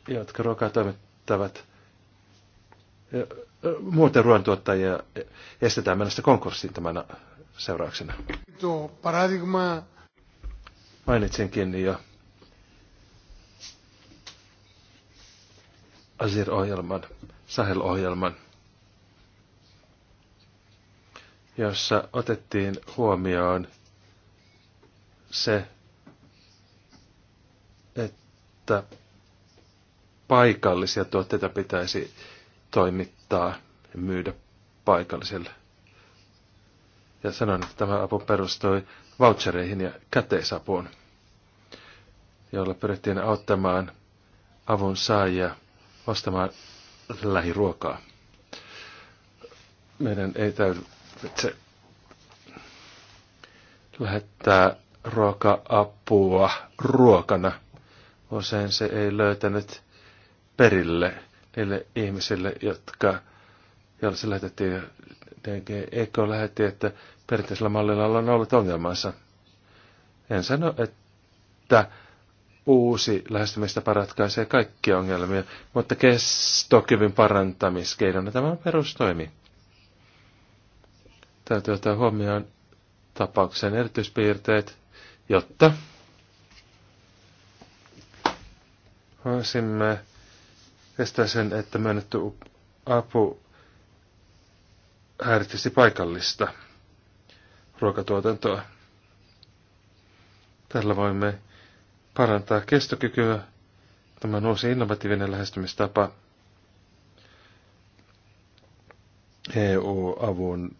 jotka ruokaa toimittavat, muuten ruoantuottajia estetään mennä konkurssiin tämän seurauksena. Tuo paradigma... Mainitsinkin jo Azir-ohjelman, Sahel-ohjelman, jossa otettiin huomioon se, että paikallisia tuotteita pitäisi toimittaa ja myydä paikalliselle. Ja sanon, että tämä apu perustui vouchereihin ja käteisapuun, jolla pyrittiin auttamaan avun saajia ostamaan lähiruokaa. Meidän ei tarvitse lähettää ruoka-apua ruokana – Usein se ei löytänyt perille niille ihmisille, jotka, joille se lähetettiin. DG Eko lähetti, että perinteisellä mallilla on ollut ongelmansa. En sano, että uusi lähestymistapa ratkaisee kaikkia ongelmia, mutta kestokyvyn parantamiskeinona tämä on perustoimi. Täytyy ottaa huomioon tapauksen erityispiirteet, jotta Voisimme estää sen, että myönnetty apu häiritsisi paikallista ruokatuotantoa. Tällä voimme parantaa kestokykyä. Tämä on uusi innovatiivinen lähestymistapa EU-avun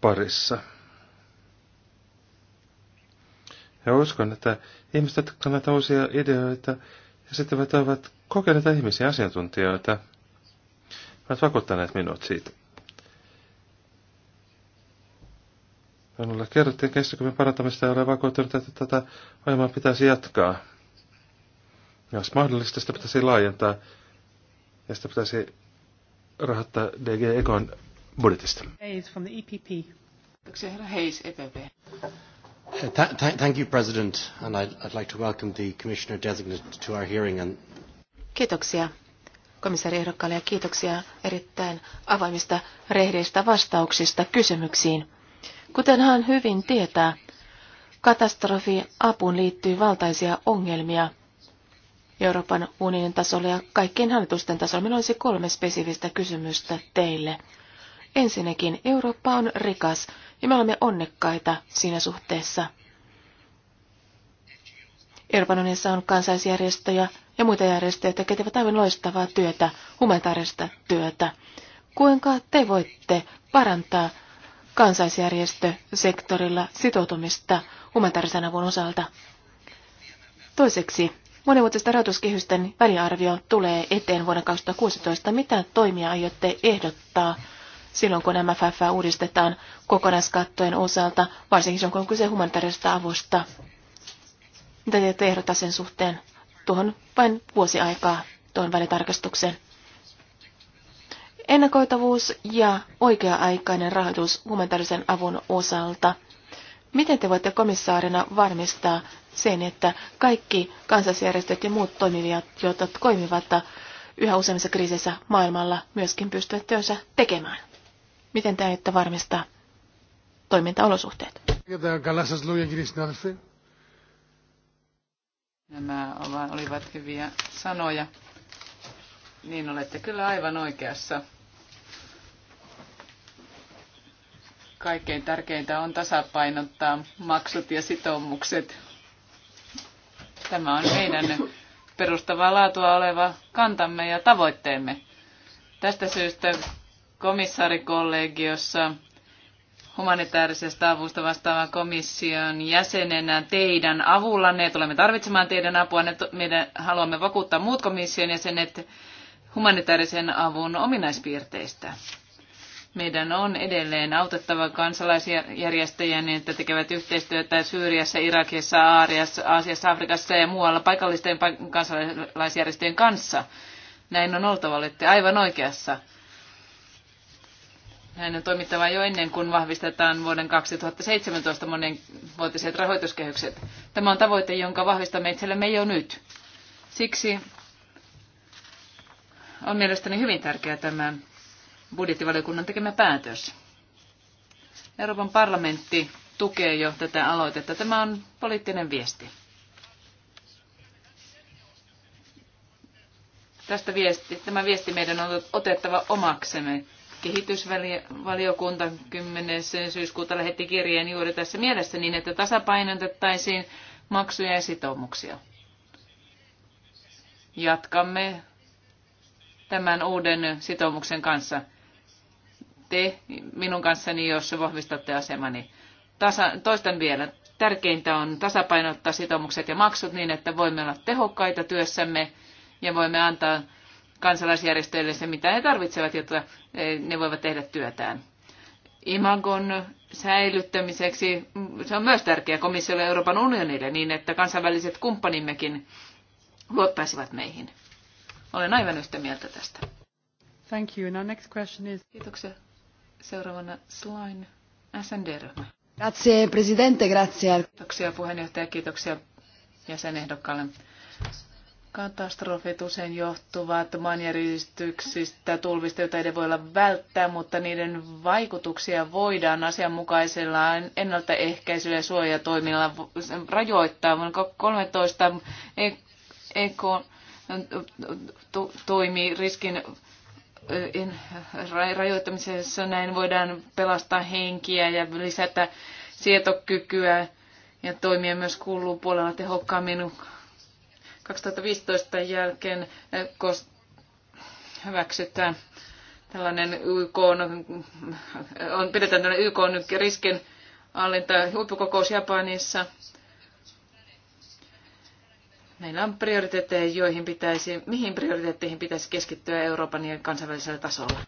parissa. Ja uskon, että ihmiset, jotka näitä uusia ideoita ja sitten ovat kokeneita ihmisiä, asiantuntijoita, ovat vakuuttaneet minut siitä. Minulle kerrottiin kestokyvyn parantamista ja olen vakuuttunut, että tätä ohjelmaa pitäisi jatkaa. Jos mahdollista, sitä pitäisi laajentaa ja sitä pitäisi rahoittaa DG Egon budjetista. Hayes from the EPP. Kiitoksia herra Hayes, EPP. Uh, th th thank you, President, and I'd, I'd like to welcome the Commissioner Designate to our hearing. And... Kiitoksia komissaariehdokkaalle ja kiitoksia erittäin avoimista, rehdeistä vastauksista kysymyksiin. Kuten hän hyvin tietää, katastrofiapuun apuun liittyy valtaisia ongelmia Euroopan unionin tasolla ja kaikkien hallitusten tasolla. Minulla olisi kolme spesifistä kysymystä teille. Ensinnäkin Eurooppa on rikas ja me olemme onnekkaita siinä suhteessa. Euroopan unionissa on kansaisjärjestöjä ja muita järjestöjä, jotka tekevät aivan loistavaa työtä, humanitaarista työtä. Kuinka te voitte parantaa kansaisjärjestösektorilla sitoutumista humanitaarisen avun osalta? Toiseksi, monivuotisesta rahoituskehysten väliarvio tulee eteen vuonna 2016. Mitä toimia aiotte ehdottaa silloin, kun MFF uudistetaan kokonaiskattojen osalta, varsinkin silloin, kun on kyse humanitaarisesta avusta. Mitä te ehdottaa sen suhteen? Tuohon vain vuosi aikaa tuon välitarkastuksen. Ennakoitavuus ja oikea-aikainen rahoitus humanitaarisen avun osalta. Miten te voitte komissaarina varmistaa sen, että kaikki kansalaisjärjestöt ja muut toimivat, jotka toimivat yhä useimmissa kriiseissä maailmalla, myöskin pystyvät työnsä tekemään? Miten te aiotte varmistaa toimintaolosuhteet? Nämä olivat hyviä sanoja. Niin olette kyllä aivan oikeassa. Kaikkein tärkeintä on tasapainottaa maksut ja sitoumukset. Tämä on meidän perustavaa laatua oleva kantamme ja tavoitteemme. Tästä syystä komissaarikollegiossa humanitaarisesta avusta vastaavan komission jäsenenä teidän avullanne. Tulemme tarvitsemaan teidän apua. Meidän haluamme vakuuttaa muut komission jäsenet humanitaarisen avun ominaispiirteistä. Meidän on edelleen autettava kansalaisjärjestöjä niin, että tekevät yhteistyötä Syyriassa, Irakissa, Aariassa, Aasiassa, Afrikassa ja muualla paikallisten kansalaisjärjestöjen kanssa. Näin on oltava, olette aivan oikeassa näin on toimittava jo ennen kuin vahvistetaan vuoden 2017 monenvuotiset rahoituskehykset. Tämä on tavoite, jonka vahvistamme itsellemme jo nyt. Siksi on mielestäni hyvin tärkeä tämä budjettivaliokunnan tekemä päätös. Euroopan parlamentti tukee jo tätä aloitetta. Tämä on poliittinen viesti. Tästä viesti, tämä viesti meidän on otettava omaksemme kehitysvaliokunta 10. syyskuuta lähetti kirjeen juuri tässä mielessä niin, että tasapainotettaisiin maksuja ja sitoumuksia. Jatkamme tämän uuden sitoumuksen kanssa. Te minun kanssani, jos vahvistatte asemani. Tasa, toistan vielä. Tärkeintä on tasapainottaa sitoumukset ja maksut niin, että voimme olla tehokkaita työssämme ja voimme antaa kansalaisjärjestöille se, mitä he tarvitsevat, jotta eh, ne voivat tehdä työtään. Imagon säilyttämiseksi mm, se on myös tärkeä komissiolle ja Euroopan unionille niin, että kansainväliset kumppanimmekin luottaisivat meihin. Olen aivan yhtä mieltä tästä. Thank you. Now next question is... Kiitoksia. Seuraavana Slain SND-ryhmä. Grazie, presidente, grazie. Kiitoksia puheenjohtaja, kiitoksia jäsenehdokkaalle. Katastrofit usein johtuvat manjäristyksistä, tulvista, joita ei voi olla välttää, mutta niiden vaikutuksia voidaan asianmukaisella ennaltaehkäisyllä ja suojatoimilla rajoittaa. Vuonna 2013 e- EK toimi riskin rajoittamisessa. Näin voidaan pelastaa henkiä ja lisätä sietokykyä ja toimia myös kuuluu puolella tehokkaammin 2015 jälkeen eh, hyväksytään tällainen YK on, eh, on pidetään tällainen YK on riskin hallinta huippukokous Japanissa. Meillä on prioriteetteja, joihin pitäisi, mihin prioriteetteihin pitäisi keskittyä Euroopan ja kansainvälisellä tasolla.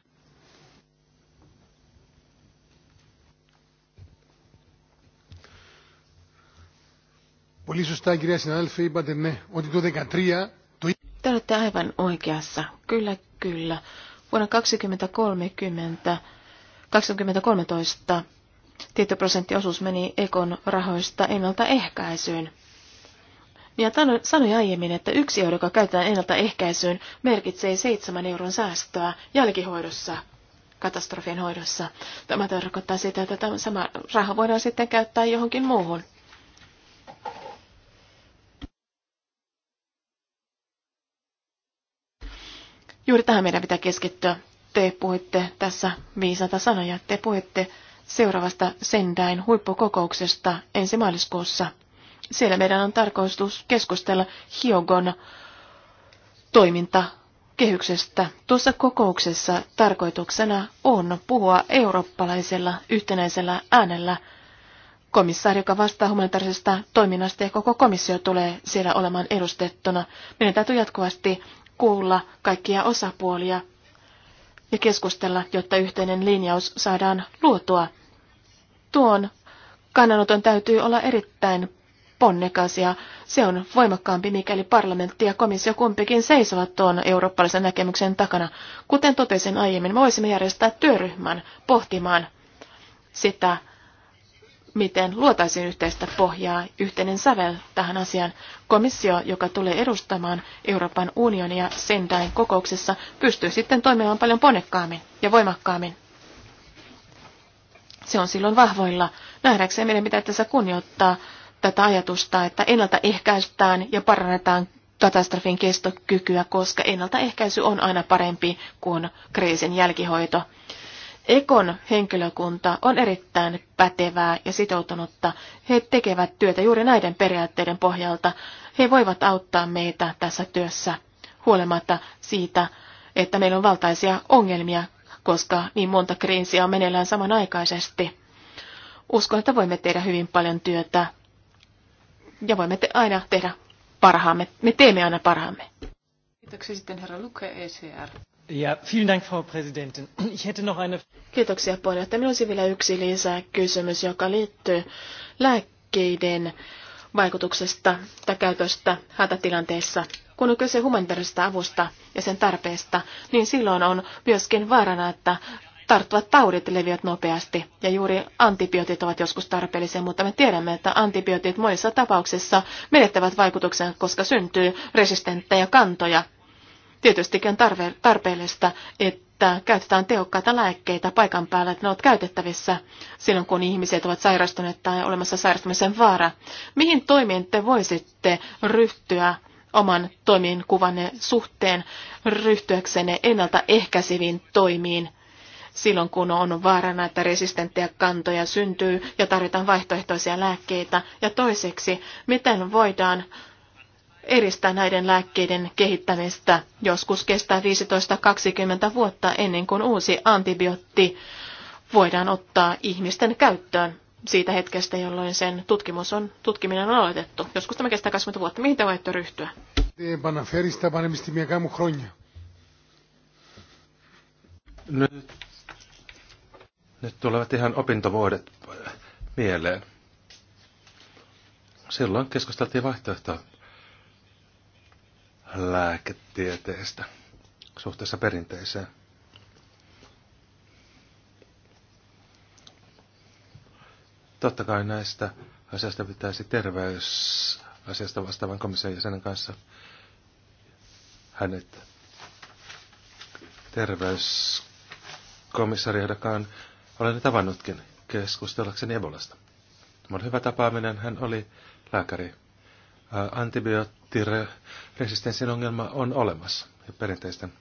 Πολύ σωστά, κυρία συνάδελφε, είπατε ναι, ότι το 2013... Το... Te olette aivan oikeassa. Kyllä, kyllä. Vuonna 2030, 2013 tietty prosenttiosuus meni Ekon rahoista ennaltaehkäisyyn. Ja sanoi aiemmin, että yksi euro, joka käytetään ennaltaehkäisyyn, merkitsee seitsemän euron säästöä jälkihoidossa, katastrofien hoidossa. Tämä tarkoittaa sitä, että tämä sama raha voidaan sitten käyttää johonkin muuhun. Juuri tähän meidän pitää keskittyä. Te puhuitte tässä viisata sanoja. Te puhuitte seuraavasta Sendain huippukokouksesta ensi maaliskuussa. Siellä meidän on tarkoitus keskustella Hiogon toimintakehyksestä. Tuossa kokouksessa tarkoituksena on puhua eurooppalaisella yhtenäisellä äänellä. Komissaari, joka vastaa humanitaarisesta toiminnasta ja koko komissio tulee siellä olemaan edustettuna. Meidän täytyy jatkuvasti kuulla kaikkia osapuolia ja keskustella, jotta yhteinen linjaus saadaan luotua. Tuon kannanoton täytyy olla erittäin ponnekas ja se on voimakkaampi, mikäli parlamentti ja komissio kumpikin seisovat tuon eurooppalaisen näkemyksen takana. Kuten totesin aiemmin, voisimme järjestää työryhmän pohtimaan sitä, miten luotaisiin yhteistä pohjaa, yhteinen sävel tähän asiaan. Komissio, joka tulee edustamaan Euroopan unionia Sendain kokouksessa, pystyy sitten toimimaan paljon ponekkaammin ja voimakkaammin. Se on silloin vahvoilla. Nähdäkseen meidän pitää tässä kunnioittaa tätä ajatusta, että ennaltaehkäistään ja parannetaan katastrofin kestokykyä, koska ennaltaehkäisy on aina parempi kuin kriisin jälkihoito. Ekon henkilökunta on erittäin pätevää ja sitoutunutta. He tekevät työtä juuri näiden periaatteiden pohjalta. He voivat auttaa meitä tässä työssä huolimatta siitä, että meillä on valtaisia ongelmia, koska niin monta kriisiä on meneillään samanaikaisesti. Uskon, että voimme tehdä hyvin paljon työtä ja voimme te- aina tehdä parhaamme. Me teemme aina parhaamme. Kiitoksia sitten herra Luke ECR. Ja, vielen Kiitoksia puheenjohtaja. Minulla olisi vielä yksi lisää kysymys, joka liittyy lääkkeiden vaikutuksesta tai käytöstä hätätilanteissa. Kun on kyse humanitaarisesta avusta ja sen tarpeesta, niin silloin on myöskin vaarana, että tarttuvat taudit leviävät nopeasti ja juuri antibiootit ovat joskus tarpeellisia, mutta me tiedämme, että antibiootit monissa tapauksissa menettävät vaikutuksen, koska syntyy resistenttejä kantoja Tietystikin on tarpeellista, että käytetään tehokkaita lääkkeitä paikan päällä, että ne ovat käytettävissä silloin, kun ihmiset ovat sairastuneet tai olemassa sairastumisen vaara. Mihin toimiin te voisitte ryhtyä oman toiminkuvanne suhteen ryhtyäksenne ennaltaehkäiseviin toimiin silloin, kun on vaarana, että resistenttejä kantoja syntyy ja tarvitaan vaihtoehtoisia lääkkeitä? Ja toiseksi, miten voidaan edistää näiden lääkkeiden kehittämistä. Joskus kestää 15-20 vuotta ennen kuin uusi antibiootti voidaan ottaa ihmisten käyttöön siitä hetkestä, jolloin sen tutkimus on, tutkiminen on aloitettu. Joskus tämä kestää 20 vuotta. Mihin te voitte ryhtyä? Nyt, nyt tulevat ihan opintovuodet mieleen. Silloin keskusteltiin vaihtoehtoa lääketieteestä suhteessa perinteiseen. Totta kai näistä asiasta pitäisi terveysasiasta vastaavan komission jäsenen kanssa hänet terveyskomissariehdokaan olen tavannutkin keskustellakseni Ebolasta. Tämä oli hyvä tapaaminen, hän oli lääkäri Äh, antibioottiresistenssin ongelma on olemassa ja perinteisten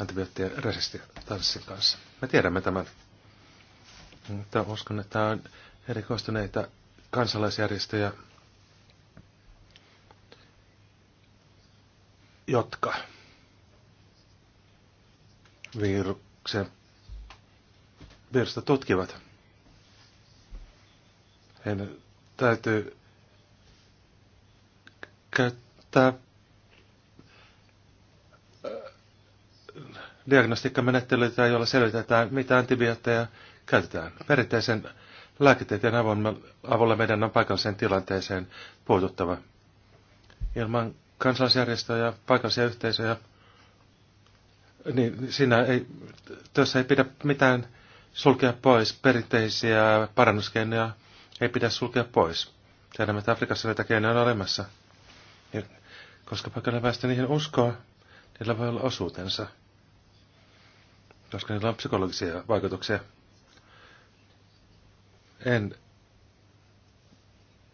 antibioottien resistenssin kanssa. Me tiedämme tämän. Mutta uskon, että on erikoistuneita kansalaisjärjestöjä, jotka viruksen virusta tutkivat. Heidän täytyy käyttää äh, diagnostiikkamenettelyitä, joilla selvitetään, mitä antibiootteja käytetään. Perinteisen lääketieteen avulla meidän on paikalliseen tilanteeseen puututtava. Ilman kansalaisjärjestöjä, paikallisia yhteisöjä, niin siinä ei, tässä ei pidä mitään sulkea pois. Perinteisiä parannuskeinoja ei pidä sulkea pois. Tiedämme, että Afrikassa näitä keinoja on olemassa. Koska pakolaväestö niihin uskoo, niillä voi olla osuutensa. Koska niillä on psykologisia vaikutuksia. En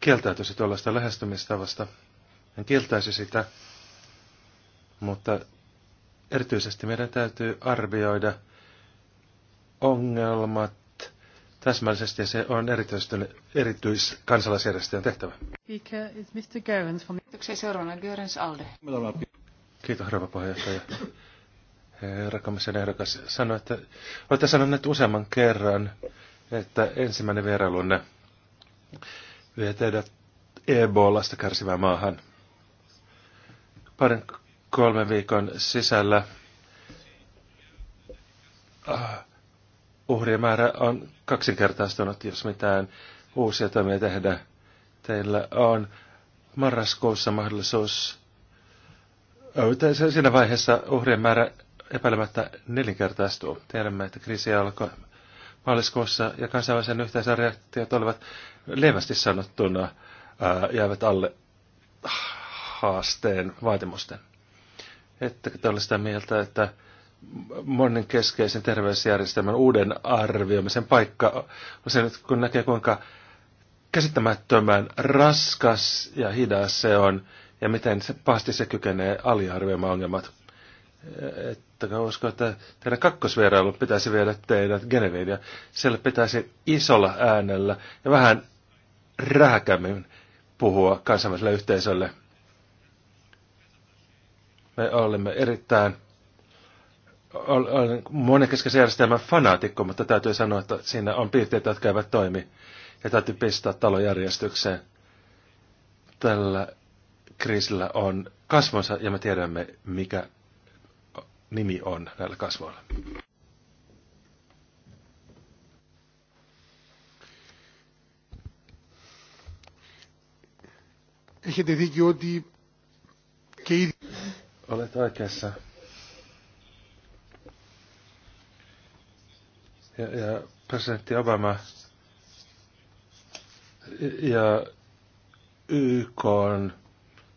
kieltäytyisi tuollaista lähestymistavasta. En kieltäisi sitä, mutta erityisesti meidän täytyy arvioida ongelmat täsmällisesti ja se on erityiskansalaisjärjestöjen tehtävä. Alde. Kiitos herra puheenjohtaja. Herra komission ehdokas sanoi, että olette sanoneet useamman kerran, että ensimmäinen vierailunne vie teidät Ebolasta kärsivään maahan. Parin kolmen viikon sisällä ah, uhrien määrä on kaksinkertaistunut, jos mitään uusia toimia tehdä. Teillä on marraskuussa mahdollisuus, siinä vaiheessa uhrien määrä epäilemättä nelinkertaistuu. Tiedämme, että kriisi alkoi maaliskuussa ja kansainvälisen yhteisön reaktiot olivat lievästi sanottuna jäävät alle haasteen vaatimusten. Ettekö te ole sitä mieltä, että monen keskeisen terveysjärjestelmän uuden arvioimisen paikka on se, kun näkee kuinka käsittämättömän raskas ja hidas se on ja miten se, pahasti se kykenee aliarvioimaan ongelmat. Että usko, että teidän kakkosvierailu pitäisi viedä teidät Geneviin ja siellä pitäisi isolla äänellä ja vähän rähäkämmin puhua kansainväliselle yhteisölle. Me olemme erittäin olen monenkeskeisen järjestelmän fanaatikko, mutta täytyy sanoa, että siinä on piirteitä, jotka eivät toimi. Ja täytyy pistää talojärjestykseen. Tällä kriisillä on kasvonsa ja me tiedämme, mikä nimi on näillä kasvoilla. Olet oikeassa. ja, ja presidentti Obama ja YK on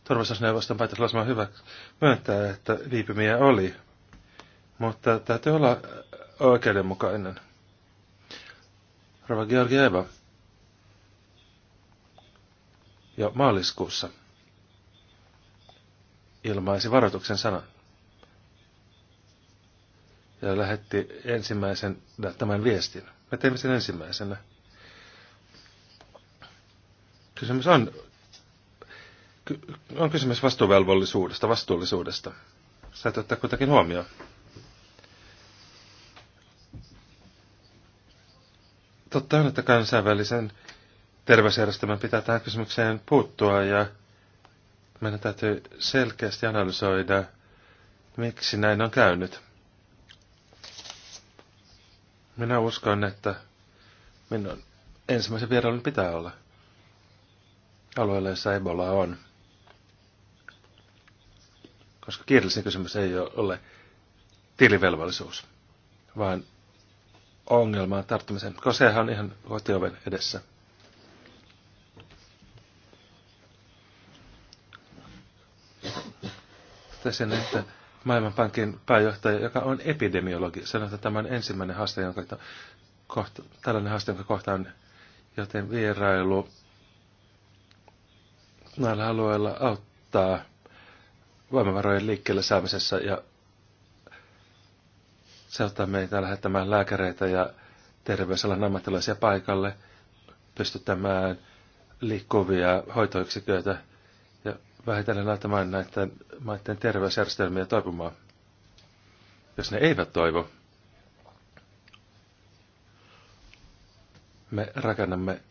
turvallisuusneuvoston päätöslausuma hyvä myöntää, että viipymiä oli, mutta täytyy olla oikeudenmukainen. Rova Georgieva jo maaliskuussa ilmaisi varoituksen sanan ja lähetti ensimmäisen tämän viestin. Me teimme sen ensimmäisenä. Kysymys on, on kysymys vastuuvelvollisuudesta, vastuullisuudesta. Sä et ottaa kuitenkin huomioon. Totta on, että kansainvälisen terveysjärjestelmän pitää tähän kysymykseen puuttua ja meidän täytyy selkeästi analysoida, miksi näin on käynyt. Minä uskon, että minun ensimmäisen vierailun pitää olla alueella, jossa Ebola on. Koska kiireellisen kysymys ei ole tilivelvollisuus, vaan ongelmaa tarttumisen, koska sehän on ihan kotioven edessä. Tässä että Maailmanpankin pääjohtaja, joka on epidemiologi, sanoi, että tämä on ensimmäinen haaste, jonka kohta, tällainen haaste, jonka kohtaan, joten vierailu näillä alueilla auttaa voimavarojen liikkeelle saamisessa ja se auttaa meitä lähettämään lääkäreitä ja terveysalan ammattilaisia paikalle, pystyttämään liikkuvia hoitoyksiköitä – vähitellen laittamaan näiden maiden terveysjärjestelmiä toipumaan. Jos ne eivät toivo, me rakennamme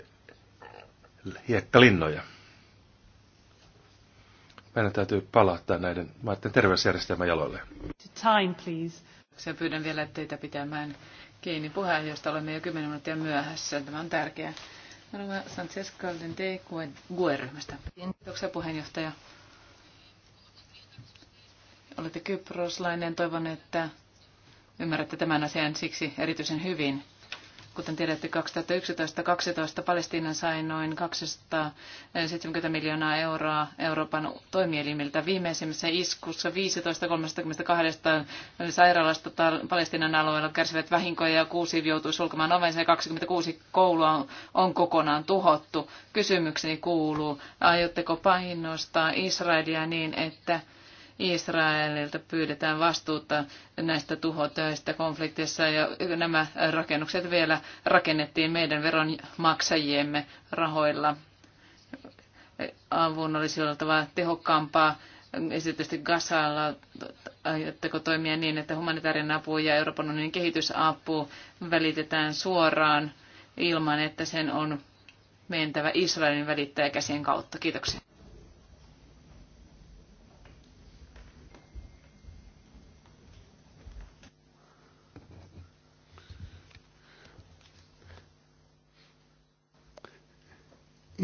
hiekkalinnoja. Meidän täytyy palauttaa näiden maiden terveysjärjestelmän jaloille. Time, please. pyydän vielä teitä pitämään kiinni puheen, josta olemme jo 10 minuuttia myöhässä. Tämä on tärkeää. Rova Sanchez Calden GUE-ryhmästä. Kiitoksia puheenjohtaja. Olette kyproslainen. Toivon, että ymmärrätte tämän asian siksi erityisen hyvin. Kuten tiedätte, 2011-2012 Palestiina sai noin 270 miljoonaa euroa Euroopan toimielimiltä. Viimeisimmässä iskussa 15 sairaalasta Palestiinan alueella kärsivät vahinkoja ja kuusi joutui sulkemaan ovensa ja 26 koulua on kokonaan tuhottu. Kysymykseni kuuluu, aiotteko painostaa Israelia niin, että Israelilta pyydetään vastuuta näistä tuhotöistä konfliktissa ja nämä rakennukset vielä rakennettiin meidän veronmaksajiemme rahoilla. Avun olisi oltava tehokkaampaa esitysti Gazalla, aiotteko toimia niin, että humanitaarinen apu ja Euroopan unionin kehitysapu välitetään suoraan ilman, että sen on mentävä Israelin välittäjäkäsien kautta. Kiitoksia.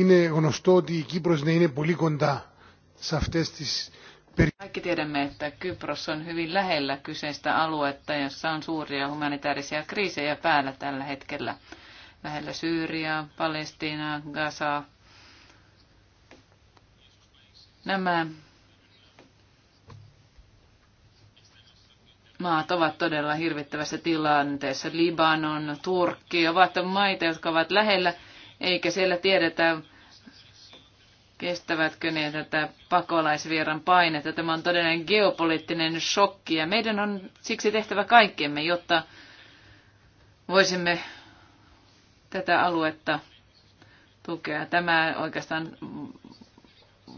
Είναι γνωστό ότι η Κύπρος να είναι πολύ κοντά σε αυτές τις kaikki tiedämme, että Kypros on hyvin lähellä kyseistä aluetta, jossa on suuria humanitaarisia kriisejä päällä tällä hetkellä. Lähellä Syyriaa, Palestiinaa, Gazaa. Nämä maat ovat todella hirvittävässä tilanteessa. Libanon, Turkki ovat maita, jotka ovat lähellä eikä siellä tiedetä, kestävätkö ne tätä pakolaisvieran painetta. Tämä on todellinen geopoliittinen shokki ja meidän on siksi tehtävä kaikkemme, jotta voisimme tätä aluetta tukea. Tämä oikeastaan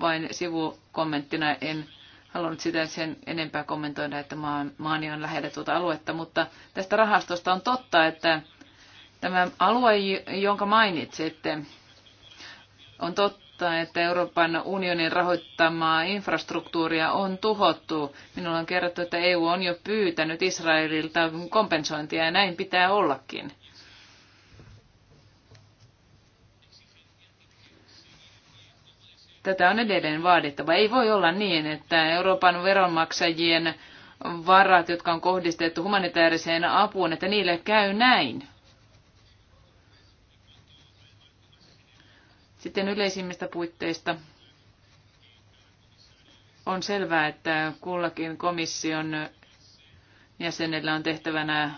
vain sivukommenttina en halunnut sitä sen enempää kommentoida, että maani on lähellä tuota aluetta, mutta tästä rahastosta on totta, että Tämä alue, jonka mainitsitte, on totta, että Euroopan unionin rahoittamaa infrastruktuuria on tuhottu. Minulla on kerrottu, että EU on jo pyytänyt Israelilta kompensointia ja näin pitää ollakin. Tätä on edelleen vaadittava. Ei voi olla niin, että Euroopan veronmaksajien varat, jotka on kohdistettu humanitaariseen apuun, että niille käy näin. Sitten yleisimmistä puitteista on selvää, että kullakin komission jäsenellä on tehtävänä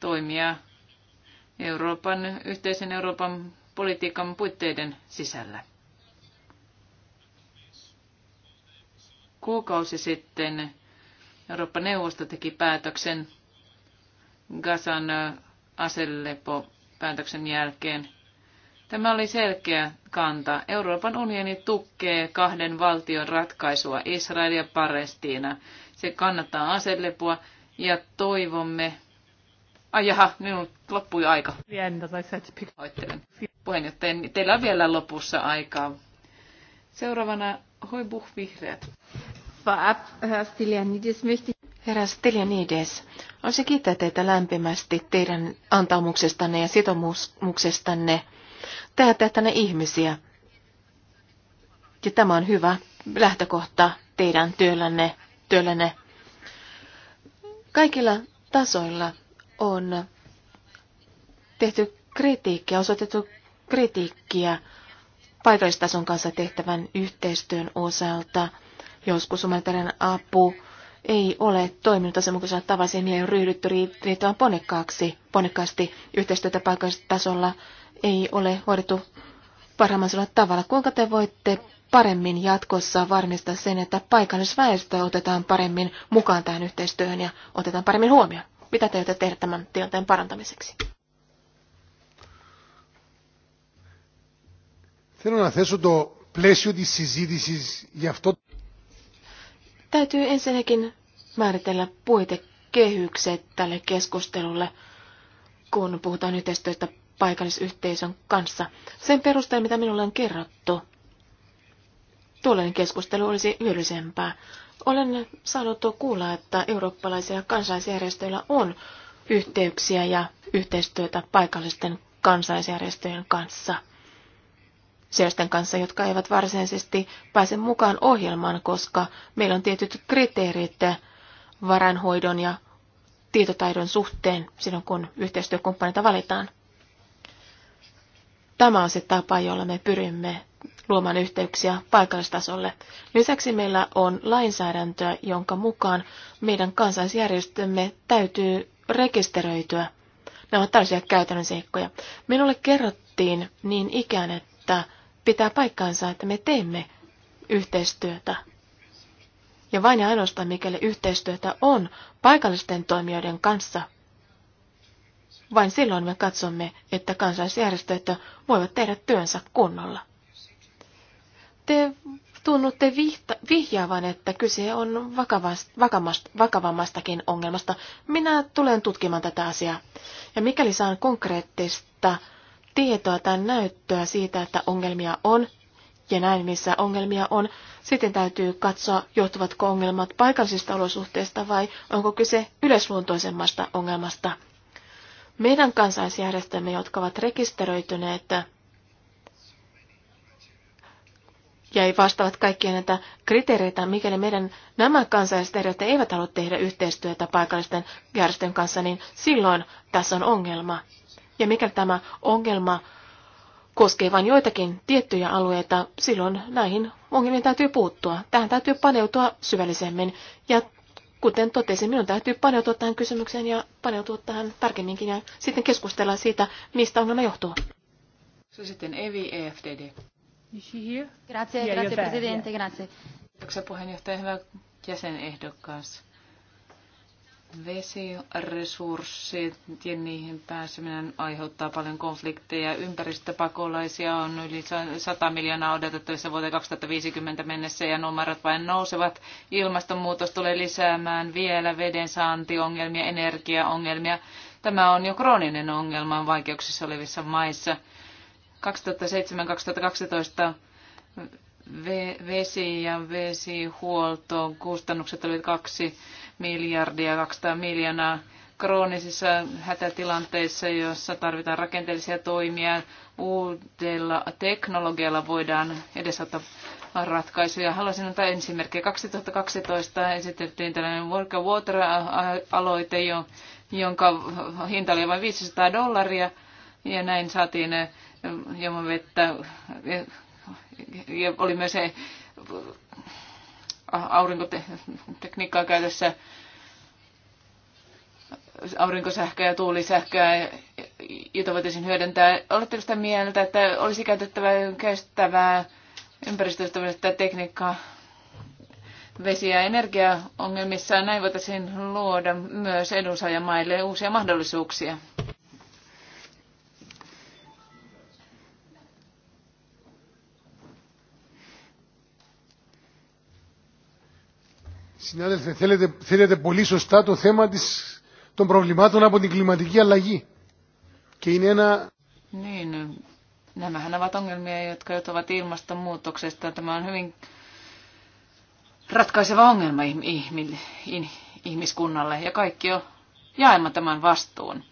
toimia Euroopan, yhteisen Euroopan politiikan puitteiden sisällä. Kuukausi sitten Euroopan neuvosto teki päätöksen Gazan aselepo päätöksen jälkeen. Tämä oli selkeä kanta. Euroopan unioni tukee kahden valtion ratkaisua, Israel ja Palestiina. Se kannattaa aselepua ja toivomme... Ai jaha, minun loppui aika. Hoittelen. Puheenjohtaja, niin teillä on vielä lopussa aikaa. Seuraavana buh Vihreät. Herra Stelianides, haluaisin kiittää teitä lämpimästi teidän antamuksestanne ja sitomuksestanne. Tehdä tänne ihmisiä. Ja tämä on hyvä lähtökohta teidän työllänne. työllänne. Kaikilla tasoilla on tehty kritiikkiä, osoitettu kritiikkiä paikallistason kanssa tehtävän yhteistyön osalta. Joskus humanitaarinen apu ei ole toiminut asianmukaisella tavalla, siihen ei ole ryhdytty riittävän ponekkaaksi, ponekkaasti yhteistyötä tasolla ei ole hoidettu parhaimmaisella tavalla. Kuinka te voitte paremmin jatkossa varmistaa sen, että paikallisväestö otetaan paremmin mukaan tähän yhteistyöhön ja otetaan paremmin huomioon? Mitä te tehdä tämän tilanteen parantamiseksi? Θέλω να θέσω το πλαίσιο της συζήτησης για αυτό Täytyy ensinnäkin määritellä puitekehykset tälle keskustelulle, kun puhutaan yhteistyöstä paikallisyhteisön kanssa. Sen perusteella, mitä minulle on kerrottu, tuollainen keskustelu olisi hyödyllisempää. Olen saanut kuulla, että eurooppalaisilla kansalaisjärjestöillä on yhteyksiä ja yhteistyötä paikallisten kansalaisjärjestöjen kanssa – sellaisten kanssa, jotka eivät varsinaisesti pääse mukaan ohjelmaan, koska meillä on tietyt kriteerit varanhoidon ja tietotaidon suhteen silloin, kun yhteistyökumppaneita valitaan. Tämä on se tapa, jolla me pyrimme luomaan yhteyksiä paikallistasolle. Lisäksi meillä on lainsäädäntöä, jonka mukaan meidän kansaisjärjestömme täytyy rekisteröityä. Nämä ovat tällaisia käytännön seikkoja. Minulle kerrottiin niin ikään, että pitää paikkaansa, että me teemme yhteistyötä. Ja vain ja ainoastaan, mikäli yhteistyötä on paikallisten toimijoiden kanssa, vain silloin me katsomme, että kansalaisjärjestöt voivat tehdä työnsä kunnolla. Te tunnutte vihta, vihjaavan, että kyse on vakavammastakin ongelmasta. Minä tulen tutkimaan tätä asiaa. Ja mikäli saan konkreettista tietoa tai näyttöä siitä, että ongelmia on, ja näin missä ongelmia on, sitten täytyy katsoa, johtuvatko ongelmat paikallisista olosuhteista vai onko kyse yleisluontoisemmasta ongelmasta. Meidän kansalaisjärjestömme, jotka ovat rekisteröityneet ja ei vastaavat kaikkia näitä kriteereitä, mikäli meidän nämä kansallisjärjestöt eivät halua tehdä yhteistyötä paikallisten järjestöjen kanssa, niin silloin tässä on ongelma. Ja mikäli tämä ongelma koskee vain joitakin tiettyjä alueita, silloin näihin ongelmiin täytyy puuttua. Tähän täytyy paneutua syvällisemmin. Ja kuten totesin, minun täytyy paneutua tähän kysymykseen ja paneutua tähän tarkemminkin ja sitten keskustella siitä, mistä ongelma johtuu. Se sitten Evi EFDD. Grazie, grazie presidente, grazie. Kiitoksia puheenjohtaja, hyvä jäsenehdokkaas vesiresurssit ja niihin pääseminen aiheuttaa paljon konflikteja. Ympäristöpakolaisia on yli 100 miljoonaa odotettavissa vuoteen 2050 mennessä ja numerot vain nousevat. Ilmastonmuutos tulee lisäämään vielä veden saantiongelmia, energiaongelmia. Tämä on jo krooninen ongelma vaikeuksissa olevissa maissa. 2007-2012 vesi ja vesihuolto kustannukset olivat kaksi miljardia, 200 miljoonaa kroonisissa hätätilanteissa, joissa tarvitaan rakenteellisia toimia. Uudella teknologialla voidaan edesauttaa ratkaisuja. Haluaisin antaa esimerkkiä. 2012 esitettiin tällainen Work and Water-aloite, jonka hinta oli vain 500 dollaria, ja näin saatiin juomavettä. Eh, ja oli myös se eh, aurinkotekniikkaa käytössä, aurinkosähköä ja tuulisähköä, jota voitaisiin hyödyntää. Oletteko sitä mieltä, että olisi käytettävä kestävää ympäristöystävällistä tekniikkaa vesi- ja energiaongelmissa? Näin voitaisiin luoda myös edunsaajamaille uusia mahdollisuuksia. Συνάδελφε, θέλετε, θέλετε πολύ σωστά το θέμα της, των προβλημάτων από την κλιματική αλλαγή. Και είναι ένα... Ναι, Niin, nämähän ovat ongelmia, jotka johtuvat ilmastonmuutoksesta. Tämä on hyvin ratkaiseva ongelma ihmiskunnalle ja kaikki on jaema tämän vastuun.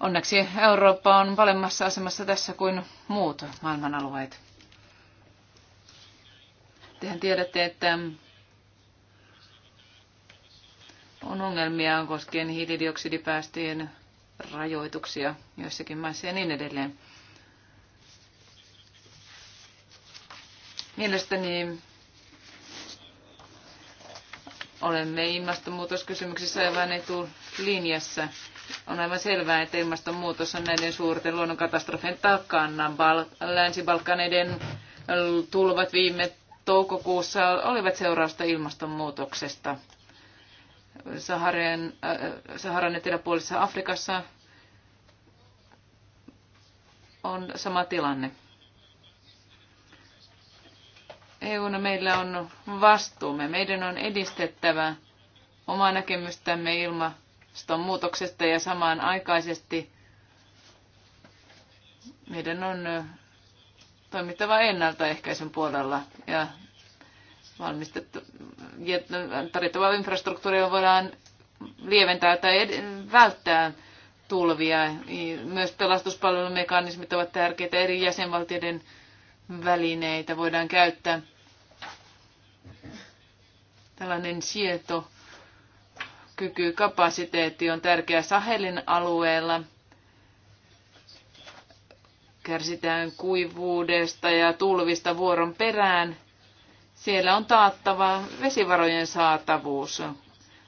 Onneksi Eurooppa on paremmassa asemassa tässä kuin muut maailman alueet. Tehän tiedätte, että on ongelmia koskien hiilidioksidipäästöjen rajoituksia joissakin maissa ja niin edelleen. Mielestäni olemme ilmastonmuutoskysymyksissä aivan etulinjassa. On aivan selvää, että ilmastonmuutos on näiden suurten luonnonkatastrofien takana. Bal- Länsi-Balkaneiden tulvat viime toukokuussa olivat seurausta ilmastonmuutoksesta. Saharan, äh, Saharan eteläpuolisessa Afrikassa on sama tilanne. EUna meillä on vastuumme. Meidän on edistettävä omaa näkemystämme ilmastonmuutoksesta ja samaan aikaisesti meidän on äh, toimittava ennaltaehkäisyn puolella ja valmistettu, ja infrastruktuuri, infrastruktuuria voidaan lieventää tai välttää tulvia. Myös pelastuspalvelumekanismit ovat tärkeitä eri jäsenvaltioiden välineitä voidaan käyttää. Tällainen sieto kyky, kapasiteetti on tärkeä Sahelin alueella. Kärsitään kuivuudesta ja tulvista vuoron perään. Siellä on taattava vesivarojen saatavuus.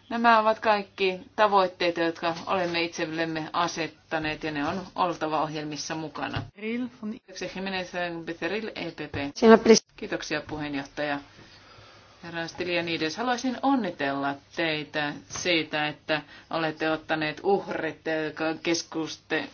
Nämä ovat kaikki tavoitteita, jotka olemme itsellemme asettaneet ja ne on oltava ohjelmissa mukana. Kiitoksia e Kiitoksia puheenjohtaja. Herra Stylianides, haluaisin onnitella teitä siitä, että olette ottaneet uhrit eh, keskuste,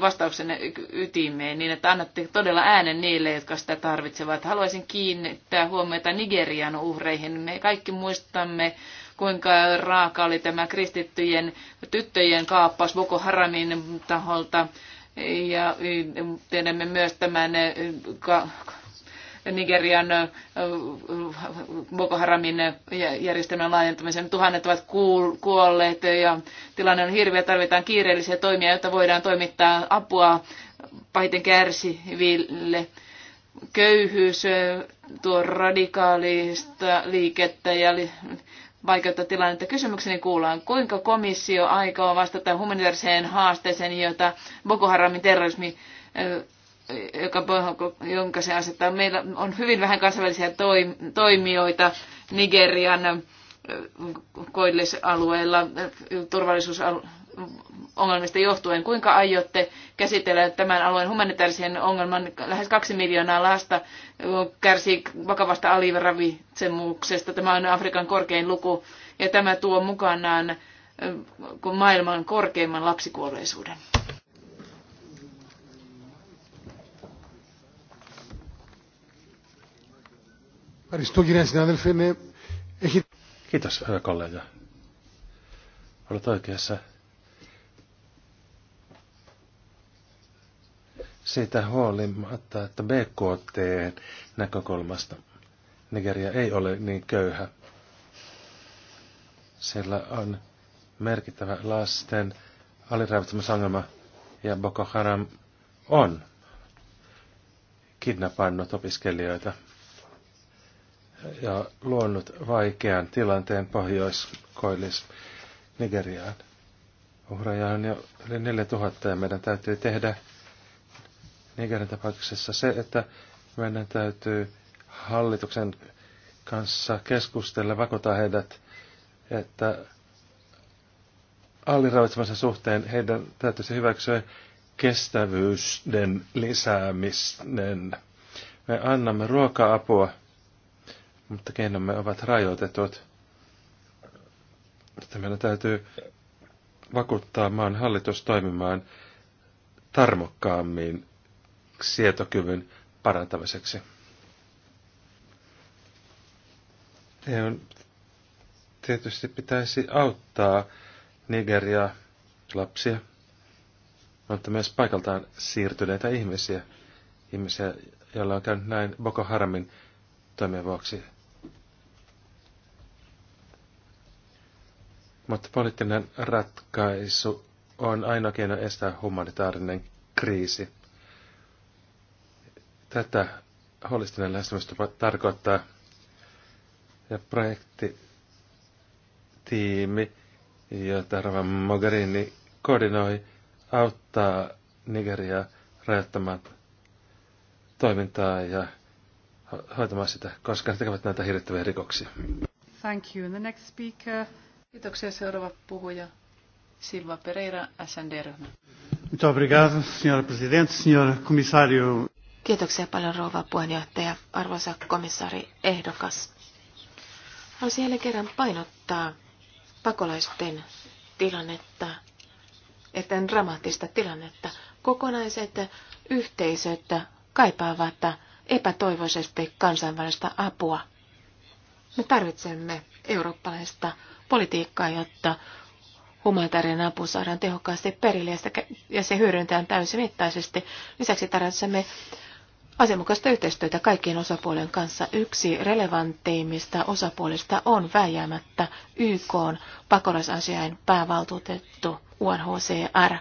vastauksenne ytimeen niin, että annatte todella äänen niille, jotka sitä tarvitsevat. Haluaisin kiinnittää huomiota Nigerian uhreihin. Me kaikki muistamme, kuinka raaka oli tämä kristittyjen tyttöjen kaappaus Boko Haramin taholta. Ja tiedämme myös tämän eh, Nigerian Boko Haramin järjestelmän laajentamisen. Tuhannet ovat kuolleet ja tilanne on hirveä. Tarvitaan kiireellisiä toimia, jotta voidaan toimittaa apua pahiten kärsiville. Köyhyys tuo radikaalista liikettä ja vaikeuttaa tilannetta. Kysymykseni kuullaan, kuinka komissio aikoo vastata humanitaariseen haasteeseen, jota Boko Haramin terrorismi joka, jonka se asettaa. Meillä on hyvin vähän kansainvälisiä toimijoita Nigerian koillisalueella turvallisuusongelmista johtuen. Kuinka aiotte käsitellä tämän alueen humanitaarisen ongelman? Lähes kaksi miljoonaa lasta kärsii vakavasta aliravitsemuksesta. Tämä on Afrikan korkein luku ja tämä tuo mukanaan maailman korkeimman lapsikuolleisuuden. Kiitos, hyvä kollega. Olet oikeassa. Siitä huolimatta, että BKT näkökulmasta Nigeria ei ole niin köyhä. Sillä on merkittävä lasten aliravitsemusongelma ja Boko Haram on kidnappannut opiskelijoita – ja luonut vaikean tilanteen pohjoiskoillis Nigeriaan. Uhraja, on jo yli 4000 ja meidän täytyy tehdä Nigerin tapauksessa se, että meidän täytyy hallituksen kanssa keskustella, vakota heidät, että alliravitsemisen suhteen heidän täytyisi hyväksyä kestävyyden lisäämisen, Me annamme ruoka-apua mutta keinomme ovat rajoitetut. Että meidän täytyy vakuuttaa maan hallitus toimimaan tarmokkaammin sietokyvyn parantamiseksi. EUn tietysti pitäisi auttaa Nigeria lapsia, mutta myös paikaltaan siirtyneitä ihmisiä, ihmisiä, joilla on käynyt näin Boko Haramin toimien vuoksi. Mutta poliittinen ratkaisu on ainoa keino estää humanitaarinen kriisi. Tätä holistinen lähestymistapa tarkoittaa ja projektitiimi, jota Rava Mogherini koordinoi, auttaa Nigeriaa rajoittamaan toimintaa ja hoitamaan sitä, koska ne tekevät näitä hirvittäviä rikoksia. Thank you. And the next speaker Kiitoksia. Seuraava puhuja Silva Pereira, SND-ryhmä. Muito obrigado, presidente, comissário. Kiitoksia paljon rouva puheenjohtaja, arvoisa komissaari ehdokas. Haluaisin jälleen kerran painottaa pakolaisten tilannetta, erittäin dramaattista tilannetta. Kokonaiset yhteisöt kaipaavat epätoivoisesti kansainvälistä apua. Me tarvitsemme eurooppalaista politiikkaa, jotta humanitaarinen apu saadaan tehokkaasti perille ja, sitä, ja se hyödynnetään täysimittaisesti. Lisäksi tarvitsemme asianmukaista yhteistyötä kaikkien osapuolen kanssa. Yksi relevanteimmista osapuolista on vääjäämättä YK pakolaisasiain päävaltuutettu UNHCR.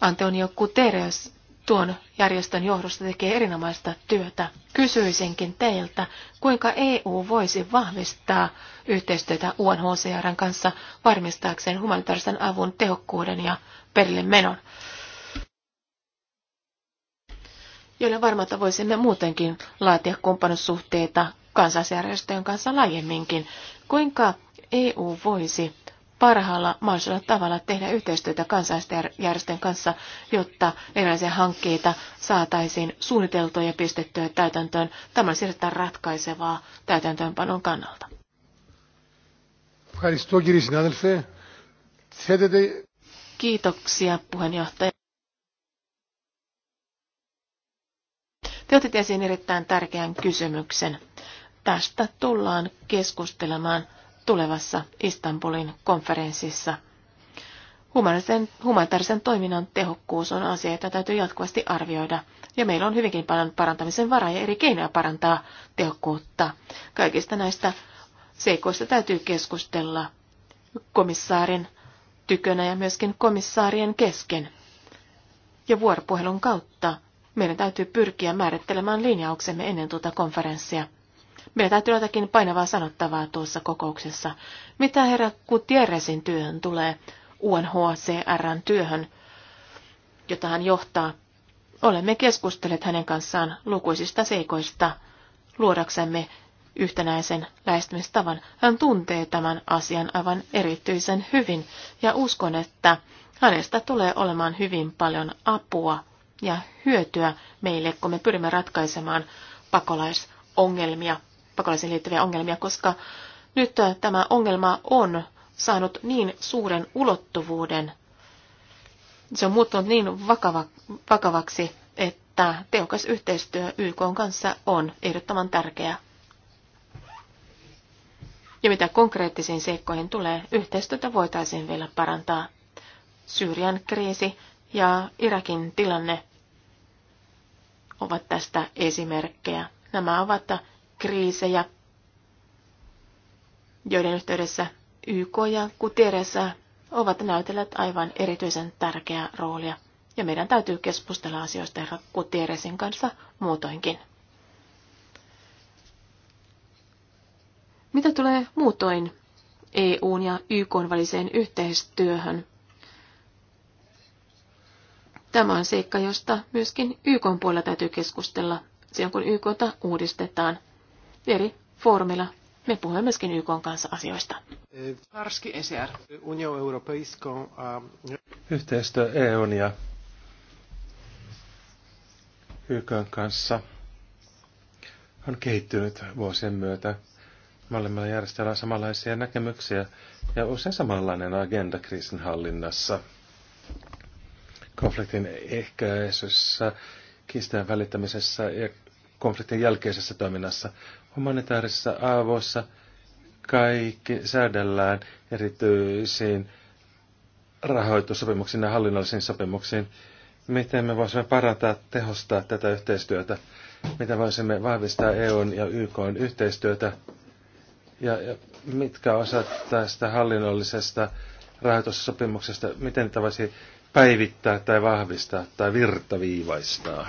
Antonio Guterres tuon järjestön johdosta tekee erinomaista työtä. Kysyisinkin teiltä, kuinka EU voisi vahvistaa yhteistyötä UNHCRn kanssa varmistaakseen humanitaarisen avun tehokkuuden ja perille menon. Joiden varma, että voisimme muutenkin laatia kumppanussuhteita kansalaisjärjestöjen kanssa laajemminkin. Kuinka EU voisi parhaalla mahdollisella tavalla tehdä yhteistyötä kansalaisjärjestöjen kanssa, jotta erilaisia hankkeita saataisiin suunniteltua ja pistettyä täytäntöön. Tämä olisi erittäin ratkaisevaa täytäntöönpanon kannalta. Kiitoksia puheenjohtaja. Te otitte esiin erittäin tärkeän kysymyksen. Tästä tullaan keskustelemaan tulevassa Istanbulin konferenssissa. Humanitaarisen toiminnan tehokkuus on asia, jota täytyy jatkuvasti arvioida, ja meillä on hyvinkin paljon parantamisen varaa ja eri keinoja parantaa tehokkuutta. Kaikista näistä seikoista täytyy keskustella komissaarin tykönä ja myöskin komissaarien kesken. Ja vuoropuhelun kautta meidän täytyy pyrkiä määrittelemään linjauksemme ennen tuota konferenssia. Meillä täytyy jotakin painavaa sanottavaa tuossa kokouksessa. Mitä herra Gutierrezin työhön tulee, UNHCRn työhön, jota hän johtaa? Olemme keskustelleet hänen kanssaan lukuisista seikoista luodaksemme yhtenäisen lähestymistavan. Hän tuntee tämän asian aivan erityisen hyvin ja uskon, että hänestä tulee olemaan hyvin paljon apua ja hyötyä meille, kun me pyrimme ratkaisemaan pakolaisongelmia pakolaisiin liittyviä ongelmia, koska nyt tämä ongelma on saanut niin suuren ulottuvuuden. Se on muuttunut niin vakava, vakavaksi, että tehokas yhteistyö YK kanssa on ehdottoman tärkeä. Ja mitä konkreettisiin seikkoihin tulee, yhteistyötä voitaisiin vielä parantaa. Syyrian kriisi ja Irakin tilanne ovat tästä esimerkkejä. Nämä ovat kriisejä, joiden yhteydessä YK ja Guterres ovat näytelleet aivan erityisen tärkeää roolia. Ja meidän täytyy keskustella asioista herra Gutierrezin kanssa muutoinkin. Mitä tulee muutoin EUn ja YKn väliseen yhteistyöhön? Tämä on seikka, josta myöskin YKn puolella täytyy keskustella silloin, kun YKta uudistetaan – eri foorumilla. Me puhumme myöskin YK kanssa asioista. Varski ECR. Yhteistyö EU ja YK kanssa on kehittynyt vuosien myötä. Maailmalla järjestellään samanlaisia näkemyksiä ja usein samanlainen agenda kriisinhallinnassa, konfliktin ehkäisyssä, kiistojen välittämisessä ja konfliktin jälkeisessä toiminnassa humanitaarisessa aavoissa kaikki säädellään erityisiin rahoitussopimuksiin ja hallinnollisiin sopimuksiin. Miten me voisimme parantaa, tehostaa tätä yhteistyötä? Miten voisimme vahvistaa EUn ja YKn yhteistyötä? Ja, ja mitkä osat tästä hallinnollisesta rahoitussopimuksesta, miten niitä voisi päivittää tai vahvistaa tai virtaviivaistaa?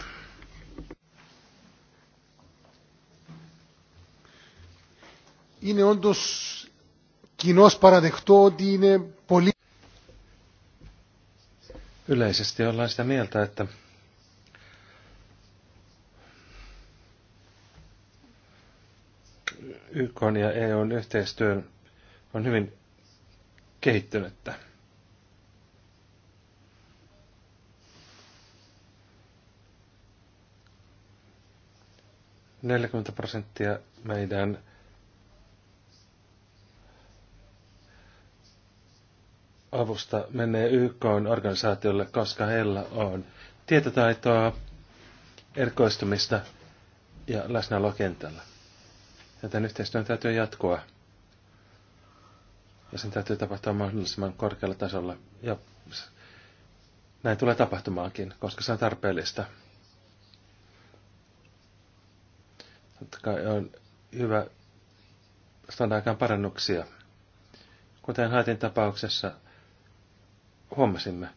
είναι όντως κοινώς παραδεχτό ότι είναι πολύ... Yleisesti ollaan sitä mieltä, että YK ja EUn yhteistyön on hyvin kehittynyttä. Neljäkymmentä prosenttia meidän avusta menee YK organisaatiolle, koska heillä on tietotaitoa, erikoistumista ja läsnäolokentällä. kentällä. Joten yhteistyön täytyy jatkua. Ja sen täytyy tapahtua mahdollisimman korkealla tasolla. Ja näin tulee tapahtumaankin, koska se on tarpeellista. Totta kai on hyvä saada aikaan parannuksia. Kuten Haitin tapauksessa, huomasimme,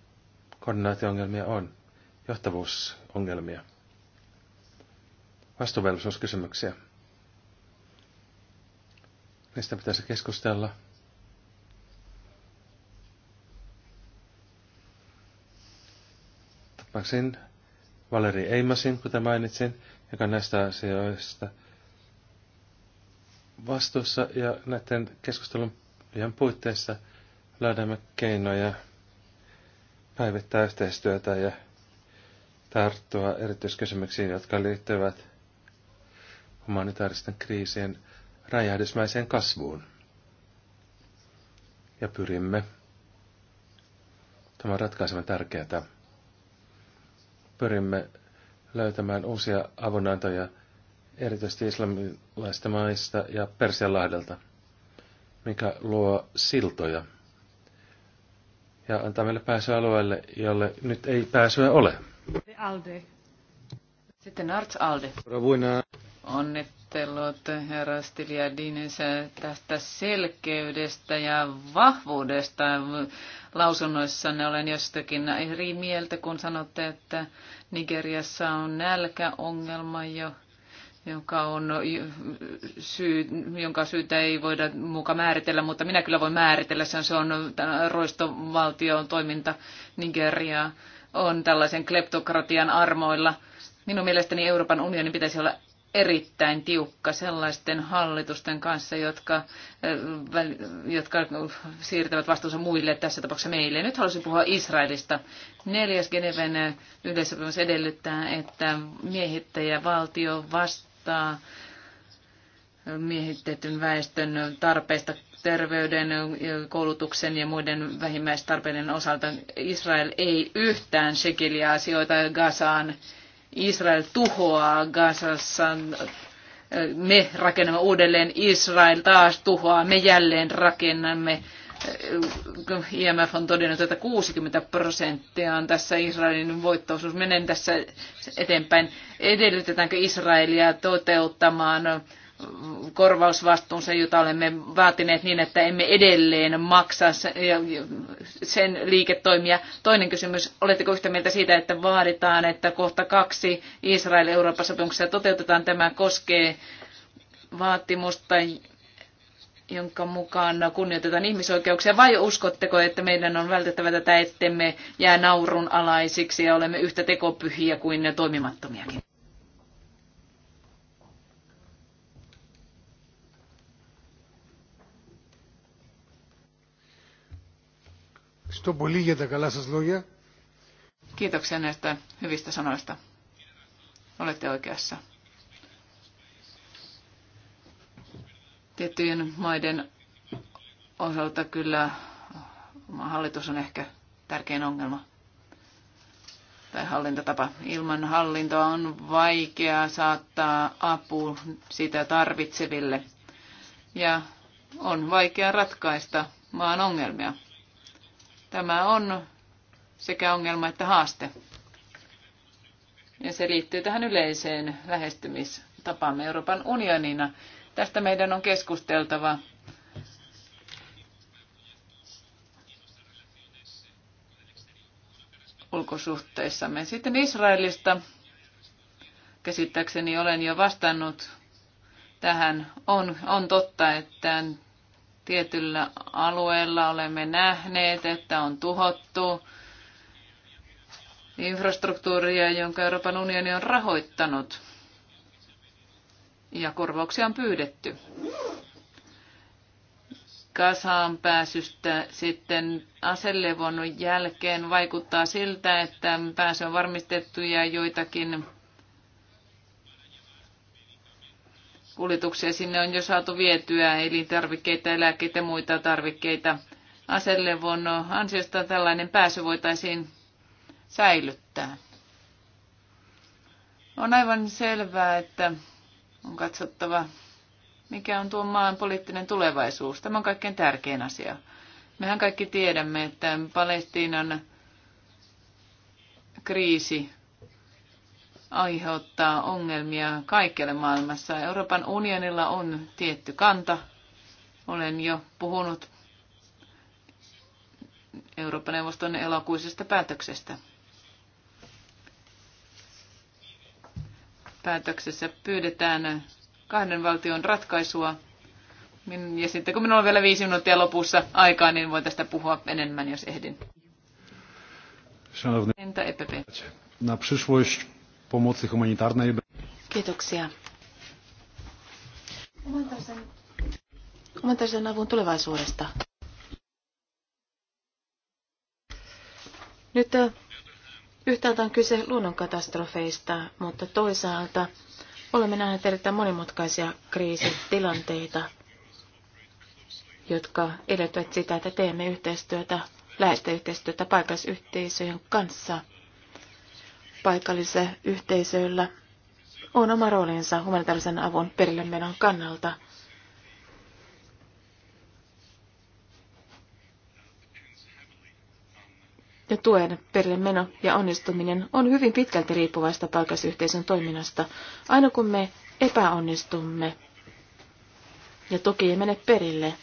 koordinaatio-ongelmia on, johtavuusongelmia, vastuvelvollisuuskysymyksiä. Niistä pitäisi keskustella. Tapasin Valeri Eimasin, kuten mainitsin, joka näistä asioista vastuussa ja näiden keskustelun puitteissa löydämme keinoja päivittää yhteistyötä ja tarttua erityiskysymyksiin, jotka liittyvät humanitaaristen kriisien räjähdysmäiseen kasvuun. Ja pyrimme. Tämä on ratkaisevan tärkeää. Pyrimme löytämään uusia avunantoja erityisesti islamilaista maista ja Persianlahdelta, mikä luo siltoja – ja antaa meille pääsyä alueelle, jolle nyt ei pääsyä ole. Alde. Sitten Arts Alde. Ravuna. Onnittelut herra Stiliadines tästä selkeydestä ja vahvuudesta. ne olen jostakin eri mieltä, kun sanotte, että Nigeriassa on nälkäongelma, jo, joka on syy, jonka syytä ei voida muka määritellä, mutta minä kyllä voin määritellä sen. Se on roistovaltion toiminta Nigeria on tällaisen kleptokratian armoilla. Minun mielestäni Euroopan unionin pitäisi olla erittäin tiukka sellaisten hallitusten kanssa, jotka, jotka siirtävät vastuunsa muille, tässä tapauksessa meille. Nyt haluaisin puhua Israelista. Neljäs Geneven yleissopimus edellyttää, että miehittäjä valtio vastaa vastaa miehitetyn väestön tarpeista terveyden, koulutuksen ja muiden vähimmäistarpeiden osalta. Israel ei yhtään shekeliä asioita Gazaan. Israel tuhoaa Gazassa. Me rakennamme uudelleen, Israel taas tuhoaa, me jälleen rakennamme. IMF on todennut, että 60 prosenttia on tässä Israelin voittoisuus. Menen tässä eteenpäin edellytetäänkö Israelia toteuttamaan korvausvastuunsa, jota olemme vaatineet niin, että emme edelleen maksa sen liiketoimia. Toinen kysymys, oletteko yhtä mieltä siitä, että vaaditaan, että kohta kaksi Israel-Euroopan sopimuksessa toteutetaan tämä koskee vaatimusta, jonka mukaan kunnioitetaan ihmisoikeuksia, vai uskotteko, että meidän on vältettävä tätä, ettemme jää naurun alaisiksi ja olemme yhtä tekopyhiä kuin toimimattomiakin? Ευχαριστώ πολύ για τα καλά σας λόγια. Kiitoksia näistä hyvistä sanoista. Olette oikeassa. Tiettyjen maiden osalta kyllä oma hallitus on ehkä tärkein ongelma tai hallintotapa. Ilman hallintoa on vaikea saattaa apu sitä tarvitseville ja on vaikea ratkaista maan ongelmia. Tämä on sekä ongelma että haaste. Ja se liittyy tähän yleiseen lähestymistapaamme Euroopan unionina. Tästä meidän on keskusteltava. ulkosuhteissamme. Sitten Israelista käsittääkseni olen jo vastannut tähän. On, on totta, että Tietyllä alueella olemme nähneet, että on tuhottu infrastruktuuria, jonka Euroopan unioni on rahoittanut. Ja korvauksia on pyydetty. Kasaan pääsystä sitten aselevon jälkeen vaikuttaa siltä, että pääsy on varmistettu ja joitakin kuljetuksia sinne on jo saatu vietyä, elintarvikkeita, eläkkeitä ja muita tarvikkeita. Aselevon ansiosta tällainen pääsy voitaisiin säilyttää. On aivan selvää, että on katsottava, mikä on tuon maan poliittinen tulevaisuus. Tämä on kaikkein tärkein asia. Mehän kaikki tiedämme, että Palestiinan kriisi aiheuttaa ongelmia kaikkialle maailmassa. Euroopan unionilla on tietty kanta. Olen jo puhunut Euroopan neuvoston elokuisesta päätöksestä. Päätöksessä pyydetään kahden valtion ratkaisua. Ja sitten kun minulla on vielä viisi minuuttia lopussa aikaa, niin voin tästä puhua enemmän, jos ehdin. Entä EPP? Na przyszłość pomocy humanitarnej. Kiitoksia. Humanitaarisen avun tulevaisuudesta. Nyt yhtäältä on kyse luonnonkatastrofeista, mutta toisaalta olemme nähneet erittäin monimutkaisia kriisitilanteita, jotka edellyttävät sitä, että teemme yhteistyötä, läheistä yhteistyötä paikallisyhteisöjen kanssa – paikallisilla yhteisöillä on oma roolinsa humanitaarisen avun perillemenon kannalta. ja tuen perillemeno ja onnistuminen on hyvin pitkälti riippuvaista paikallisyhteisön toiminnasta. Aina kun me epäonnistumme ja tuki ei mene perille,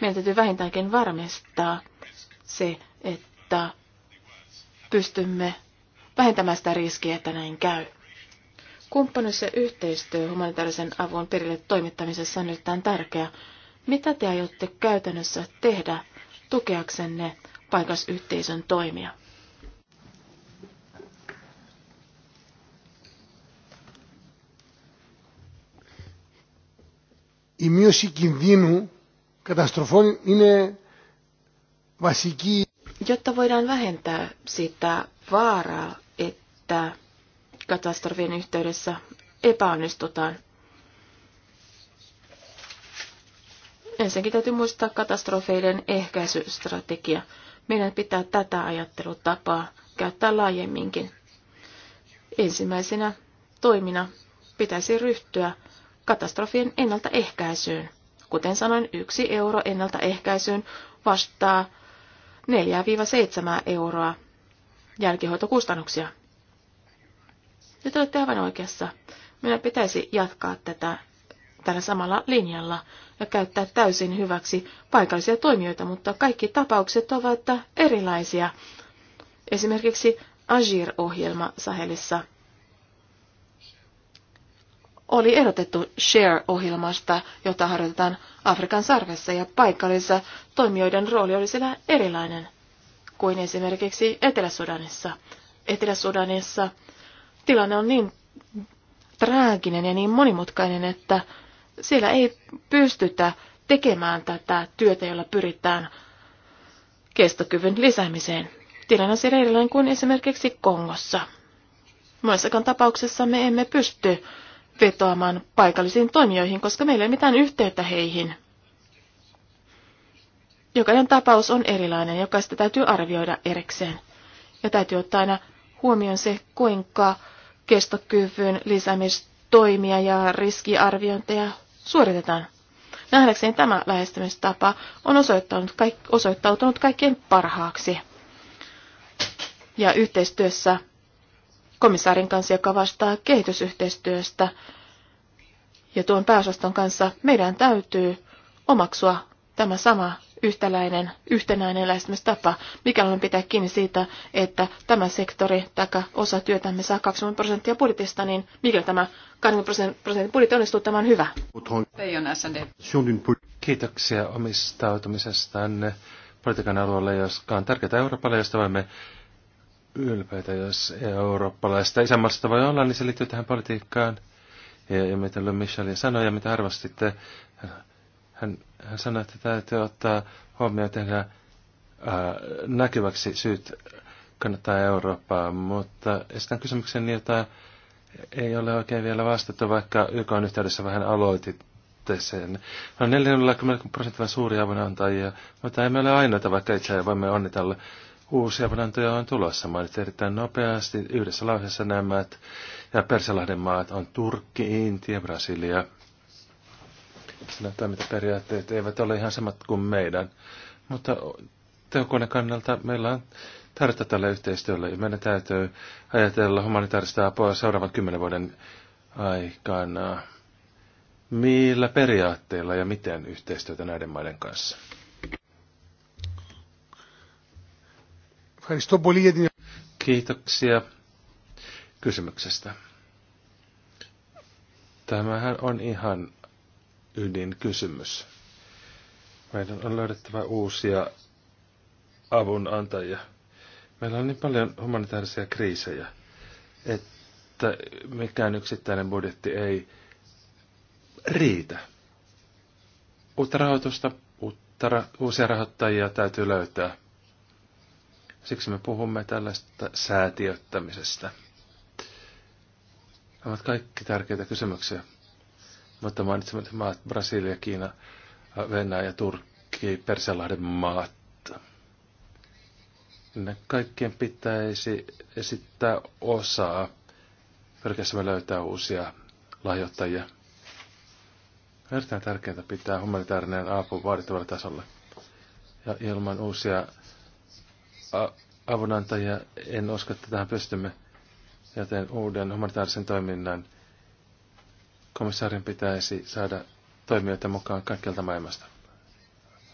meidän täytyy vähintäänkin varmistaa se, että pystymme vähentämään sitä riskiä, että näin käy. Kumppanuus ja yhteistyö humanitaarisen avun perille toimittamisessa on erittäin tärkeä. Mitä te aiotte käytännössä tehdä tukeaksenne paikasyhteisön toimia? η μείωση κινδύνου καταστροφών είναι βασική jotta voidaan vähentää sitä vaaraa, että katastrofien yhteydessä epäonnistutaan. Ensinnäkin täytyy muistaa katastrofeiden ehkäisystrategia. Meidän pitää tätä ajattelutapaa käyttää laajemminkin. Ensimmäisenä toimina pitäisi ryhtyä katastrofien ennaltaehkäisyyn. Kuten sanoin, yksi euro ennaltaehkäisyyn vastaa 4-7 euroa jälkihoitokustannuksia. Nyt olette aivan oikeassa. Meidän pitäisi jatkaa tätä tällä samalla linjalla ja käyttää täysin hyväksi paikallisia toimijoita, mutta kaikki tapaukset ovat erilaisia. Esimerkiksi Agir-ohjelma Sahelissa oli erotettu SHARE-ohjelmasta, jota harjoitetaan Afrikan sarvessa, ja paikallisessa toimijoiden rooli oli siellä erilainen kuin esimerkiksi Etelä-Sudanissa. Etelä-Sudanissa tilanne on niin traaginen ja niin monimutkainen, että siellä ei pystytä tekemään tätä työtä, jolla pyritään kestokyvyn lisäämiseen. Tilanne on siellä erilainen kuin esimerkiksi Kongossa. Moissakaan tapauksessa me emme pysty vetoamaan paikallisiin toimijoihin, koska meillä ei ole mitään yhteyttä heihin. Jokainen tapaus on erilainen, jokaista täytyy arvioida erikseen. Ja täytyy ottaa aina huomioon se, kuinka kestokyvyn lisäämistoimia ja riskiarviointeja suoritetaan. Nähdäkseni tämä lähestymistapa on osoittautunut, osoittautunut kaikkien parhaaksi. Ja yhteistyössä komissaarin kanssa, joka vastaa kehitysyhteistyöstä ja tuon pääosaston kanssa, meidän täytyy omaksua tämä sama yhtäläinen, yhtenäinen lähestymistapa, mikä on pitää kiinni siitä, että tämä sektori tai osa työtämme saa 20 prosenttia budjetista, niin mikä tämä 20 prosentin budjetti onnistuu, tämä on hyvä. Kiitoksia omistautumisestaan politiikan alueelle, joka on tärkeää Euroopalle, josta voimme ylpeitä, jos eurooppalaista isänmaasta voi olla, niin se liittyy tähän politiikkaan. Ja, ja mitä Le Michelin sanoi ja mitä arvostitte, hän, hän sanoi, että täytyy ottaa huomioon tehdä ää, näkyväksi syyt kannattaa Eurooppaa, mutta esitän kysymyksen, niin, jota ei ole oikein vielä vastattu, vaikka YK on yhteydessä vähän aloititte sen. No, on 40 prosenttia suuria avunantajia, mutta emme ole ainoita, vaikka itse voimme onnitella Uusia avunantoja on tulossa. Mainit erittäin nopeasti yhdessä lauseessa nämä ja Persialahden maat on Turkki, Intia, Brasilia. Sinä toimintaperiaatteet eivät ole ihan samat kuin meidän, mutta teokone kannalta meillä on tarvetta tälle yhteistyölle. Meidän täytyy ajatella humanitaarista apua seuraavan kymmenen vuoden aikana. Millä periaatteilla ja miten yhteistyötä näiden maiden kanssa? Kiitoksia kysymyksestä. Tämähän on ihan ydinkysymys. Meidän on löydettävä uusia avunantajia. Meillä on niin paljon humanitaarisia kriisejä, että mikään yksittäinen budjetti ei riitä. Uutta rahoitusta, uutta, uusia rahoittajia täytyy löytää. Siksi me puhumme tällaista säätiöttämisestä. Nämä ovat kaikki tärkeitä kysymyksiä. Mutta mainitsemat maat, Brasilia, Kiina, Venäjä, Turkki, Persialahden maat. Ne kaikkien pitäisi esittää osaa. Pyrkässä me löytää uusia lahjoittajia. erittäin tärkeää pitää humanitaarinen apu vaadittavalla tasolla. Ja ilman uusia avunantajia. En usko, että tähän pystymme. Joten uuden humanitaarisen toiminnan komissaarin pitäisi saada toimijoita mukaan kaikkialta maailmasta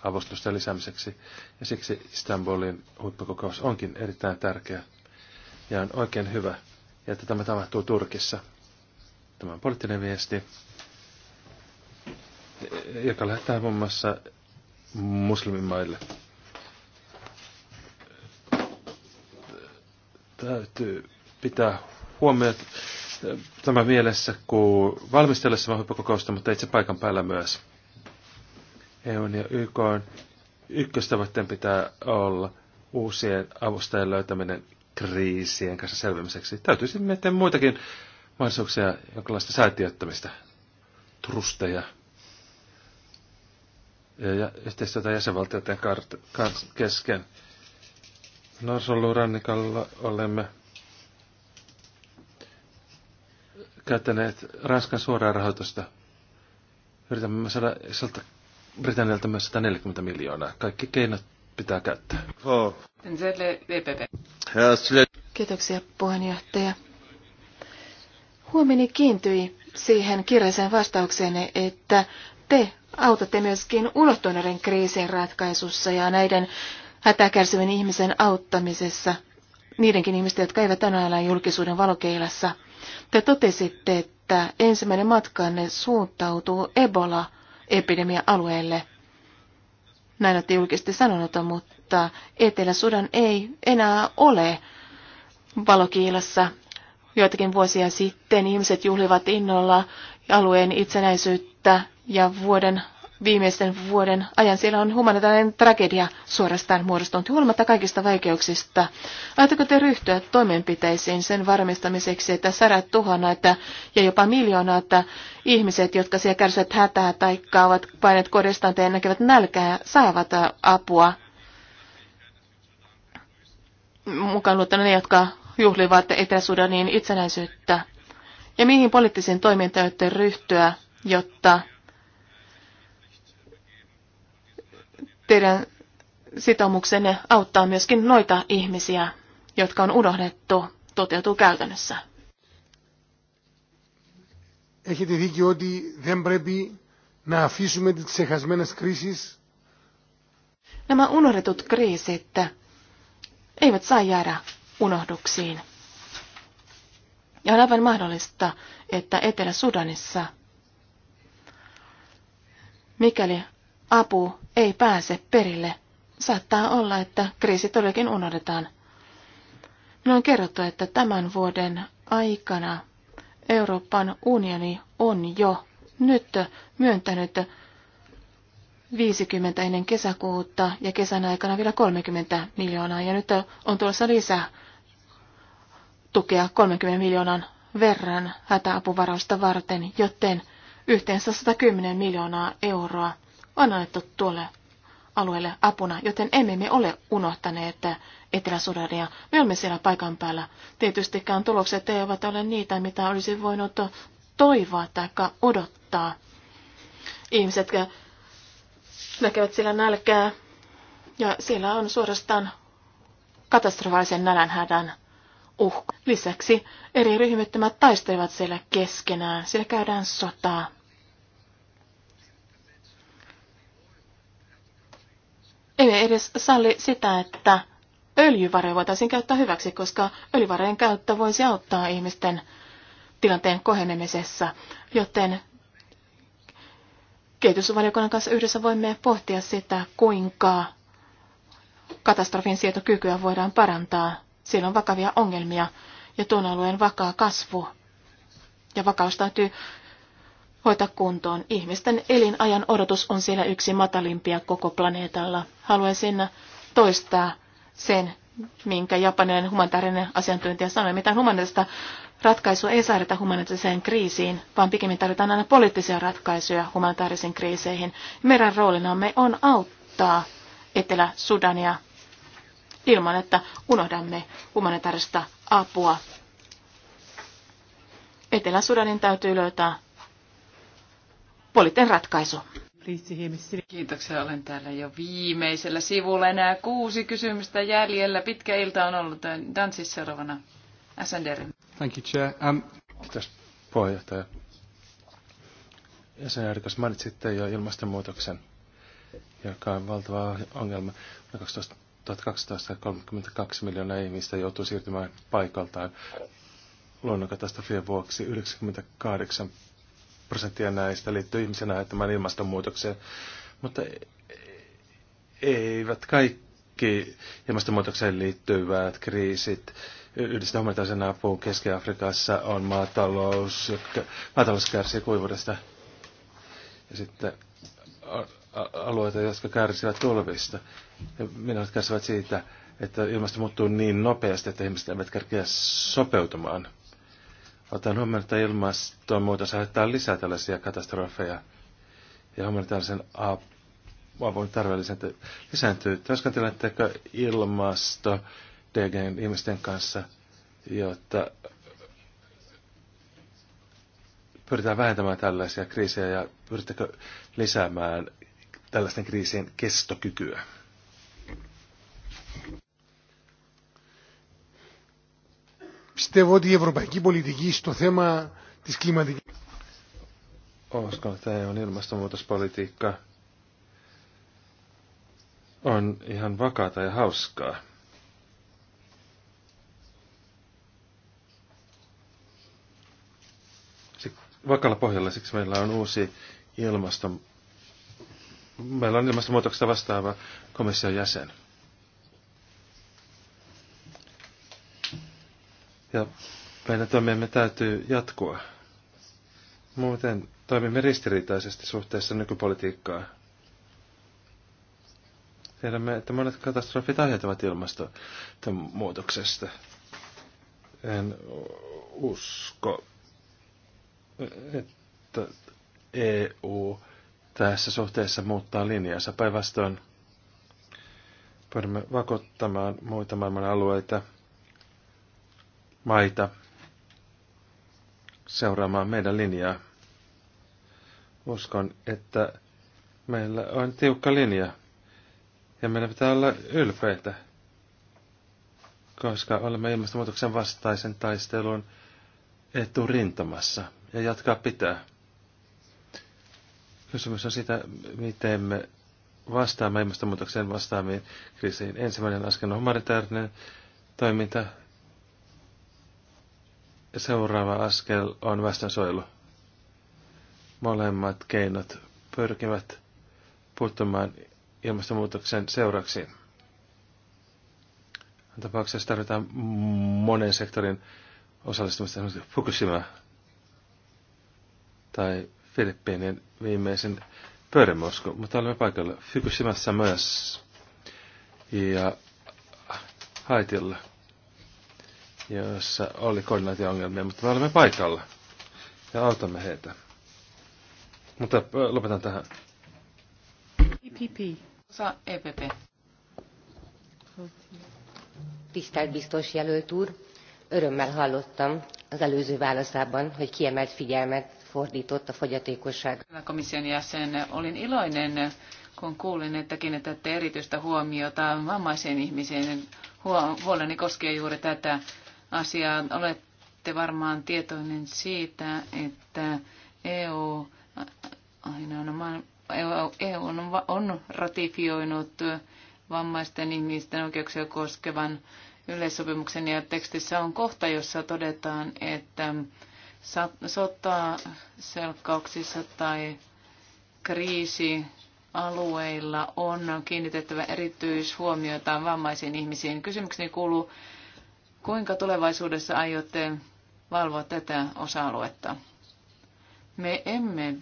avustusta lisäämiseksi. Ja siksi Istanbulin huippukokous onkin erittäin tärkeä. Ja on oikein hyvä, että tämä tapahtuu Turkissa. Tämä on poliittinen viesti, joka lähettää muun muassa muslimimaille. täytyy pitää huomioon eh, tämä mielessä, kun valmistellessa huippukokousta, mutta itse paikan päällä myös. EUn ja YK on ykköstavoitteen pitää olla uusien avustajien löytäminen kriisien kanssa selvimiseksi. Täytyisi miettiä muitakin mahdollisuuksia, jonkinlaista säätiöittämistä, trusteja ja yhteistyötä jäsenvaltioiden kesken Norsolurannikalla olemme käyttäneet Ranskan suoraa rahoitusta. Yritämme saada Isolta Britannialta myös 140 miljoonaa. Kaikki keinot pitää käyttää. Oh. Kiitoksia puheenjohtaja. Huomeni kiintyi siihen kirjaisen vastaukseen, että te autatte myöskin ulottuneiden kriisin ratkaisussa ja näiden hätää kärsivän ihmisen auttamisessa, niidenkin ihmisten, jotka eivät tänään elä julkisuuden valokeilassa. Te totesitte, että ensimmäinen matkanne suuntautuu Ebola-epidemia-alueelle. Näin olette julkisesti sanonut, mutta Etelä-Sudan ei enää ole valokiilassa. Joitakin vuosia sitten ihmiset juhlivat innolla alueen itsenäisyyttä ja vuoden viimeisen vuoden ajan. Siellä on humanitaarinen tragedia suorastaan muodostunut huolimatta kaikista vaikeuksista. Ajatteko te ryhtyä toimenpiteisiin sen varmistamiseksi, että sadat tuhannet ja jopa miljoonat ihmiset, jotka siellä kärsivät hätää tai ovat paineet kodistaan ja näkevät nälkää, saavat apua? Mukaan luottuna ne, jotka juhlivat Etelä-Sudanin itsenäisyyttä. Ja mihin poliittisiin toimintaan ryhtyä, jotta teidän sitoumuksenne auttaa myöskin noita ihmisiä, jotka on unohdettu, toteutuu käytännössä. Έχετε δίκιο ότι δεν πρέπει να αφήσουμε τις ξεχασμένες κρίσεις. Nämä unohdetut kriisit eivät saa jäädä unohduksiin. Ja on aivan mahdollista, että Etelä-Sudanissa, mikäli apu ei pääse perille. Saattaa olla, että kriisi todellakin unohdetaan. Minulle on kerrottu, että tämän vuoden aikana Euroopan unioni on jo nyt myöntänyt 50 ennen kesäkuutta ja kesän aikana vielä 30 miljoonaa. Ja nyt on tulossa lisää tukea 30 miljoonan verran hätäapuvarausta varten, joten yhteensä 110 miljoonaa euroa on annettu tuolle alueelle apuna, joten emme me ole unohtaneet Etelä-Sudania. Me olemme siellä paikan päällä. Tietystikään tulokset eivät ole niitä, mitä olisi voinut toivoa tai odottaa. Ihmiset näkevät siellä nälkää ja siellä on suorastaan katastrofaalisen nälänhädän uhka. Lisäksi eri ryhmittymät taistelevat siellä keskenään. Siellä käydään sotaa. Ei, edes salli sitä, että öljyvaroja voitaisiin käyttää hyväksi, koska öljyvarojen käyttö voisi auttaa ihmisten tilanteen kohenemisessa, joten kehitysvaliokunnan kanssa yhdessä voimme pohtia sitä, kuinka katastrofin sietokykyä voidaan parantaa. Siellä on vakavia ongelmia ja tuon alueen vakaa kasvu. Ja vakaus täytyy hoita kuntoon. Ihmisten elinajan odotus on siellä yksi matalimpia koko planeetalla. Haluaisin toistaa sen, minkä japanilainen humanitaarinen asiantuntija sanoi. Mitään humanitaarista ratkaisua ei saada humanitaariseen kriisiin, vaan pikemmin tarvitaan aina poliittisia ratkaisuja humanitaarisiin kriiseihin. Meidän roolinamme on auttaa Etelä-Sudania ilman, että unohdamme humanitaarista apua. Etelä-Sudanin täytyy löytää poliittinen ratkaisu. Kiitoksia, olen täällä jo viimeisellä sivulla. Enää kuusi kysymystä jäljellä. Pitkä ilta on ollut Danssissa seuraavana. SNDR. Thank you, Chair. Um, kiitos, puheenjohtaja. SNDR, jos mainitsitte jo ilmastonmuutoksen, joka on valtava ongelma. 2012 32 miljoonaa ihmistä joutuu siirtymään paikaltaan luonnonkatastrofien vuoksi. 98 prosenttia näistä liittyy ihmisen aiheuttamaan ilmastonmuutokseen, mutta e-, eivät kaikki ilmastonmuutokseen liittyvät kriisit yhdistä humanitaarisen apuun Keski-Afrikassa on maatalous, joka, maatalous kärsii kuivuudesta. Ja sitten alueita, jotka kärsivät tulvista. Ja minut kärsivät siitä, että ilmasto muuttuu niin nopeasti, että ihmiset eivät kärkeä sopeutumaan. Otan huomioon, että ilmastonmuutos aiheuttaa lisää tällaisia katastrofeja ja tällaisen avun tarve lisääntyy. Työskenteletteko ilmasto DGn ihmisten kanssa, jotta pyritään vähentämään tällaisia kriisejä ja pyrittekö lisäämään tällaisten kriisien kestokykyä? Πιστεύω ότι η ευρωπαϊκή πολιτική στο θέμα της κλιματικής... Uskon, että EUn ilmastonmuutospolitiikka on ihan vakaata ja hauskaa. vakalla pohjalla, siksi meillä on uusi ilmaston, meillä on ilmastonmuutoksesta vastaava komission jäsen. Ja meidän toimimme täytyy jatkua. Muuten toimimme ristiriitaisesti suhteessa nykypolitiikkaan. Tiedämme, että monet katastrofit aiheutuvat ilmastonmuutoksesta. En usko, että EU tässä suhteessa muuttaa linjansa. Päinvastoin voimme vakottamaan muita maailman alueita – maita seuraamaan meidän linjaa. Uskon, että meillä on tiukka linja ja meidän pitää olla ylpeitä, koska olemme ilmastonmuutoksen vastaisen taistelun eturintamassa ja jatkaa pitää. Kysymys on sitä, miten me vastaamme ilmastonmuutokseen vastaamiin kriisiin. Ensimmäinen askel on humanitaarinen toiminta, seuraava askel on väestönsuojelu. Molemmat keinot pyrkivät puuttumaan ilmastonmuutoksen seurauksiin. Tapauksessa tarvitaan monen sektorin osallistumista, esimerkiksi Fukushima tai Filippiinien viimeisen pöydänmosku, mutta olemme paikalla Fukushimassa myös ja Haitilla jossa oli koordinaatio-ongelmia, mutta me olemme paikalla ja autamme heitä. Mutta lopetan tähän. EPP. Osa EPP. Tisztelt biztos jelölt úr, örömmel hallottam az előző válaszában, hogy kiemelt figyelmet fordított a fogyatékosság. A Komission jäsen, olin iloinen, kun kuulin, että kiinnitätte erityistä huomiota vammaisen ihmisen. Huoleni koskee juuri tätä asiaa. Olette varmaan tietoinen siitä, että EU, EU on, on ratifioinut vammaisten ihmisten oikeuksia koskevan yleissopimuksen ja tekstissä on kohta, jossa todetaan, että sotaa selkkauksissa tai kriisi alueilla on kiinnitettävä erityishuomiota vammaisiin ihmisiin. Kysymykseni kuuluu, Kuinka tulevaisuudessa aiotte valvoa tätä osa-aluetta? Me emme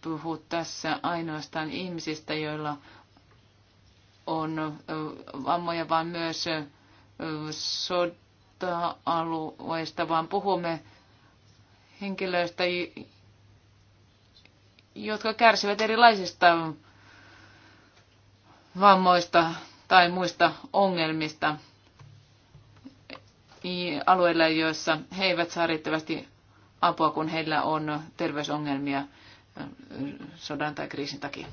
puhu tässä ainoastaan ihmisistä, joilla on vammoja, vaan myös sota-alueista, vaan puhumme henkilöistä, jotka kärsivät erilaisista vammoista tai muista ongelmista alueilla, joissa he eivät saa riittävästi apua, kun heillä on terveysongelmia eh, sodan tai kriisin takia.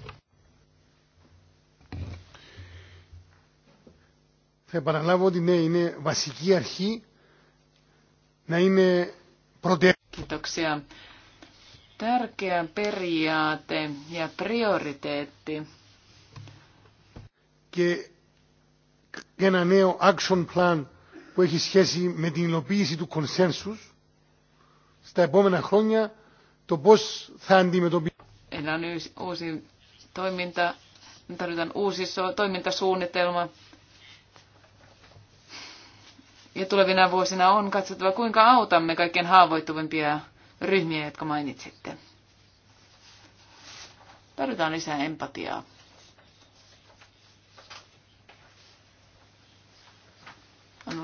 Θα επαναλάβω ότι ναι, είναι βασική αρχή να είναι Kiitoksia. Tärkeä periaate ja prioriteetti. Και ένα νέο action plan που έχει σχέση με την υλοποίηση του κονσένσους στα επόμενα χρόνια το πώς θα αντιμετωπίσουμε. uusi toiminta, tarvitaan uusi toimintasuunnitelma. Ja tulevina vuosina on katsottava, kuinka autamme kaikkein haavoittuvimpia ryhmiä, jotka mainitsitte. Tarvitaan lisää empatiaa.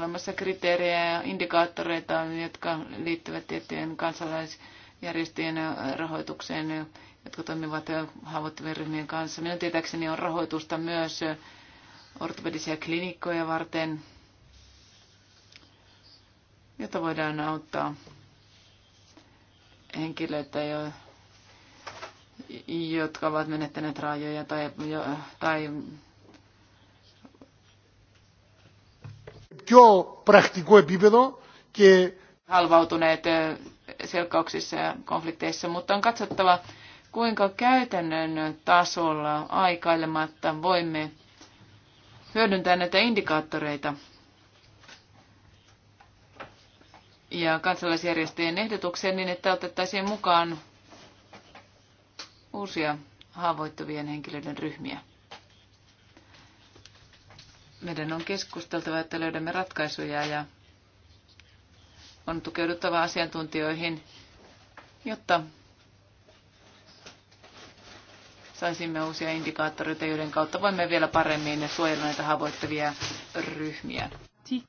olemassa kriteerejä ja indikaattoreita, jotka liittyvät tiettyjen kansalaisjärjestöjen rahoitukseen, jotka toimivat haavoittuvien ryhmien kanssa. Minun tietääkseni on rahoitusta myös ortopedisia klinikkoja varten, jota voidaan auttaa henkilöitä, jotka ovat menettäneet rajoja tai, tai πιο πρακτικό επίπεδο και halvautuneet selkkauksissa ja konflikteissa, mutta on katsottava, kuinka käytännön tasolla aikailematta voimme hyödyntää näitä indikaattoreita ja kansalaisjärjestöjen ehdotuksia niin, että otettaisiin mukaan uusia haavoittuvien henkilöiden ryhmiä. Meidän on keskusteltava, että löydämme ratkaisuja ja on tukeuduttava asiantuntijoihin, jotta saisimme uusia indikaattoreita, joiden kautta voimme vielä paremmin suojella näitä haavoittavia ryhmiä.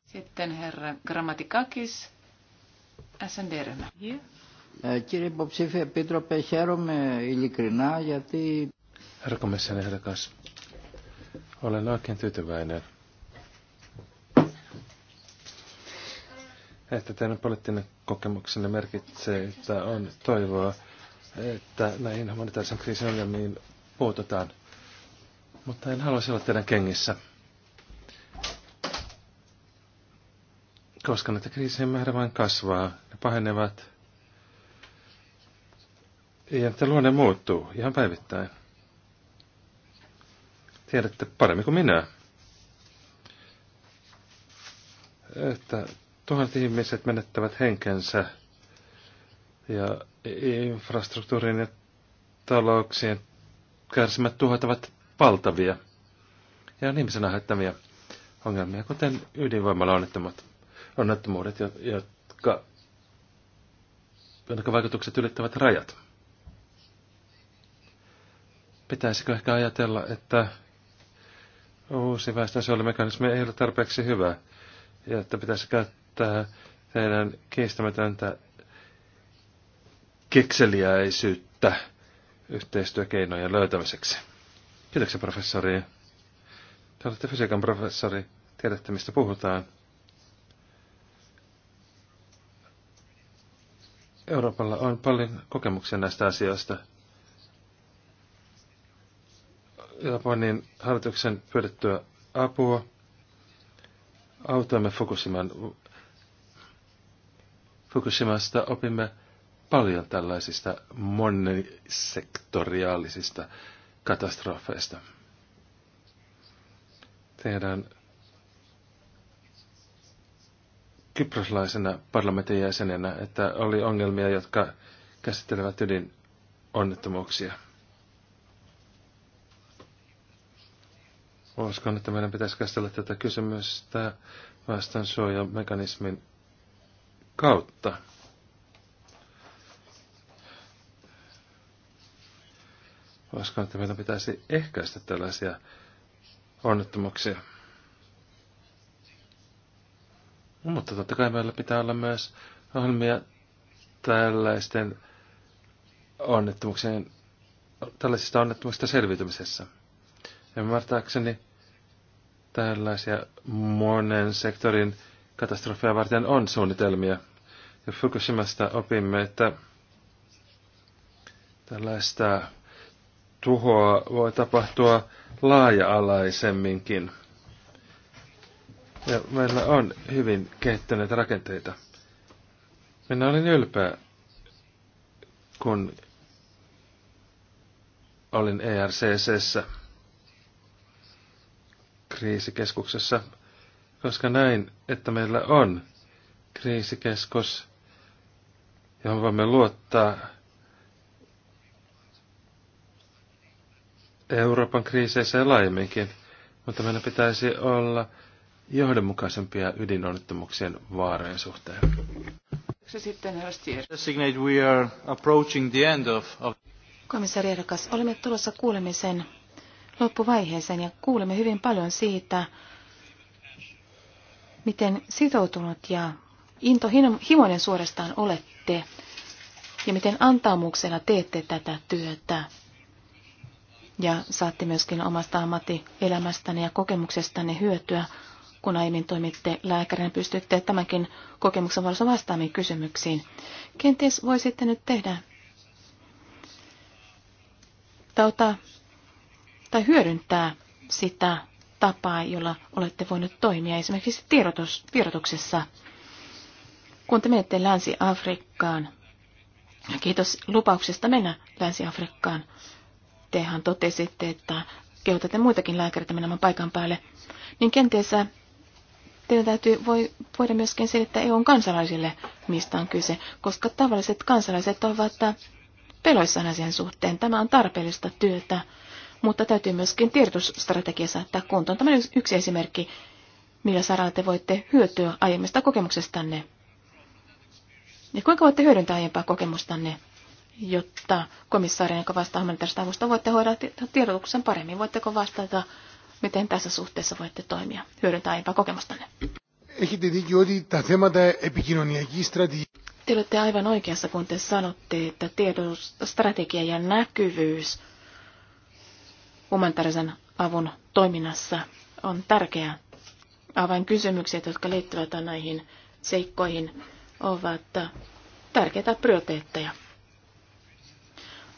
Sitten herra Grammatikakis, SND-ryhmä. Eh, κύριε υποψήφια επίτροπε, χαίρομαι ειλικρινά Herra komissaari ehdokas, olen oikein tyytyväinen, että teidän poliittinen kokemuksenne merkitsee, että on toivoa, että näihin humanitaarisen kriisin ongelmiin puututaan. Mutta en haluaisi olla teidän kengissä. Koska näitä kriisien määrä vain kasvaa, ne pahenevat. Ja että luonne muuttuu ihan päivittäin. Tiedätte paremmin kuin minä. Että Tuhannet ihmiset menettävät henkensä ja infrastruktuurin ja talouksien kärsimät tuhat ovat valtavia ja on ihmisen aiheuttamia ongelmia, kuten ydinvoimalla onnettomuudet, jotka, jotka vaikutukset ylittävät rajat. Pitäisikö ehkä ajatella, että uusi väestönsuojelumekanismi ei ole tarpeeksi hyvä ja että pitäisi käyttää tämä teidän kiistämätöntä kekseliäisyyttä yhteistyökeinojen löytämiseksi. Kiitoksia professori. Te olette fysiikan professori. Tiedätte, mistä puhutaan. Euroopalla on paljon kokemuksia näistä asioista. Japanin hallituksen pyydettyä apua autoimme fokusimaan Fukushimasta opimme paljon tällaisista monisektoriaalisista katastrofeista. Tehdään kyproslaisena parlamentin jäsenenä, että oli ongelmia, jotka käsittelevät onnettomuuksia. Uskon, että meidän pitäisi käsitellä tätä kysymystä suojamekanismin kautta. Uskon, että meidän pitäisi ehkäistä tällaisia onnettomuuksia. No, mutta totta kai meillä pitää olla myös ohjelmia tällaisten onnettomuuksien, tällaisista onnettomuuksista selviytymisessä. Ymmärtääkseni tällaisia monen sektorin katastrofeja varten on suunnitelmia. Ja Fukushimasta opimme, että tällaista tuhoa voi tapahtua laaja-alaisemminkin. Ja meillä on hyvin kehittyneitä rakenteita. Minä olin ylpeä, kun olin ERCCssä kriisikeskuksessa koska näin, että meillä on kriisikeskus, johon voimme luottaa Euroopan kriiseissä ja laajemminkin, mutta meillä pitäisi olla johdonmukaisempia ydinonnettomuuksien vaarojen suhteen. We are approaching the end of, Komissaari ehdokas, olemme tulossa kuulemisen loppuvaiheeseen ja kuulemme hyvin paljon siitä, miten sitoutunut ja intohimoinen suorastaan olette ja miten antaumuksella teette tätä työtä. Ja saatte myöskin omasta ammattielämästänne ja kokemuksestanne hyötyä, kun aiemmin toimitte lääkärinä, pystytte tämänkin kokemuksen valossa vastaamiin kysymyksiin. Kenties voisitte nyt tehdä tauta, tai hyödyntää sitä tapaa, jolla olette voinut toimia esimerkiksi tiedotus, tiedotuksessa. Kun te menette Länsi-Afrikkaan, kiitos lupauksesta mennä Länsi-Afrikkaan. Tehän totesitte, että kehotatte muitakin lääkäreitä menemään paikan päälle. Niin kenties teidän täytyy voi, voida myöskin selittää EUn kansalaisille, mistä on kyse, koska tavalliset kansalaiset ovat peloissaan asian suhteen. Tämä on tarpeellista työtä mutta täytyy myöskin tiedotusstrategia saattaa kuntoon. Tämä on yksi esimerkki, millä saralla te voitte hyötyä aiemmista kokemuksestanne. Ja kuinka voitte hyödyntää aiempaa kokemustanne, jotta komissaarin, joka vastaa humanitaarista avusta, voitte hoidaa tiedotuksen paremmin? Voitteko vastata, miten tässä suhteessa voitte toimia, hyödyntää aiempaa kokemustanne? Te olette aivan oikeassa, kun te sanotte, että tiedotusstrategia ja näkyvyys – humanitaarisen avun toiminnassa on tärkeää. Avainkysymykset, jotka liittyvät näihin seikkoihin, ovat tärkeitä prioriteetteja.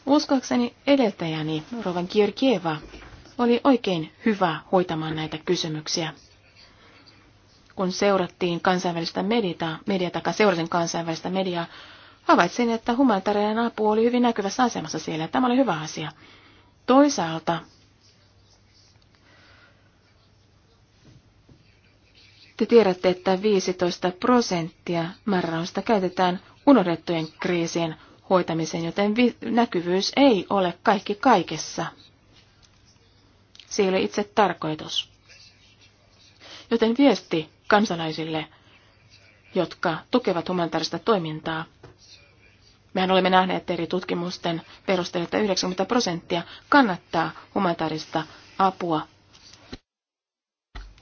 Uskoakseni edeltäjäni Rovan Kierkieva oli oikein hyvä hoitamaan näitä kysymyksiä. Kun seurattiin kansainvälistä mediaa, mediata, seurasin kansainvälistä mediaa, havaitsin, että humanitaarinen apu oli hyvin näkyvässä asemassa siellä. Tämä oli hyvä asia. Toisaalta Te tiedätte, että 15 prosenttia määrärahoista käytetään unohdettujen kriisien hoitamiseen, joten näkyvyys ei ole kaikki kaikessa. Se ei ole itse tarkoitus. Joten viesti kansalaisille, jotka tukevat humanitaarista toimintaa. Mehän olemme nähneet eri tutkimusten perusteella, että 90 prosenttia kannattaa humanitaarista apua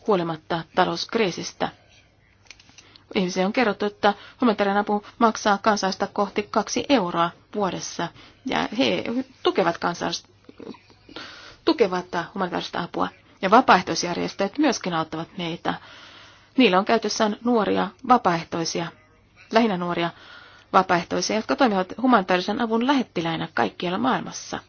huolimatta talouskriisistä. Ihmisiä on kerrottu, että humanitaarinen apu maksaa kansaista kohti kaksi euroa vuodessa, ja he tukevat, tukevat humanitaarista apua. Ja vapaaehtoisjärjestöt myöskin auttavat meitä. Niillä on käytössään nuoria vapaaehtoisia, lähinnä nuoria vapaaehtoisia, jotka toimivat humanitaarisen avun lähettiläinä kaikkialla maailmassa.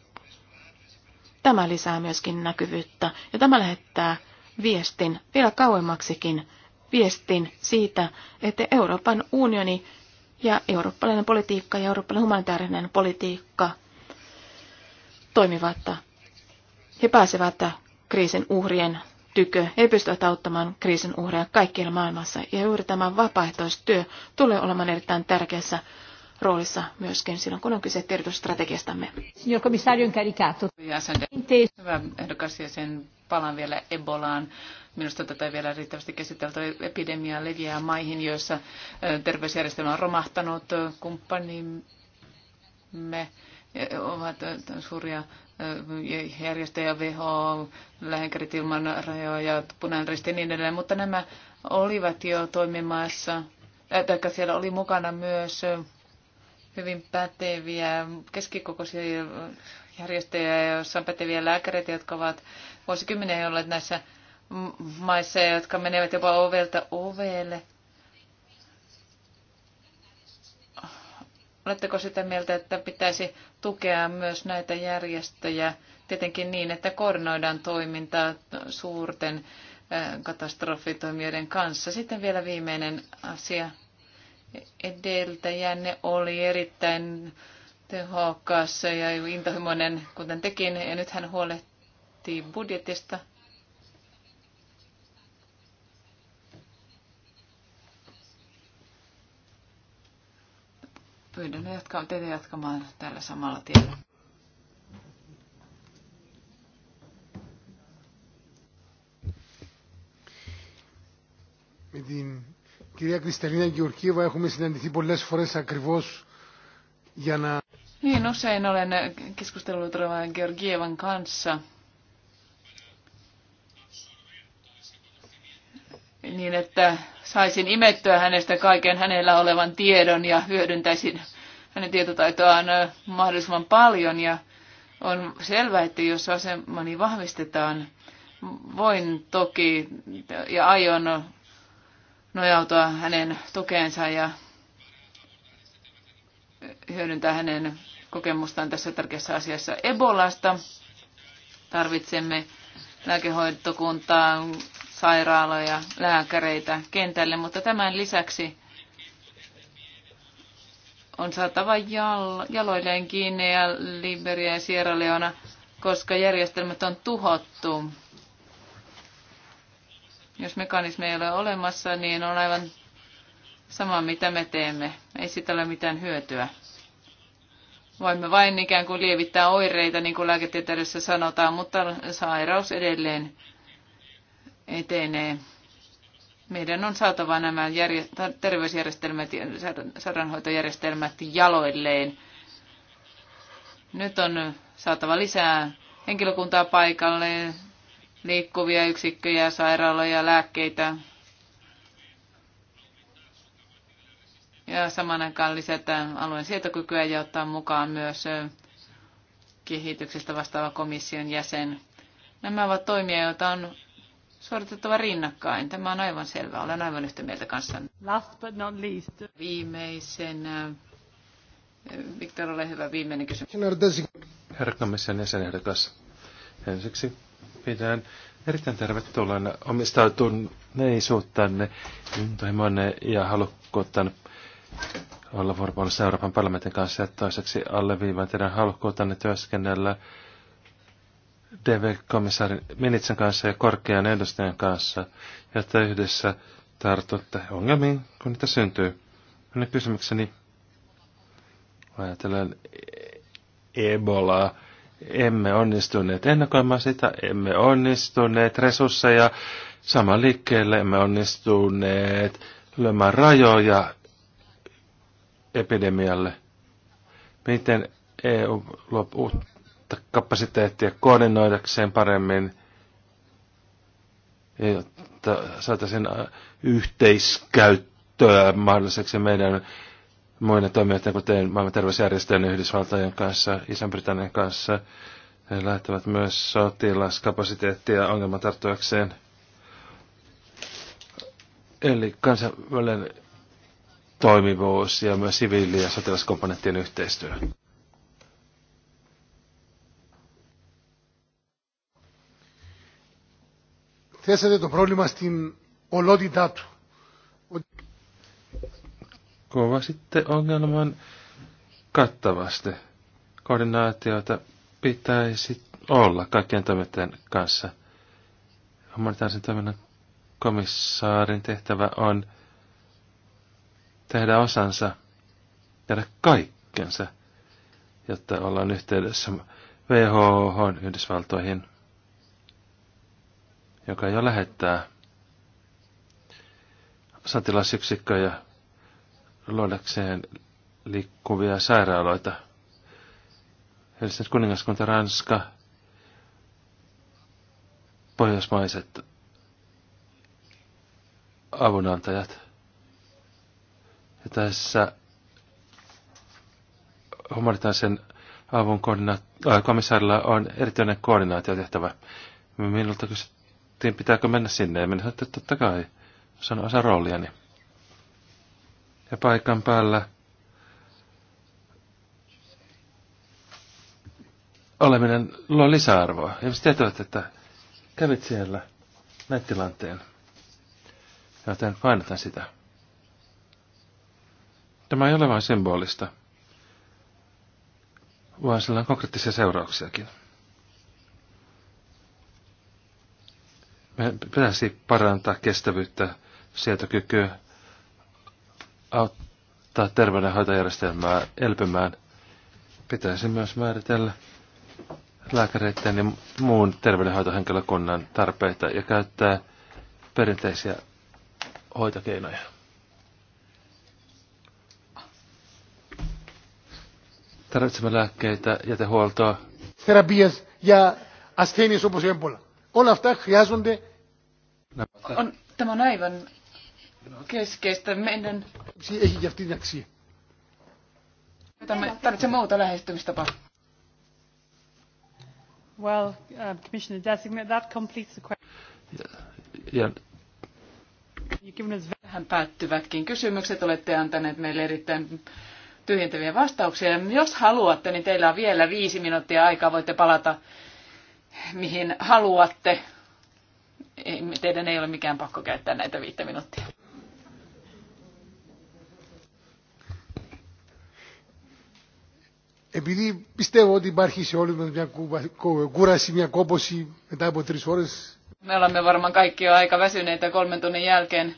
Tämä lisää myöskin näkyvyyttä ja tämä lähettää viestin vielä kauemmaksikin, viestin siitä, että Euroopan unioni ja eurooppalainen politiikka ja eurooppalainen humanitaarinen politiikka toimivat. He pääsevät kriisin uhrien tykö. He pystyvät auttamaan kriisin uhreja kaikkialla maailmassa. Ja juuri tämä vapaaehtoistyö tulee olemaan erittäin tärkeässä roolissa myöskin silloin, kun on kyse tiedotusstrategiastamme. Signor commissario incaricato. Hyvä ehdokas ja sen palaan vielä Ebolaan. Minusta tätä ei vielä riittävästi käsitelty. Epidemia leviää maihin, joissa terveysjärjestelmä on romahtanut. Kumppanimme ovat suuria järjestöjä, WHO, lääkärit ilman rajoja ja punainen risti ja niin edelleen, mutta nämä olivat jo toimimassa, tai siellä oli mukana myös hyvin päteviä keskikokoisia järjestöjä, joissa on päteviä lääkäreitä, jotka ovat vuosikymmeniä olleet näissä maissa, jotka menevät jopa ovelta ovelle. Oletteko sitä mieltä, että pitäisi tukea myös näitä järjestöjä tietenkin niin, että koordinoidaan toimintaa suurten katastrofitoimijoiden kanssa? Sitten vielä viimeinen asia. Edeltäjänne oli erittäin tehokkaassa ja intohimoinen, kuten tekin, ja nyt hän huolehtii budjetista. Pyydän jatkaa, teitä jatkamaan tällä samalla tiellä. Με την κυρία Κρυσταλίνα Γεωργίευα έχουμε συναντηθεί πολλές φορές ακριβώς για να niin usein olen keskustellut Rovan Georgievan kanssa niin, että saisin imettyä hänestä kaiken hänellä olevan tiedon ja hyödyntäisin hänen tietotaitoaan mahdollisimman paljon. Ja on selvää, että jos asemani vahvistetaan, voin toki ja aion nojautua hänen tukeensa ja hyödyntää hänen kokemustaan tässä tärkeässä asiassa. Ebolasta tarvitsemme lääkehoitokuntaa, sairaaloja, lääkäreitä kentälle, mutta tämän lisäksi on saatava jal- jaloilleen kiinni ja Liberia ja Sierra Leona, koska järjestelmät on tuhottu. Jos mekanismi ei ole olemassa, niin on aivan sama, mitä me teemme. Ei siitä ole mitään hyötyä. Voimme vain ikään kuin lievittää oireita, niin kuin lääketieteellisessä sanotaan, mutta sairaus edelleen etenee. Meidän on saatava nämä järje- terveysjärjestelmät ja sairaanhoitojärjestelmät jaloilleen. Nyt on saatava lisää henkilökuntaa paikalle, liikkuvia yksikköjä, sairaaloja, lääkkeitä, ja saman aikaan lisätä alueen sietokykyä ja ottaa mukaan myös kehityksestä vastaava komission jäsen. Nämä ovat toimia, joita on suoritettava rinnakkain. Tämä on aivan selvää. Olen aivan yhtä mieltä kanssa. Last but not least. Viimeisen. Viktor, ole hyvä. Viimeinen kysymys. Herra komission jäsenehdokas. Ensiksi pidän erittäin tervetulleena omistautuneisuuttanne, intohimonne ja halukkuuttanne olla vuoropuolissa Euroopan parlamentin kanssa ja toiseksi alleviivaan teidän tänne työskennellä DV-komissaari Minitsen kanssa ja korkean edustajan kanssa, jotta yhdessä tartutte ongelmiin, kun niitä syntyy. Minun kysymykseni ajatellaan Ebolaa. Emme onnistuneet ennakoimaan sitä, emme onnistuneet resursseja sama liikkeelle, emme onnistuneet lyömään rajoja, epidemialle. Miten EU luo uutta kapasiteettia koordinoidakseen paremmin, jotta saataisiin äh, yhteiskäyttöä mahdolliseksi meidän muiden toimijoiden, kuten maailman terveysjärjestöjen Yhdysvaltojen kanssa, Iso-Britannian kanssa. He lähettävät myös sotilaskapasiteettia ongelman tarttuakseen. Eli kansainvälinen toimivuus ja myös siviili- ja sotilaskomponenttien yhteistyö. θέσατε το πρόβλημα στην ολότητά του. Kuvasitte ongelman kattavasti. Koordinaatiota pitäisi olla kaikkien toimittajien kanssa. Humanitaarisen toiminnan komissaarin tehtävä on tehdä osansa, tehdä kaikkensa, jotta ollaan yhteydessä WHO Yhdysvaltoihin, joka jo lähettää sotilasyksikköjä luodakseen liikkuvia sairaaloita. Yhdistynyt kuningaskunta Ranska, pohjoismaiset avunantajat – ja tässä humanitaarisen avun koordina- äh, komissaarilla on erityinen koordinaatiotehtävä. Minulta kysyttiin, pitääkö mennä sinne, ja minä sanoin, että totta kai, se on osa rooliani. Ja paikan päällä oleminen luo lisäarvoa. Ihmiset tietävät, että kävit siellä näin tilanteen, joten painotan sitä. Tämä ei ole vain symbolista, vaan sillä on konkreettisia seurauksiakin. Meidän pitäisi parantaa kestävyyttä, sietokykyä, auttaa terveydenhoitojärjestelmää elpymään. Pitäisi myös määritellä lääkäreiden ja muun terveydenhoitohenkilökunnan tarpeita ja käyttää perinteisiä hoitokeinoja. Tarvitsemme lääkkeitä, jätehuoltoa. Terapias ja asteenis opus empola. Όλα αυτά hriasunde. On, tämä on aivan keskeistä meidän... Ei jäfti αυτή Tarvitsemme muuta lähestymistapaa. Well, uh, Commissioner Designate, that completes the question. Yeah. Yeah. Tähän päättyvätkin kysymykset. Olette antaneet meille erittäin tyhjentäviä vastauksia. Jos haluatte, niin teillä on vielä viisi minuuttia aikaa. Voitte palata mihin haluatte. Teidän ei ole mikään pakko käyttää näitä viittä minuuttia. Επειδή πιστεύω ότι υπάρχει σε όλους μας μια κούραση, μια κόπωση μετά από τρεις ώρες. Me olemme varmaan kaikki jo aika väsyneitä kolmen tunnin jälkeen.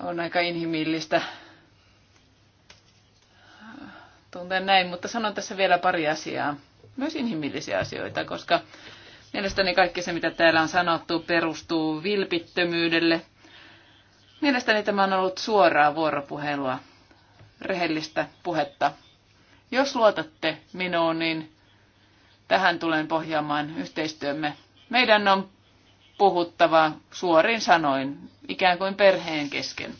On aika inhimillistä tunteen näin, mutta sanon tässä vielä pari asiaa, myös inhimillisiä asioita, koska mielestäni kaikki se, mitä täällä on sanottu, perustuu vilpittömyydelle. Mielestäni tämä on ollut suoraa vuoropuhelua, rehellistä puhetta. Jos luotatte minuun, niin tähän tulen pohjaamaan yhteistyömme. Meidän on puhuttava suorin sanoin, ikään kuin perheen kesken.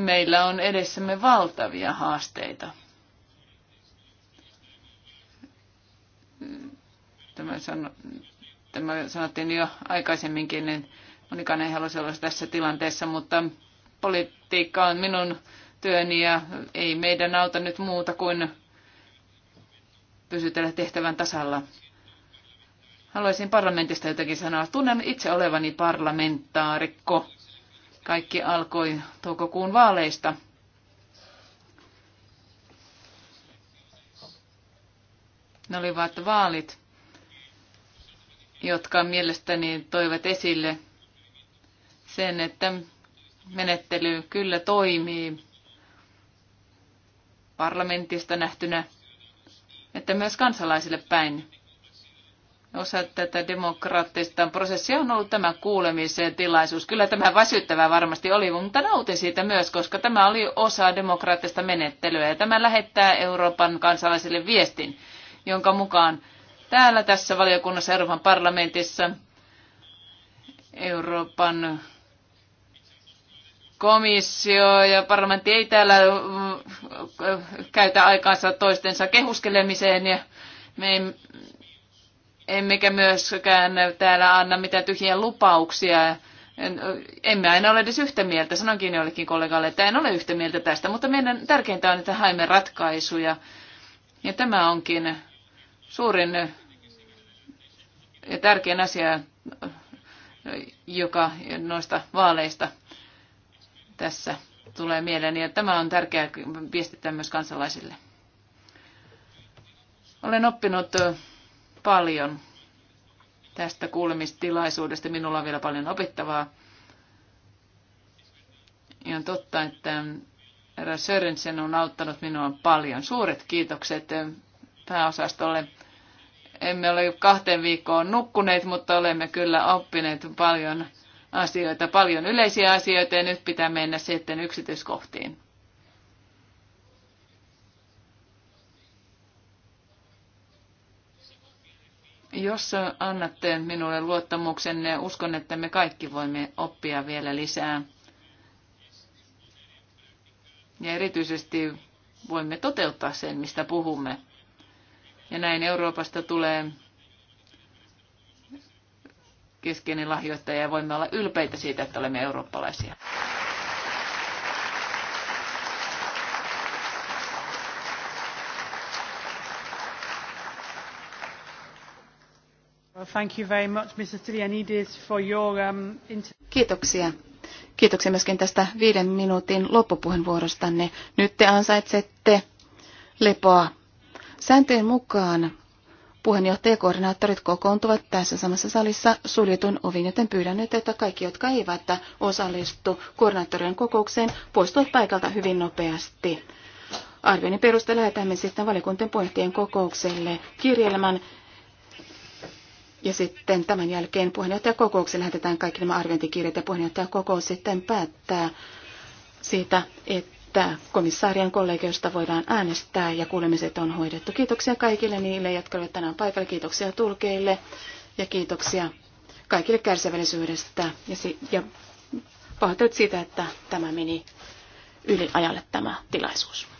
meillä on edessämme valtavia haasteita. Tämä, san, tämä sanottiin jo aikaisemminkin, niin monikaan ei halusi olla tässä tilanteessa, mutta politiikka on minun työni ja ei meidän auta nyt muuta kuin pysytellä tehtävän tasalla. Haluaisin parlamentista jotakin sanoa. Tunnen itse olevani parlamentaarikko kaikki alkoi toukokuun vaaleista. Ne olivat vaalit, jotka mielestäni toivat esille sen, että menettely kyllä toimii parlamentista nähtynä, että myös kansalaisille päin osa tätä demokraattista prosessia on ollut tämä kuulemisen tilaisuus. Kyllä tämä väsyttävä varmasti oli, mutta nautin siitä myös, koska tämä oli osa demokraattista menettelyä ja tämä lähettää Euroopan kansalaisille viestin, jonka mukaan täällä tässä valiokunnassa Euroopan parlamentissa Euroopan komissio ja parlamentti ei täällä käytä aikaansa toistensa kehuskelemiseen ja me ei, emmekä myöskään täällä anna mitään tyhjiä lupauksia. Emme aina ole edes yhtä mieltä. Sanonkin jollekin kollegalle, että en ole yhtä mieltä tästä, mutta meidän tärkeintä on, että haemme ratkaisuja. Ja tämä onkin suurin ja tärkein asia, joka noista vaaleista tässä tulee mieleen. Ja tämä on tärkeää viestittää myös kansalaisille. Olen oppinut paljon tästä kuulemistilaisuudesta. Minulla on vielä paljon opittavaa. Ja on totta, että herra Sörensen on auttanut minua paljon. Suuret kiitokset pääosastolle. Emme ole kahteen viikkoon nukkuneet, mutta olemme kyllä oppineet paljon asioita, paljon yleisiä asioita ja nyt pitää mennä sitten yksityiskohtiin. Jos annatte minulle luottamuksenne, niin uskon, että me kaikki voimme oppia vielä lisää. Ja erityisesti voimme toteuttaa sen, mistä puhumme. Ja näin Euroopasta tulee keskeinen lahjoittaja ja voimme olla ylpeitä siitä, että olemme eurooppalaisia. Kiitoksia. Kiitoksia myöskin tästä viiden minuutin loppupuheenvuorostanne. Nyt te ansaitsette lepoa. Sääntöjen mukaan koordinaattorit kokoontuvat tässä samassa salissa suljetun ovin, joten pyydän nyt, että kaikki, jotka eivät osallistu koordinaattorien kokoukseen, poistuvat paikalta hyvin nopeasti. Arvioinnin perusteella lähetämme sitten valiokuntien puheenjohtajien kokoukselle kirjelmän, ja sitten tämän jälkeen puheenjohtajakokoukseen lähetetään kaikki nämä arviointikirjat ja puheenjohtajakokous sitten päättää siitä, että komissaarien kollegiosta voidaan äänestää ja kuulemiset on hoidettu. Kiitoksia kaikille niille, jotka olivat tänään paikalla. Kiitoksia tulkeille ja kiitoksia kaikille kärsivällisyydestä ja, si- ja pahoittelut siitä, että tämä meni yli ajalle tämä tilaisuus.